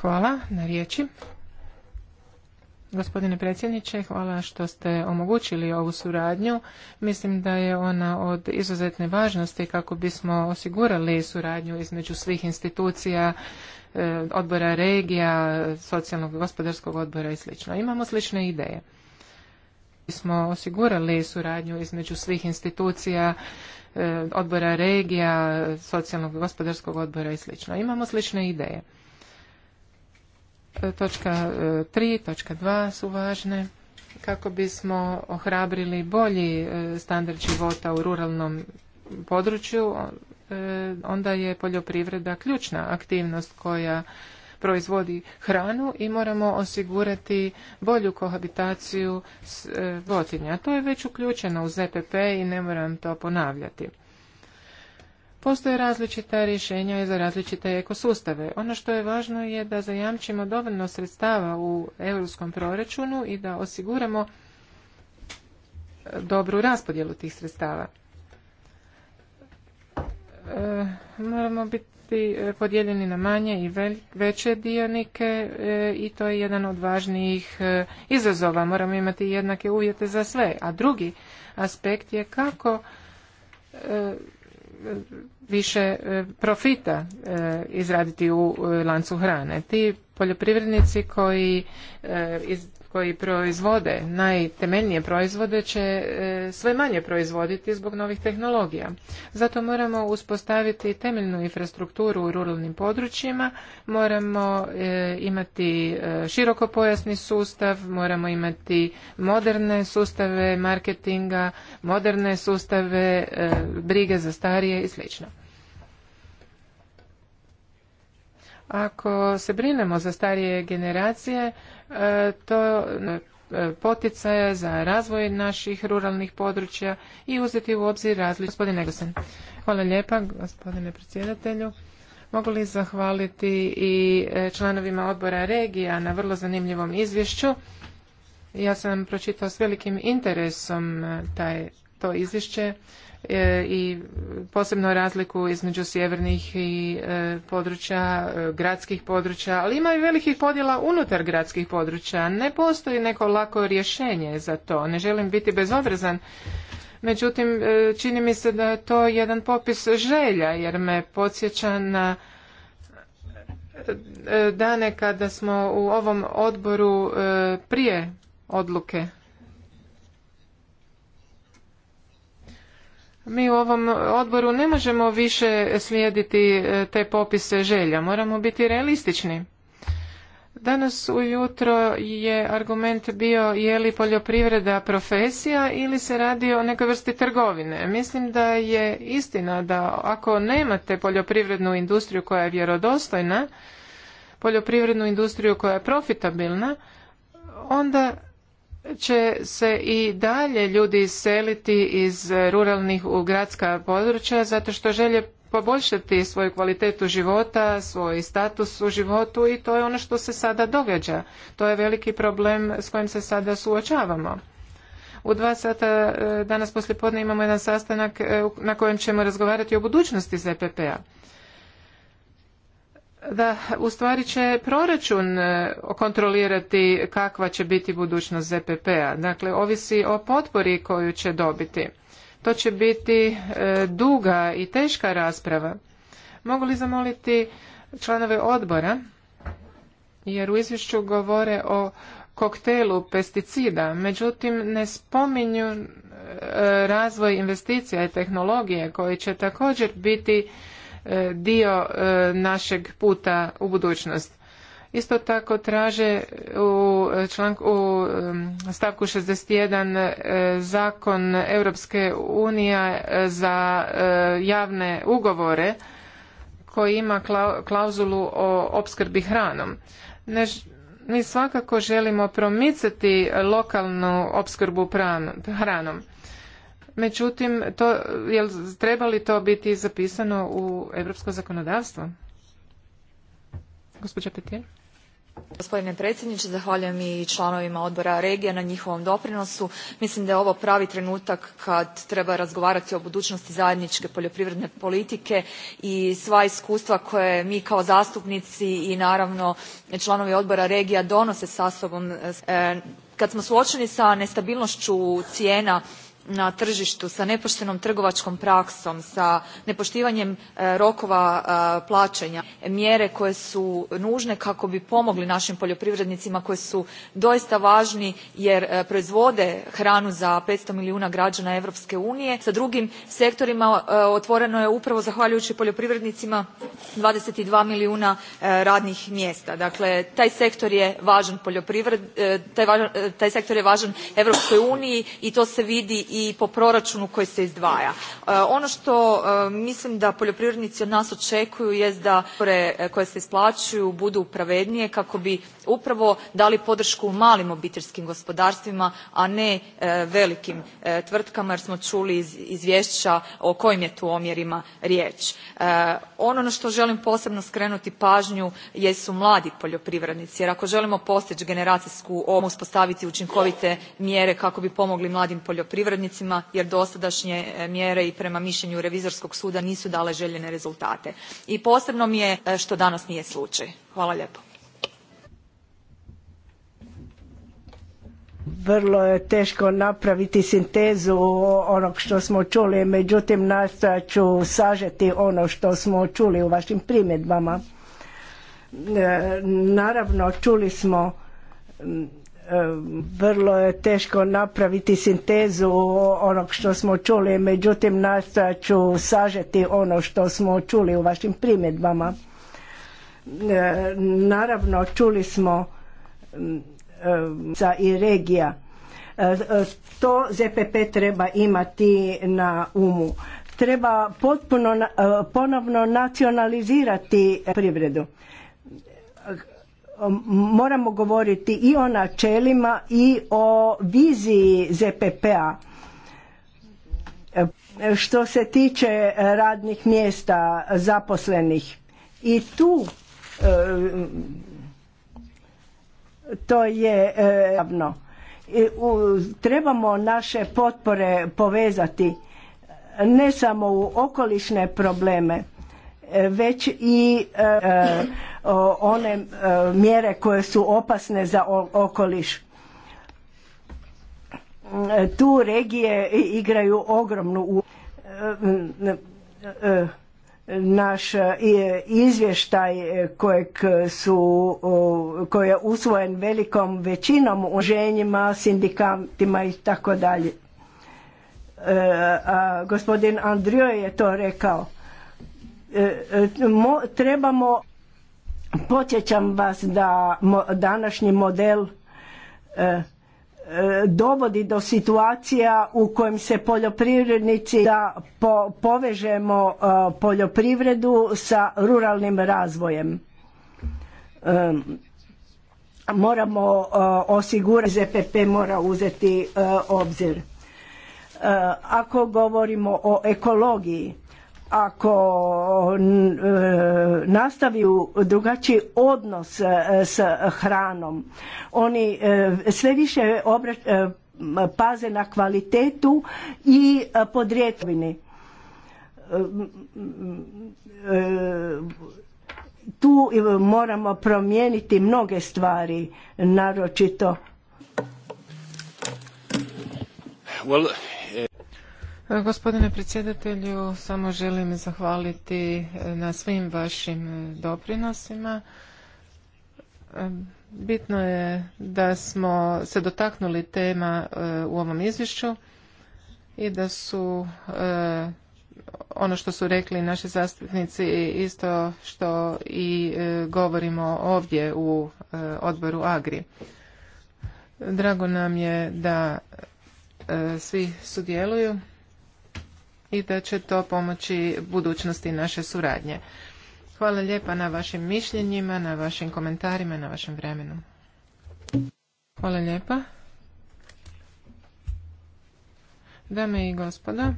Hvala na riječi. Gospodine predsjedniče, hvala što ste omogućili ovu suradnju. Mislim da je ona od izuzetne važnosti kako bismo osigurali suradnju između svih institucija, e, odbora regija, socijalnog i gospodarskog odbora i sl. Imamo slične ideje. Smo osigurali suradnju između svih institucija, e, odbora regija, socijalnog i gospodarskog odbora i sl. Imamo slične ideje točka e, tri, točka dva su važne kako bismo ohrabrili bolji e, standard života u ruralnom području, e, onda je poljoprivreda ključna aktivnost koja proizvodi hranu i moramo osigurati bolju kohabitaciju s, a To je već uključeno u ZPP i ne moram to ponavljati. Postoje različita rješenja i za različite ekosustave. Ono što je važno je da zajamčimo dovoljno sredstava u europskom proračunu i da osiguramo e, dobru raspodjelu tih sredstava. E, moramo biti e, podijeljeni na manje i veće dionike i to je jedan od važnijih izazova. Moramo imati jednake uvjete za sve. A drugi aspekt je kako više e, profita e, izraditi u e, lancu hrane. Ti poljoprivrednici koji koji proizvode najtemeljnije proizvode će e, sve manje proizvoditi zbog novih tehnologija. Zato moramo uspostaviti temeljnu infrastrukturu u ruralnim područjima, moramo e, imati e, širokopojasni sustav, moramo imati moderne sustave marketinga, moderne sustave brige za starije i slično. Ako se brinemo za starije generacije, e, to e, poticaje za razvoj naših ruralnih područja i uzeti u obzir različite. Gospodin Gosen, Hvala lijepa, gospodine predsjedatelju. Mogu li zahvaliti i e, članovima odbora regija na vrlo zanimljivom izvješću. Ja sam pročitao s velikim interesom taj, to izvješće E, i posebno razliku između sjevernih i e, područja, e, gradskih područja, ali ima i velikih podjela unutar gradskih područja. Ne postoji neko lako rješenje za to. Ne želim biti bezobrazan. Međutim, čini mi se da je to jedan popis želja, jer me podsjeća na dane kada smo u ovom odboru prije odluke mi u ovom odboru ne možemo više slijediti e, te popise želja, moramo biti realistični. Danas ujutro je argument bio je li poljoprivreda profesija ili se radi o nekoj vrsti trgovine. Mislim da je istina da ako nemate poljoprivrednu industriju koja je vjerodostojna, poljoprivrednu industriju koja je profitabilna, onda će se i dalje ljudi iseliti iz ruralnih u gradska područja zato što želje poboljšati svoju kvalitetu života, svoj status u životu i to je ono što se sada događa. To je veliki problem s kojim se sada suočavamo. U dva sata e, danas poslijepodne imamo jedan sastanak e, na kojem ćemo razgovarati o budućnosti ZPP-a da u stvari će proračun e, kontrolirati kakva će biti budućnost ZPP-a. Dakle, ovisi o potpori koju će dobiti. To će biti e, duga i teška rasprava. Mogu li zamoliti članove odbora, jer u izvješću govore o koktelu pesticida, međutim ne spominju e, razvoj investicija i tehnologije koji će također biti E, dio e, našeg puta u budućnost. Isto tako traže u, e, članku, u stavku 61 zakon Europske unije za javne ugovore koji ima klauzulu o opskrbi hranom. mi svakako želimo promicati lokalnu opskrbu hranom Međutim, to, jel treba li to biti zapisano u europsko zakonodavstvo? Petir. Gospodine predsjedniče, zahvaljujem i članovima odbora regija na njihovom doprinosu. Mislim da je ovo pravi trenutak kad treba razgovarati o budućnosti zajedničke poljoprivredne politike i sva iskustva koje mi kao zastupnici i naravno članovi odbora regija donose sa sobom. E, kad smo suočeni sa nestabilnošću cijena na tržištu sa nepoštenom trgovačkom praksom sa nepoštivanjem e, rokova e, plaćanja mjere koje su nužne kako bi pomogli našim poljoprivrednicima koji su doista važni jer e, proizvode hranu za petsto milijuna građana europske unije sa drugim sektorima otvoreno je upravo zahvaljujući poljoprivrednicima 22 dva milijuna radnih mjesta. dakle taj sektor je važan taj, sektor je važan europskoj uniji i to se vidi i po proračunu koji se izdvaja. E, ono što e, mislim da poljoprivrednici od nas očekuju jest da potpore e, koje se isplaćuju budu pravednije kako bi upravo dali podršku malim obiteljskim gospodarstvima, a ne velikim tvrtkama jer smo čuli iz izvješća o kojim je tu omjerima riječ. Ono na što želim posebno skrenuti pažnju jesu mladi poljoprivrednici jer ako želimo postići generacijsku uspostaviti učinkovite mjere kako bi pomogli mladim poljoprivrednicima poljoprivrednicima jer dosadašnje e, mjere i prema mišljenju revizorskog suda nisu dale željene rezultate. I posebno mi je e, što danas nije slučaj. Hvala lijepo. vrlo je teško napraviti sintezu onog što smo čuli, međutim nastojat ću sažeti ono što smo čuli u vašim primjedbama. E, naravno, čuli smo Eh, vrlo je teško napraviti sintezu onog što smo čuli, međutim nastojat ću sažeti ono što smo čuli u vašim primjedbama. Eh, naravno, čuli smo sa eh, i regija. To ZPP treba imati na umu. Treba potpuno ponovno nacionalizirati privredu moramo govoriti i o načelima i o viziji ZPP-a. E, što se tiče radnih mjesta zaposlenih i tu e, to je e, javno. Trebamo naše potpore povezati ne samo u okolišne probleme, već i one e, mjere koje su opasne za okoliš e, tu regije igraju ogromnu u e, naš izvještaj kojeg su, koji je usvojen velikom većinom uženjima, sindikantima i tako dalje. Gospodin Andrio je to rekao. trebamo Podsjećam vas da današnji model e, e, dovodi do situacija u kojem se poljoprivrednici da povežemo e, poljoprivredu sa ruralnim razvojem. moramo osigurati, ZPP mora uzeti obzir. ako govorimo o ekologiji, ako e, nastavi drugačiji odnos e, s hranom oni e, sve više paze na kvalitetu i podrijetvini tu moramo promijeniti mnoge stvari naročito Gospodine predsjedatelju, samo želim zahvaliti e, na svim vašim e, doprinosima. E, bitno je da smo se dotaknuli tema u ovom izvješću i da su ono što su rekli naši zastupnici isto što i govorimo ovdje u odboru Agri. Drago nam je da svi sudjeluju i da će to pomoći budućnosti naše suradnje. Hvala lijepa na vašim mišljenjima, na vašim komentarima, na vašem vremenu. Hvala lijepa. Dame i gospoda,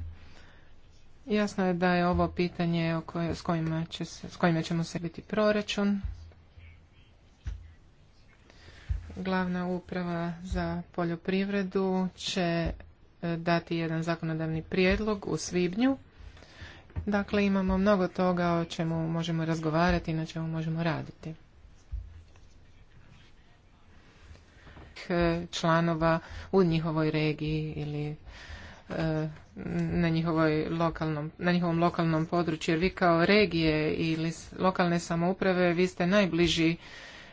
jasno je da je ovo pitanje o s, kojima se, s kojima ćemo se biti proračun. Glavna uprava za poljoprivredu će dati jedan zakonodavni prijedlog u svibnju. Dakle, imamo mnogo toga o čemu možemo razgovarati i na čemu možemo raditi. Članova u njihovoj regiji ili e, na, lokalnom, na njihovom lokalnom području, jer vi kao regije ili lokalne samouprave, vi ste najbliži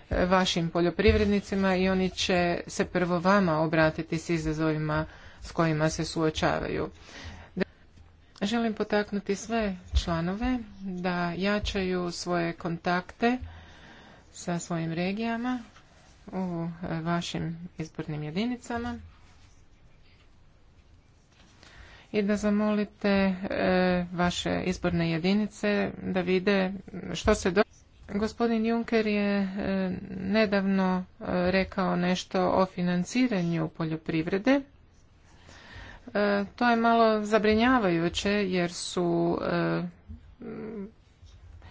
e, vašim poljoprivrednicima i oni će se prvo vama obratiti s izazovima s kojima se suočavaju. Želim potaknuti sve članove da jačaju svoje kontakte sa svojim regijama u vašim izbornim jedinicama i da zamolite e, vaše izborne jedinice da vide što se do... Gospodin Juncker je e, nedavno e, rekao nešto o financiranju poljoprivrede E, to je malo zabrinjavajuće jer su e,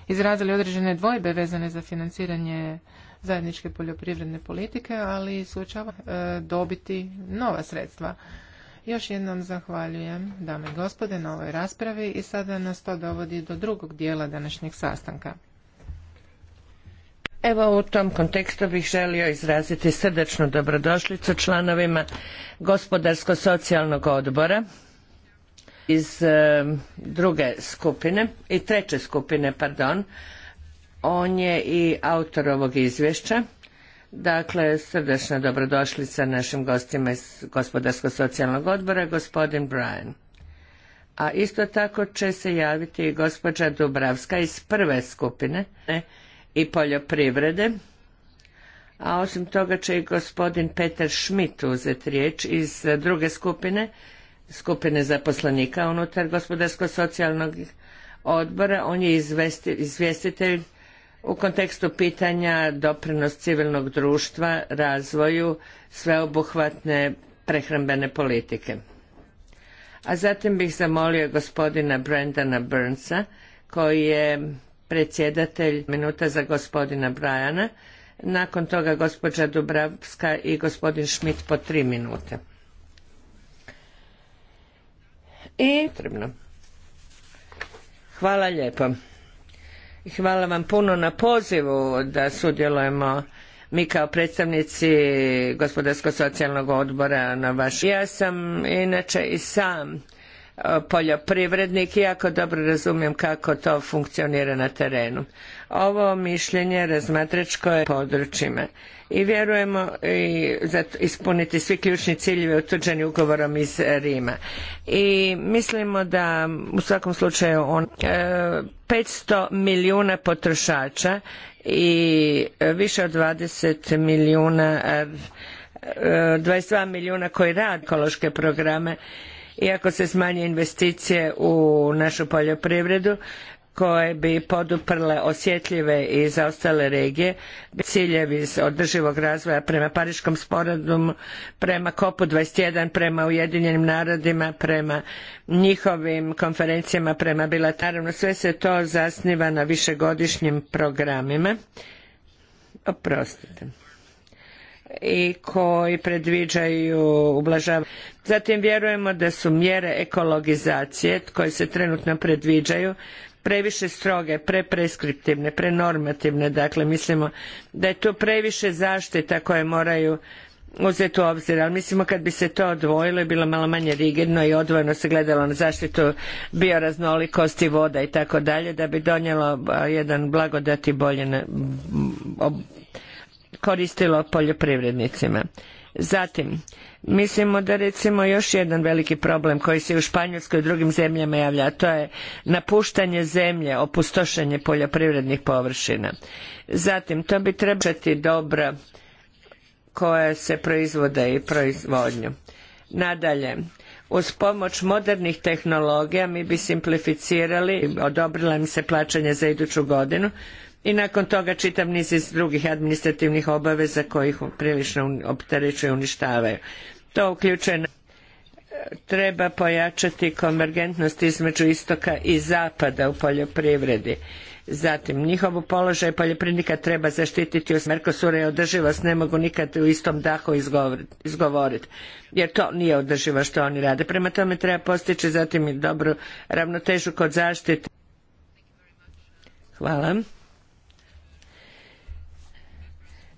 izrazili određene dvojbe vezane za financiranje zajedničke poljoprivredne politike, ali suočava e, dobiti nova sredstva. Još jednom zahvaljujem dame i gospode na ovoj raspravi i sada nas to dovodi do drugog dijela današnjeg sastanka. Evo u tom kontekstu bih želio izraziti srdečnu dobrodošlicu članovima gospodarsko-socijalnog odbora iz e, druge skupine i treće skupine, pardon. On je i autor ovog izvješća. Dakle, srdečna dobrodošlica našim gostima iz gospodarsko-socijalnog odbora, gospodin Brian. A isto tako će se javiti i gospođa Dubravska iz prve skupine, i poljoprivrede. A osim toga će i gospodin Peter Schmidt uzeti riječ iz druge skupine, skupine zaposlenika unutar gospodarsko-socijalnog odbora. On je izvjestitelj u kontekstu pitanja doprinos civilnog društva razvoju sveobuhvatne prehrambene politike. A zatim bih zamolio gospodina Brendana Burnsa koji je predsjedatelj minuta za gospodina Brajana, nakon toga gospođa Dubravska i gospodin Schmidt po tri minute. I Hvala lijepo. Hvala vam puno na pozivu da sudjelujemo mi kao predstavnici gospodarsko-socijalnog odbora na vaš. Ja sam inače i sam poljoprivrednik i jako dobro razumijem kako to funkcionira na terenu. Ovo mišljenje razmatračko je područjima i vjerujemo i za ispuniti svi ključni ciljevi utvrđeni ugovorom iz Rima. I mislimo da u svakom slučaju on, 500 e, milijuna potrošača i više od 20 milijuna 22 e, milijuna koji rad ekološke programe iako se smanje investicije u našu poljoprivredu koje bi poduprle osjetljive i zaostale regije, ciljevi iz održivog razvoja prema Pariškom sporazumu, prema COP-u 21, prema Ujedinjenim narodima, prema njihovim konferencijama, prema bilateralno, sve se to zasniva na višegodišnjim programima. Oprostite i koji predviđaju ublažavanje. Zatim vjerujemo da su mjere ekologizacije koje se trenutno predviđaju previše stroge, prepreskriptivne, prenormativne, dakle mislimo da je to previše zaštita koje moraju uzeti u obzir, ali mislimo kad bi se to odvojilo i bilo malo manje rigidno i odvojeno se gledalo na zaštitu bioraznolikosti voda i tako dalje, da bi donijelo jedan blagodati bolje, koristilo poljoprivrednicima. Zatim, mislimo da recimo još jedan veliki problem koji se u Španjolskoj i drugim zemljama javlja, a to je napuštanje zemlje, opustošenje poljoprivrednih površina. Zatim, to bi trebati dobra koja se proizvode i proizvodnju. Nadalje, uz pomoć modernih tehnologija mi bi simplificirali, odobrila im se plaćanje za iduću godinu, i nakon toga čitav niz iz drugih administrativnih obaveza koji ih prilično opterećuju i uništavaju. To uključuje treba pojačati konvergentnost između istoka i zapada u poljoprivredi. Zatim, njihovu položaj poljoprivrednika treba zaštititi u Merkosura i održivost ne mogu nikad u istom dahu izgovoriti, jer to nije održivo što oni rade. Prema tome treba postići zatim i dobru ravnotežu kod zaštite. Hvala.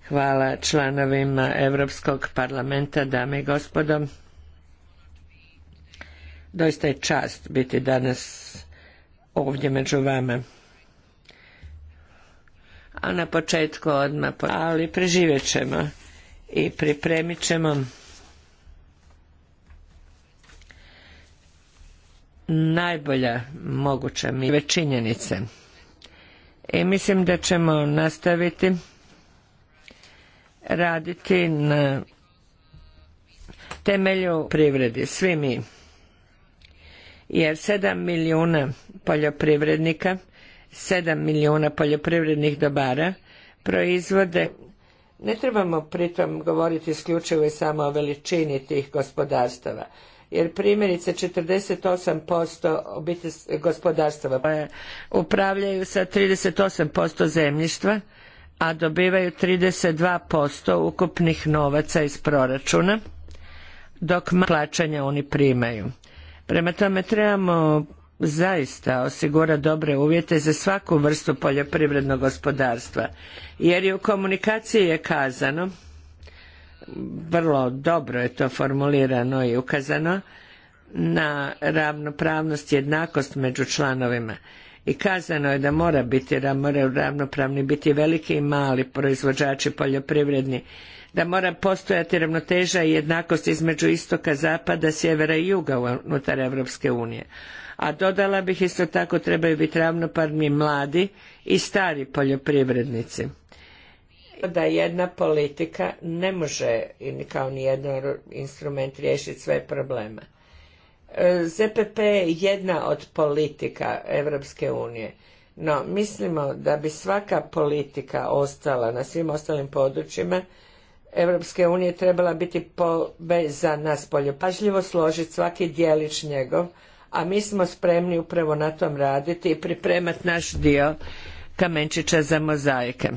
Hvala članovima Europskog parlamenta, dame i gospodo. Doista je čast biti danas ovdje među vama. A na početku odmah, ali preživjet ćemo i pripremit ćemo najbolja moguća mi činjenice. I e, mislim da ćemo nastaviti raditi na temelju privredi, svi mi. Jer 7 milijuna poljoprivrednika, 7 milijuna poljoprivrednih dobara proizvode ne trebamo pritom govoriti isključivo i samo o veličini tih gospodarstava, jer primjerice 48% gospodarstava e, upravljaju sa 38% zemljišta a dobivaju 32% ukupnih novaca iz proračuna, dok plaćanja oni primaju. Prema tome trebamo zaista osigura dobre uvjete za svaku vrstu poljoprivrednog gospodarstva. Jer je u komunikaciji je kazano, vrlo dobro je to formulirano i ukazano, na ravnopravnost i jednakost među članovima i kazano je da mora biti, da moraju ravnopravni biti veliki i mali proizvođači poljoprivredni, da mora postojati ravnoteža i jednakost između istoka, zapada, sjevera i juga unutar Europske unije. A dodala bih isto tako trebaju biti ravnopravni mladi i stari poljoprivrednici da jedna politika ne može kao ni jedan instrument riješiti sve probleme. ZPP je jedna od politika Europske unije, no mislimo da bi svaka politika ostala na svim ostalim područjima Europske unije trebala biti povezana s pažljivo složiti svaki dijelić njegov, a mi smo spremni upravo na tom raditi i pripremati naš dio kamenčića za mozaike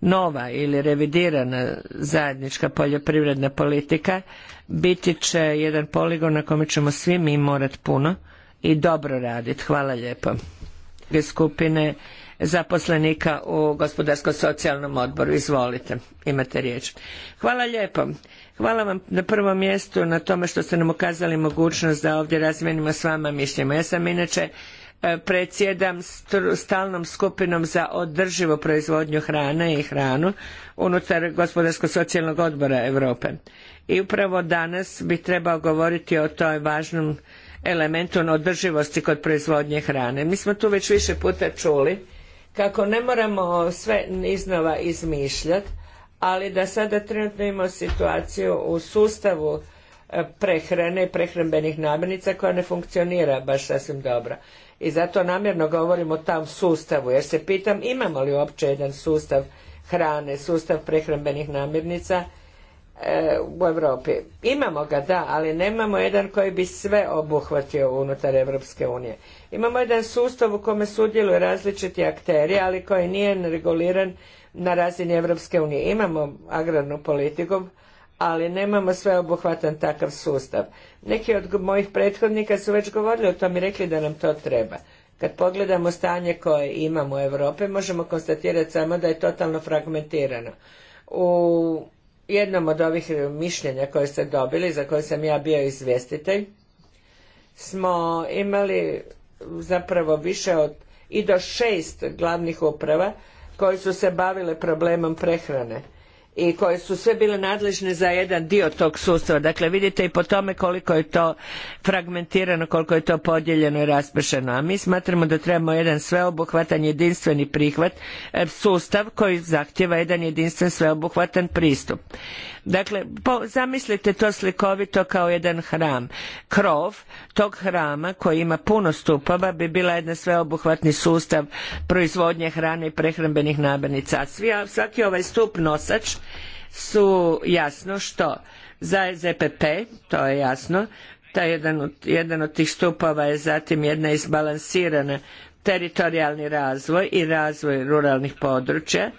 nova ili revidirana zajednička poljoprivredna politika biti će jedan poligon na kome ćemo svi mi morati puno i dobro raditi. Hvala lijepo. Skupine zaposlenika u gospodarsko-socijalnom odboru. Izvolite, imate riječ. Hvala lijepo. Hvala vam na prvom mjestu na tome što ste nam ukazali mogućnost da ovdje razmijenimo s vama mišljenje Ja sam inače E, predsjedam stalnom skupinom za održivu proizvodnju hrane i hranu unutar gospodarsko-socijalnog odbora Europe. I upravo danas bi trebao govoriti o toj važnom elementu održivosti kod proizvodnje hrane. Mi smo tu već više puta čuli kako ne moramo sve iznova izmišljati, ali da sada trenutno imamo situaciju u sustavu e, prehrane i prehrambenih namirnica koja ne funkcionira baš sasvim dobro. I zato namjerno govorim o tam sustavu, jer se pitam imamo li uopće jedan sustav hrane, sustav prehrambenih namirnica e, u Europi. Imamo ga, da, ali nemamo jedan koji bi sve obuhvatio unutar Europske unije. Imamo jedan sustav u kome sudjeluju različiti akteri, ali koji nije reguliran na razini Europske unije. Imamo agrarnu politiku ali nemamo sveobuhvatan takav sustav. Neki od mojih prethodnika su već govorili o tom i rekli da nam to treba. Kad pogledamo stanje koje imamo u Europi, možemo konstatirati samo da je totalno fragmentirano. U jednom od ovih mišljenja koje ste dobili, za koje sam ja bio izvjestitelj, smo imali zapravo više od i do šest glavnih uprava koji su se bavile problemom prehrane i koje su sve bile nadležne za jedan dio tog sustava. Dakle, vidite i po tome koliko je to fragmentirano, koliko je to podijeljeno i raspršeno. A mi smatramo da trebamo jedan sveobuhvatan jedinstveni prihvat, e, sustav koji zahtjeva jedan jedinstven sveobuhvatan pristup. Dakle, zamislite to slikovito kao jedan hram. Krov tog hrama koji ima puno stupova bi bila jedan sveobuhvatni sustav proizvodnje hrane i prehrambenih namirnica. Svi, svaki ovaj stup nosač su jasno što za ZPP, to je jasno, taj jedan od, jedan od tih stupova je zatim jedna izbalansirana teritorijalni razvoj i razvoj ruralnih područja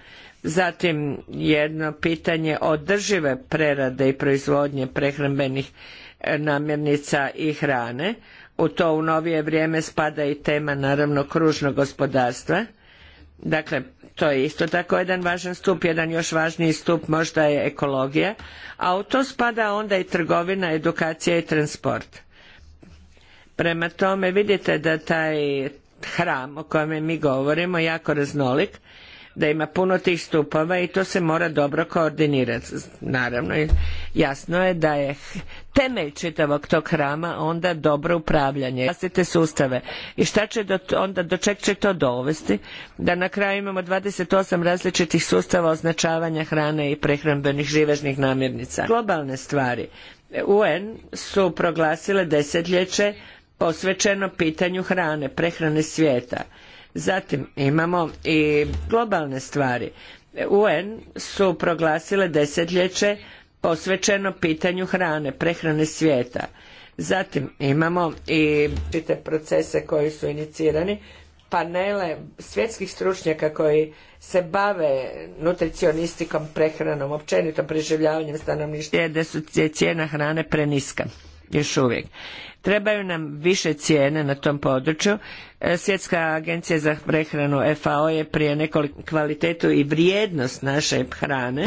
Zatim jedno pitanje održive prerade i proizvodnje prehrambenih e, namirnica i hrane. U to u novije vrijeme spada i tema naravno kružnog gospodarstva. Dakle, to je isto tako jedan važan stup, jedan još važniji stup možda je ekologija, a u to spada onda i trgovina, edukacija i transport. Prema tome vidite da taj hram o kojem mi govorimo jako raznolik da ima puno tih stupova i to se mora dobro koordinirati. Naravno, jasno je da je temelj čitavog tog hrama onda dobro upravljanje, vlastite sustave. I šta će onda, do čeg će to dovesti? Da na kraju imamo 28 različitih sustava označavanja hrane i prehrambenih živežnih namirnica. Globalne stvari. UN su proglasile desetljeće posvećeno pitanju hrane, prehrane svijeta Zatim imamo i globalne stvari. UN su proglasile desetljeće posvećeno pitanju hrane, prehrane svijeta. Zatim imamo i čite procese koji su inicirani, panele svjetskih stručnjaka koji se bave nutricionistikom, prehranom, općenito preživljavanjem stanovništva, gdje su cijena hrane preniska još uvijek. Trebaju nam više cijene na tom području. E, Svjetska agencija za prehranu FAO je prije nekoliko kvalitetu i vrijednost naše hrane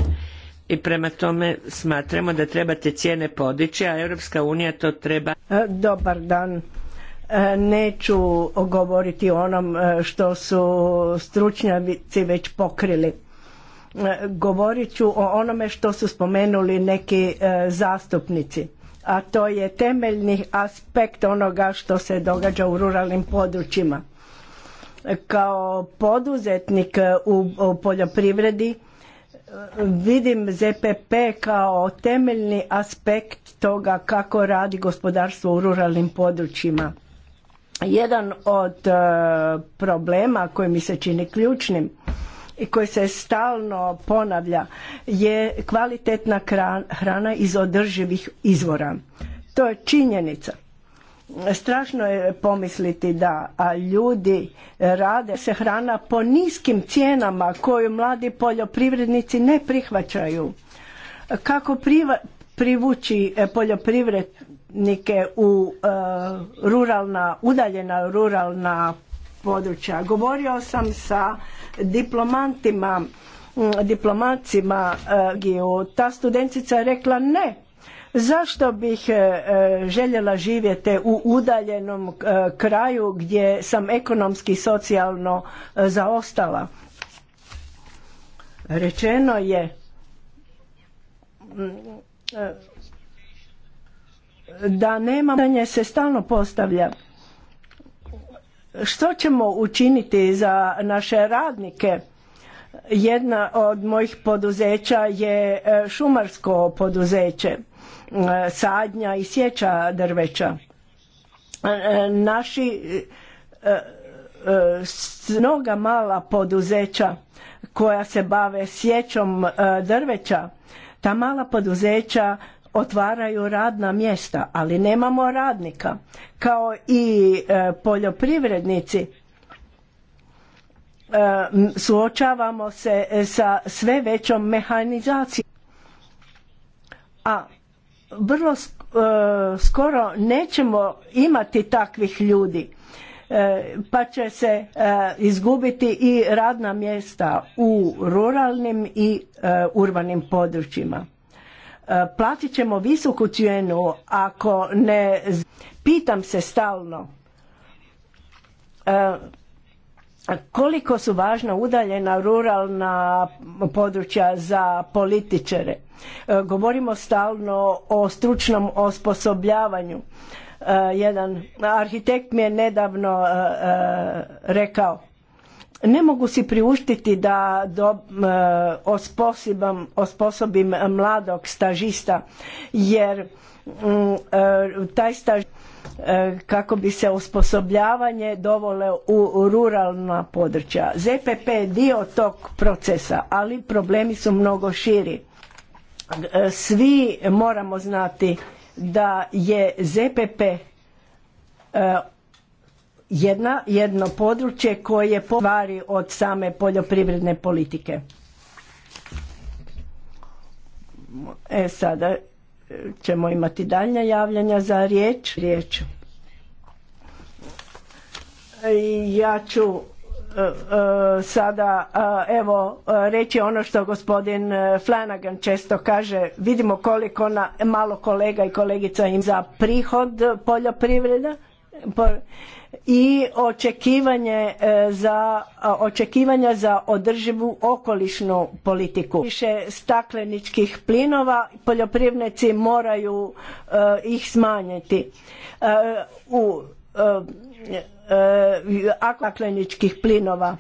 i prema tome smatramo da treba te cijene podići, a Europska unija to treba. E, dobar dan. E, neću govoriti o onom što su stručnjaci već pokrili. Govorit ću o onome što su spomenuli neki zastupnici a to je temeljni aspekt onoga što se događa u ruralnim područjima. Kao poduzetnik u, poljoprivredi e, vidim ZPP kao temeljni aspekt toga kako radi gospodarstvo u ruralnim područjima. Jedan od e, problema koji mi se čini ključnim i koji se stalno ponavlja je kvalitetna hrana iz održivih izvora. To je činjenica. Strašno je pomisliti da a ljudi rade se hrana po niskim cijenama koju mladi poljoprivrednici ne prihvaćaju. Kako privući e, poljoprivrednike u e, ruralna, udaljena ruralna područja. Govorio sam sa diplomantima, mm, diplomacima eh, Ta studentica je rekla ne, zašto bih eh, eh, željela živjeti u udaljenom kraju gdje sam ekonomski i socijalno zaostala. Rečeno je mm, da nema pitanje se stalno postavlja što ćemo učiniti za naše radnike? Jedna od mojih poduzeća je e, šumarsko poduzeće, e, sadnja i sjeća drveća. E, naši mnoga mala poduzeća koja se bave sjećom drveća, ta mala poduzeća otvaraju radna mjesta, ali nemamo radnika. Kao i e, poljoprivrednici e, suočavamo se e, sa sve većom mehanizacijom. A vrlo skoro nećemo imati takvih ljudi pa će se izgubiti i radna mjesta u ruralnim i urbanim područjima. E, platit ćemo visoku cijenu ako ne pitam se stalno e, koliko su važna udaljena ruralna područja za političare. E, govorimo stalno o stručnom osposobljavanju. Jedan arhitekt mi je nedavno rekao ne mogu si priuštiti da do, osposobim, osposobim mladog stažista jer e, taj staž e, kako bi se osposobljavanje dovole u ruralna područja. ZPP je dio tog procesa, ali problemi su mnogo širi. E, svi moramo znati da je ZPP jedna, jedno područje koje povari od same poljoprivredne politike. E sada e, ćemo imati daljnja javljanja za riječ. riječ. E, ja ću e, sada evo reći ono što gospodin Flanagan često kaže vidimo koliko na, malo kolega i kolegica im za prihod poljoprivreda i očekivanje e, za, očekivanja za održivu okolišnu politiku. Više stakleničkih plinova poljoprivrednici moraju e, ih smanjiti. E, u stakleničkih plinova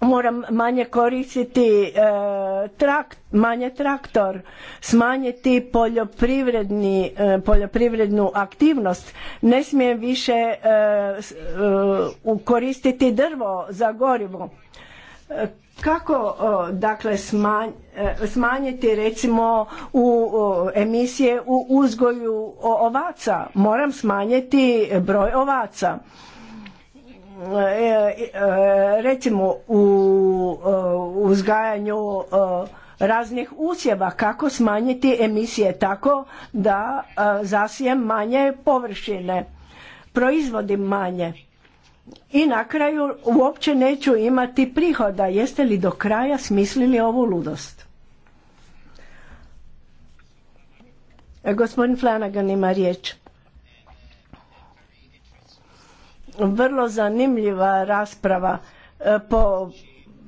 moram manje koristiti e, manje traktor, smanjiti poljoprivredni, e, poljoprivrednu aktivnost, ne smijem više e, koristiti drvo za gorivo. Kako dakle smanjiti recimo emisije u uzgoju ovaca? Moram smanjiti broj ovaca E, e, e, recimo u uzgajanju raznih usjeva kako smanjiti emisije tako da zasijem manje površine proizvodim manje i na kraju uopće neću imati prihoda jeste li do kraja smislili ovu ludost gospodin Flanagan ima riječ vrlo zanimljiva rasprava e, po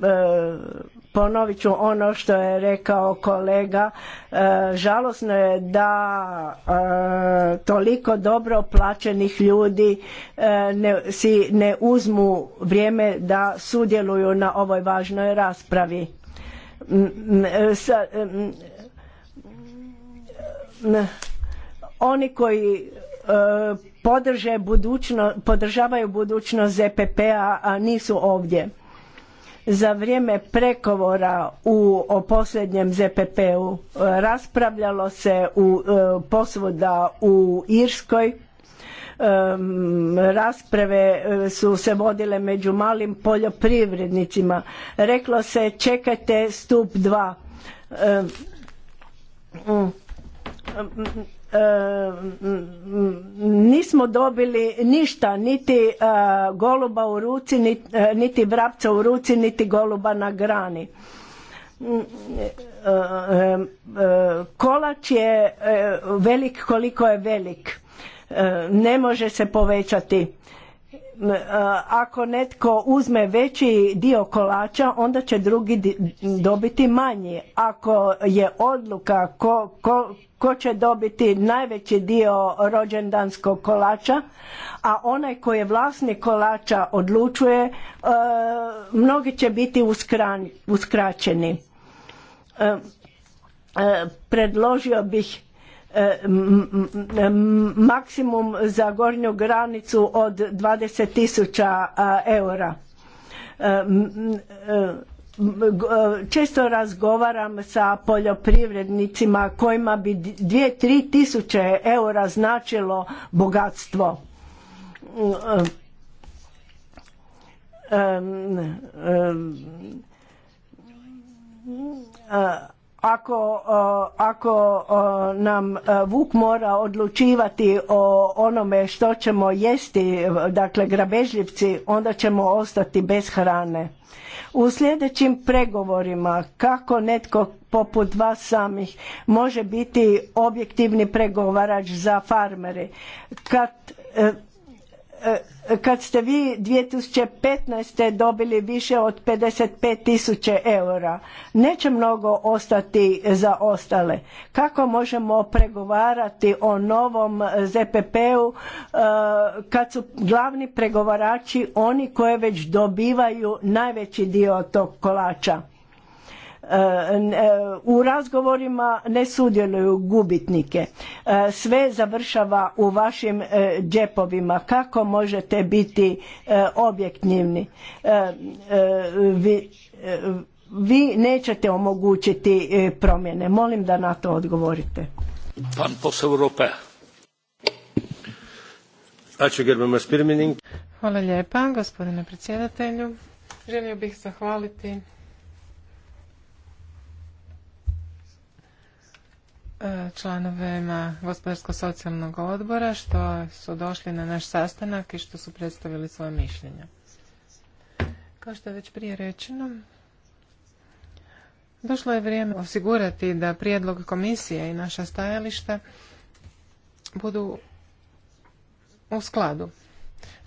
e, ponovit ću ono što je rekao kolega e, žalosno je da toliko dobro plaćenih ljudi si ne uzmu vrijeme da sudjeluju na ovoj važnoj raspravi oni koji podržavaju budućnost ZPP-a, a nisu ovdje. Za vrijeme pregovora u o posljednjem ZPP-u e, raspravljalo se u e, posvuda u Irskoj, e, rasprave su se vodile među malim poljoprivrednicima. Reklo se čekajte stup dva nismo dobili ništa, niti e, goluba u ruci, e, niti vrapca u ruci, niti goluba na grani. Mm, e, kolač je velik koliko je velik. Ne može se povećati E, ako netko uzme veći dio kolača onda će drugi dobiti manji ako je odluka ko, ko, ko će dobiti najveći dio rođendanskog kolača a onaj koji je vlasnik kolača odlučuje e, mnogi će biti uskraćeni e, predložio bih E, maksimum za gornju granicu od 20.000 tisuća eura. E, e, često razgovaram sa poljoprivrednicima kojima bi 2-3 tisuće eura značilo bogatstvo. Um, ako, ako nam e, vuk mora odlučivati o onome što ćemo jesti, dakle grabežljivci, onda ćemo ostati bez hrane. U sljedećim pregovorima kako netko poput vas samih može biti objektivni pregovarač za farmere kad e, E, kad ste vi 2015. dobili više od 55.000 eura, neće mnogo ostati za ostale. Kako možemo pregovarati o novom ZPP-u e, kad su glavni pregovarači oni koji već dobivaju najveći dio tog kolača? u razgovorima ne sudjeluju gubitnike. E, sve završava u vašim e, džepovima. Kako možete biti e, objektivni? Vi, nećete omogućiti promjene. Molim da na to odgovorite. Pan posao Hvala lijepa, gospodine predsjedatelju. Želio bih zahvaliti članovima gospodarsko-socijalnog odbora što su došli na naš sastanak i što su predstavili svoje mišljenja. Kao što je već prije rečeno, došlo je vrijeme osigurati da prijedlog komisije i naša stajališta budu u skladu.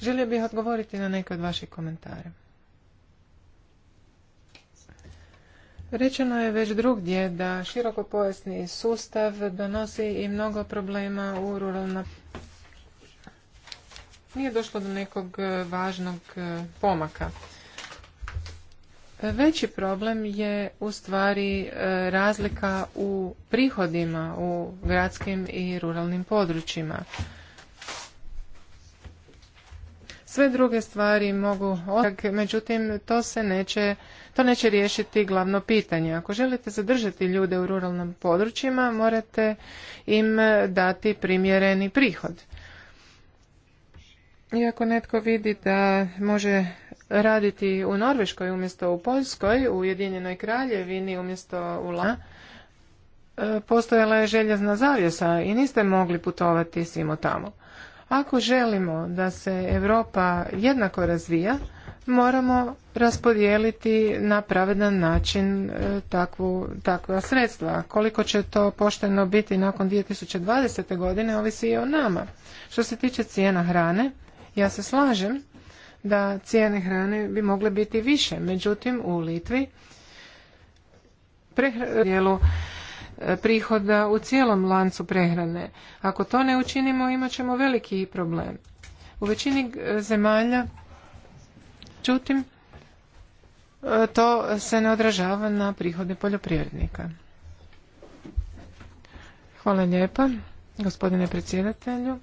Želio bih odgovoriti na neke od vaših komentara. Rečeno je već drugdje da širokopojasni sustav donosi i mnogo problema u ruralna nije došlo do nekog e, važnog e, pomaka. Veći problem je u stvari e, razlika u prihodima u gradskim i ruralnim područjima. Sve druge stvari mogu otak, međutim to se neće, to neće riješiti glavno pitanje. Ako želite zadržati ljude u ruralnim područjima, morate im dati primjereni prihod. Iako netko vidi da može raditi u Norveškoj umjesto u Poljskoj, u Ujedinjenoj kraljevini umjesto u La, e, postojala je željezna zavjesa i niste mogli putovati svimo tamo. Ako želimo da se Europa jednako razvija, moramo raspodijeliti na pravedan način e, takvu, takva sredstva. Koliko će to pošteno biti nakon 2020. godine, ovisi i o nama. Što se tiče cijena hrane, ja se slažem da cijene hrane bi mogle biti više. Međutim, u Litvi dijelu prihoda u cijelom lancu prehrane. Ako to ne učinimo imat ćemo veliki problem. U većini e, zemalja, čutim, e, to se ne odražava na prihode poljoprivrednika. Hvala lijepa, gospodine predsjedatelju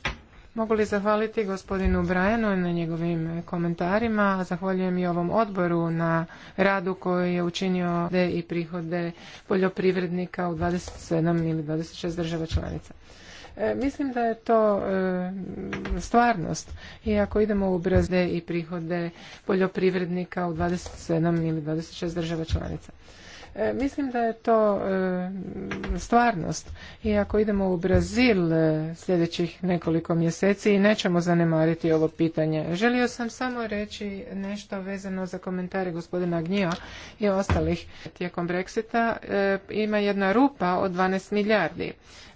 mogu li zahvaliti gospodinu Brajanu na njegovim komentarima, a zahvaljujem i ovom odboru na radu koji je učinio de i prihode poljoprivrednika u 27 ili 26 država članica. E, mislim da je to e, stvarnost. I ako idemo u brazde i prihode poljoprivrednika u 27 ili 26 država članica. E, mislim da je to e, stvarnost. I ako idemo u Brazil e, sljedećih nekoliko mjeseci, nećemo zanemariti ovo pitanje. Želio sam samo reći nešto vezano za komentare gospodina Gnjio i ostalih tijekom Brexita. Ima jedna rupa od 12 milijardi.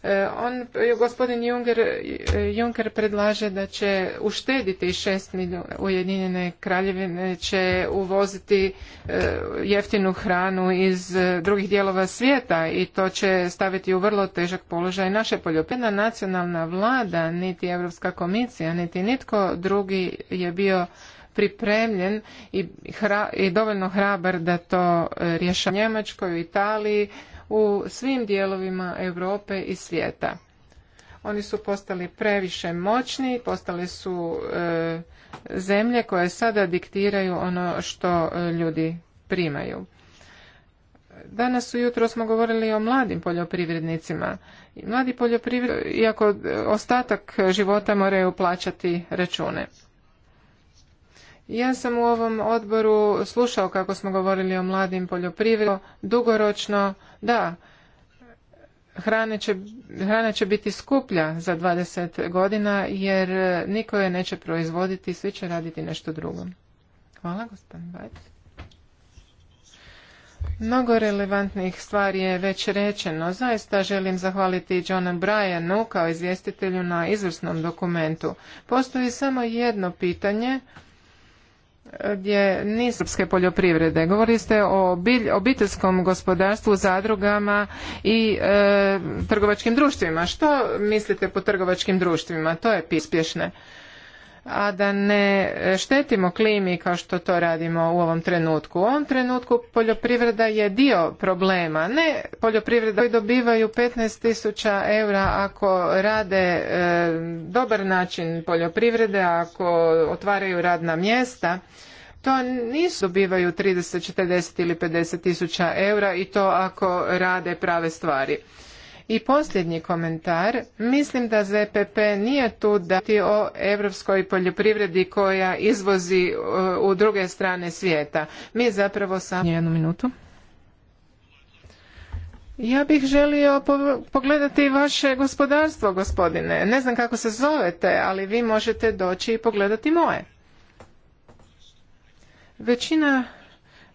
E, on, gospodin Juncker, e, Juncker predlaže da će uštediti šest milijuna Ujedinjene kraljevine, će uvoziti e, jeftinu hranu iz drugih dijelova svijeta i to će staviti u vrlo težak položaj naše poljoprivredna nacionalna vlada, niti Europska komisija, niti nitko drugi je bio pripremljen i, i dovoljno hrabar da to rješava Njemačkoj, u Italiji, u svim dijelovima Europe i svijeta. Oni su postali previše moćni, postale su e, zemlje koje sada diktiraju ono što e, ljudi primaju. Danas ujutro smo govorili o mladim poljoprivrednicima. Mladi poljoprivrednici, iako ostatak života moraju plaćati račune. Ja sam u ovom odboru slušao kako smo govorili o mladim poljoprivredom, dugoročno, da, hrane hrana će biti skuplja za 20 godina jer niko je neće proizvoditi, svi će raditi nešto drugo. Hvala, gospodin Mnogo relevantnih stvari je već rečeno. Zaista želim zahvaliti Johna Bryanu kao izvjestitelju na izvrsnom dokumentu. Postoji samo jedno pitanje gdje niz srpske poljoprivrede. Govorili ste o obiteljskom gospodarstvu, zadrugama i e, trgovačkim društvima. Što mislite po trgovačkim društvima? To je pispješne a da ne štetimo klimi kao što to radimo u ovom trenutku. U ovom trenutku poljoprivreda je dio problema. Ne poljoprivreda koji dobivaju 15.000 eura ako rade e, dobar način poljoprivrede, ako otvaraju radna mjesta. To nisu dobivaju 30, 40 ili 50.000 tisuća eura i to ako rade prave stvari. I posljednji komentar, mislim da ZPP nije tu da ti o evropskoj poljoprivredi koja izvozi e, u druge strane svijeta. Mi zapravo samo... Jednu minutu. Ja bih želio pogledati vaše gospodarstvo, gospodine. Ne znam kako se zovete, ali vi možete doći i pogledati moje. Većina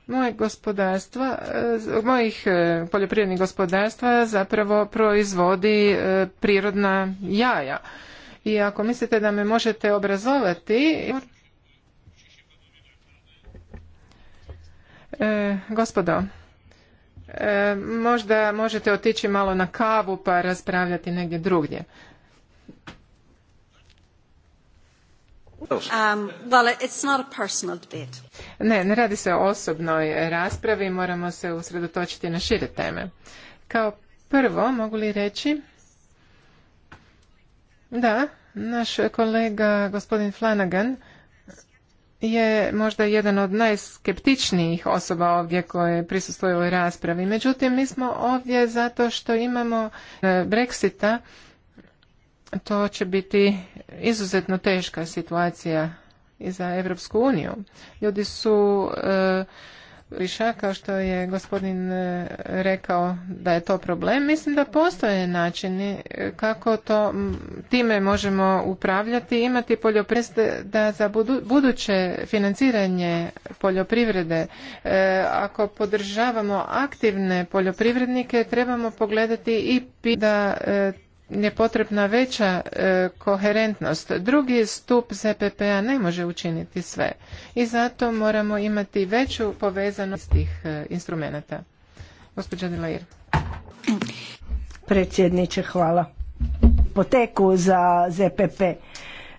moje gospodarstva, eh, mojih eh, poljoprivrednih gospodarstva zapravo proizvodi eh, prirodna jaja. I ako mislite da me možete obrazovati, gospodo, možda možete otići malo na kavu pa raspravljati negdje drugdje. Um, well, it's not a personal debate. Ne, ne radi se o osobnoj raspravi, moramo se usredotočiti na šire teme. Kao prvo, mogu li reći da, naš kolega gospodin Flanagan je možda jedan od najskeptičnijih osoba ovdje koje prisustvuju ovoj raspravi. Međutim, mi smo ovdje zato što imamo e, Brexita. To će biti izuzetno teška situacija i za Evropsku uniju. Ljudi su e, više, kao što je gospodin e, rekao da je to problem, mislim da postoje načini e, kako to time možemo upravljati, imati poljoprivrede da za buduće financiranje poljoprivrede, ako podržavamo aktivne poljoprivrednike, trebamo pogledati i da je potrebna veća e, koherentnost. Drugi stup ZPP-a ne može učiniti sve i zato moramo imati veću povezanost tih e, instrumenata. Predsjedniče, hvala. Poteku za ZPP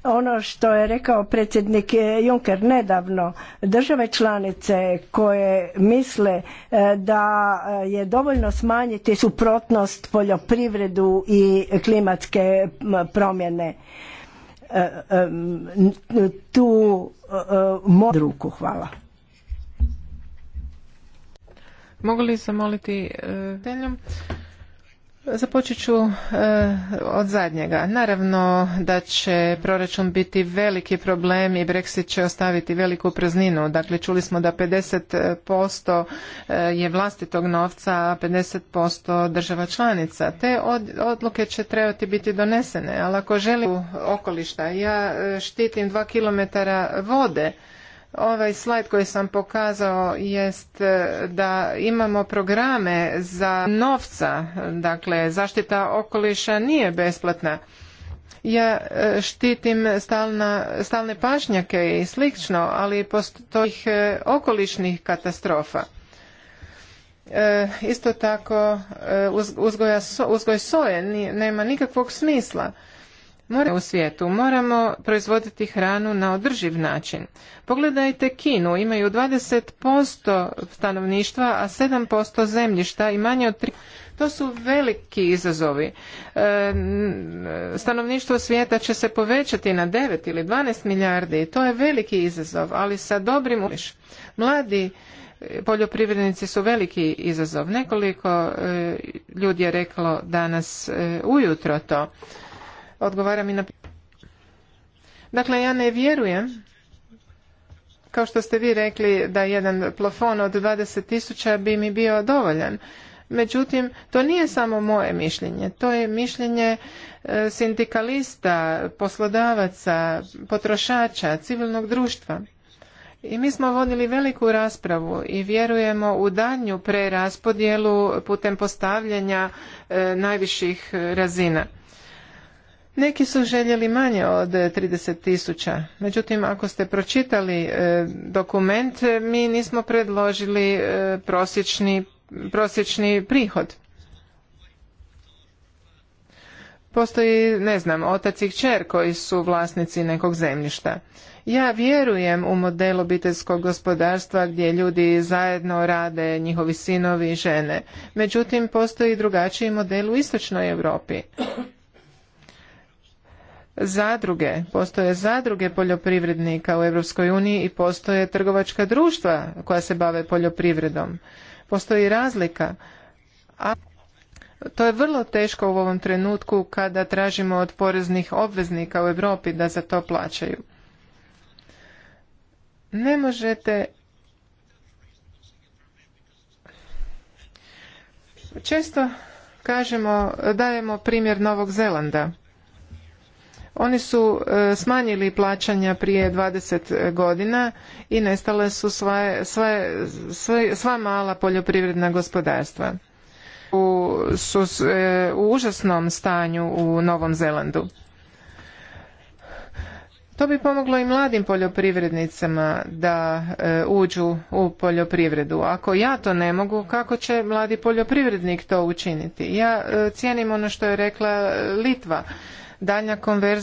ono što je rekao predsjednik e, Juncker nedavno, države članice koje misle e, da e, je dovoljno smanjiti suprotnost poljoprivredu i klimatske promjene. Tu moju ruku, hvala. Mogu li moliti, Započet ću e, od zadnjega. Naravno da će proračun biti veliki problem i Brexit će ostaviti veliku prazninu. Dakle, čuli smo da 50% e, je vlastitog novca, a 50% država članica. Te odluke će trebati biti donesene, ali ako želim okolišta, ja e, štitim dva kilometara vode, Ovaj slajd koji sam pokazao jest e, da imamo programe za novca, dakle zaštita okoliša nije besplatna. Ja e, štitim stalne pašnjake i slično, ali postoji e, okolišnih katastrofa. isto tako uzgoj soje nema nikakvog smisla Moramo u svijetu, moramo proizvoditi hranu na održiv način. Pogledajte Kinu, imaju 20% stanovništva, a 7% zemljišta i manje od 3%. To su veliki izazovi. E, stanovništvo svijeta će se povećati na 9 ili 12 milijardi i to je veliki izazov, ali sa dobrim uliš. Mladi e, poljoprivrednici su veliki izazov. Nekoliko e, ljudi je reklo danas ujutro to odgovaram i na... Dakle, ja ne vjerujem, kao što ste vi rekli, da jedan plafon od 20 tisuća bi mi bio dovoljan. Međutim, to nije samo moje mišljenje, to je mišljenje e, sindikalista, poslodavaca, potrošača, civilnog društva. I mi smo vodili veliku raspravu i vjerujemo u danju preraspodjelu putem postavljanja e, najviših e, razina. Neki su željeli manje od 30 e, tisuća. Međutim, ako ste pročitali e, dokument, e, mi nismo predložili prosječni, prosječni prihod. Postoji, ne znam, otac i kćer koji su vlasnici nekog zemljišta. Ja vjerujem u model obiteljskog gospodarstva gdje ljudi zajedno rade, njihovi sinovi i žene. Međutim, postoji drugačiji model u istočnoj Europi zadruge, postoje zadruge poljoprivrednika u Europskoj uniji i postoje trgovačka društva koja se bave poljoprivredom. Postoji razlika. A to je vrlo teško u ovom trenutku kada tražimo od poreznih obveznika u Europi da za to plaćaju. Ne možete Često kažemo, dajemo primjer Novog Zelanda. Oni su e, smanjili plaćanja prije 20 godina i nestale su sva, mala poljoprivredna gospodarstva. U, su e, u užasnom stanju u Novom Zelandu. To bi pomoglo i mladim poljoprivrednicama da e, uđu u poljoprivredu. Ako ja to ne mogu, kako će mladi poljoprivrednik to učiniti? Ja cijenim ono što je rekla Litva, daljnja konverzija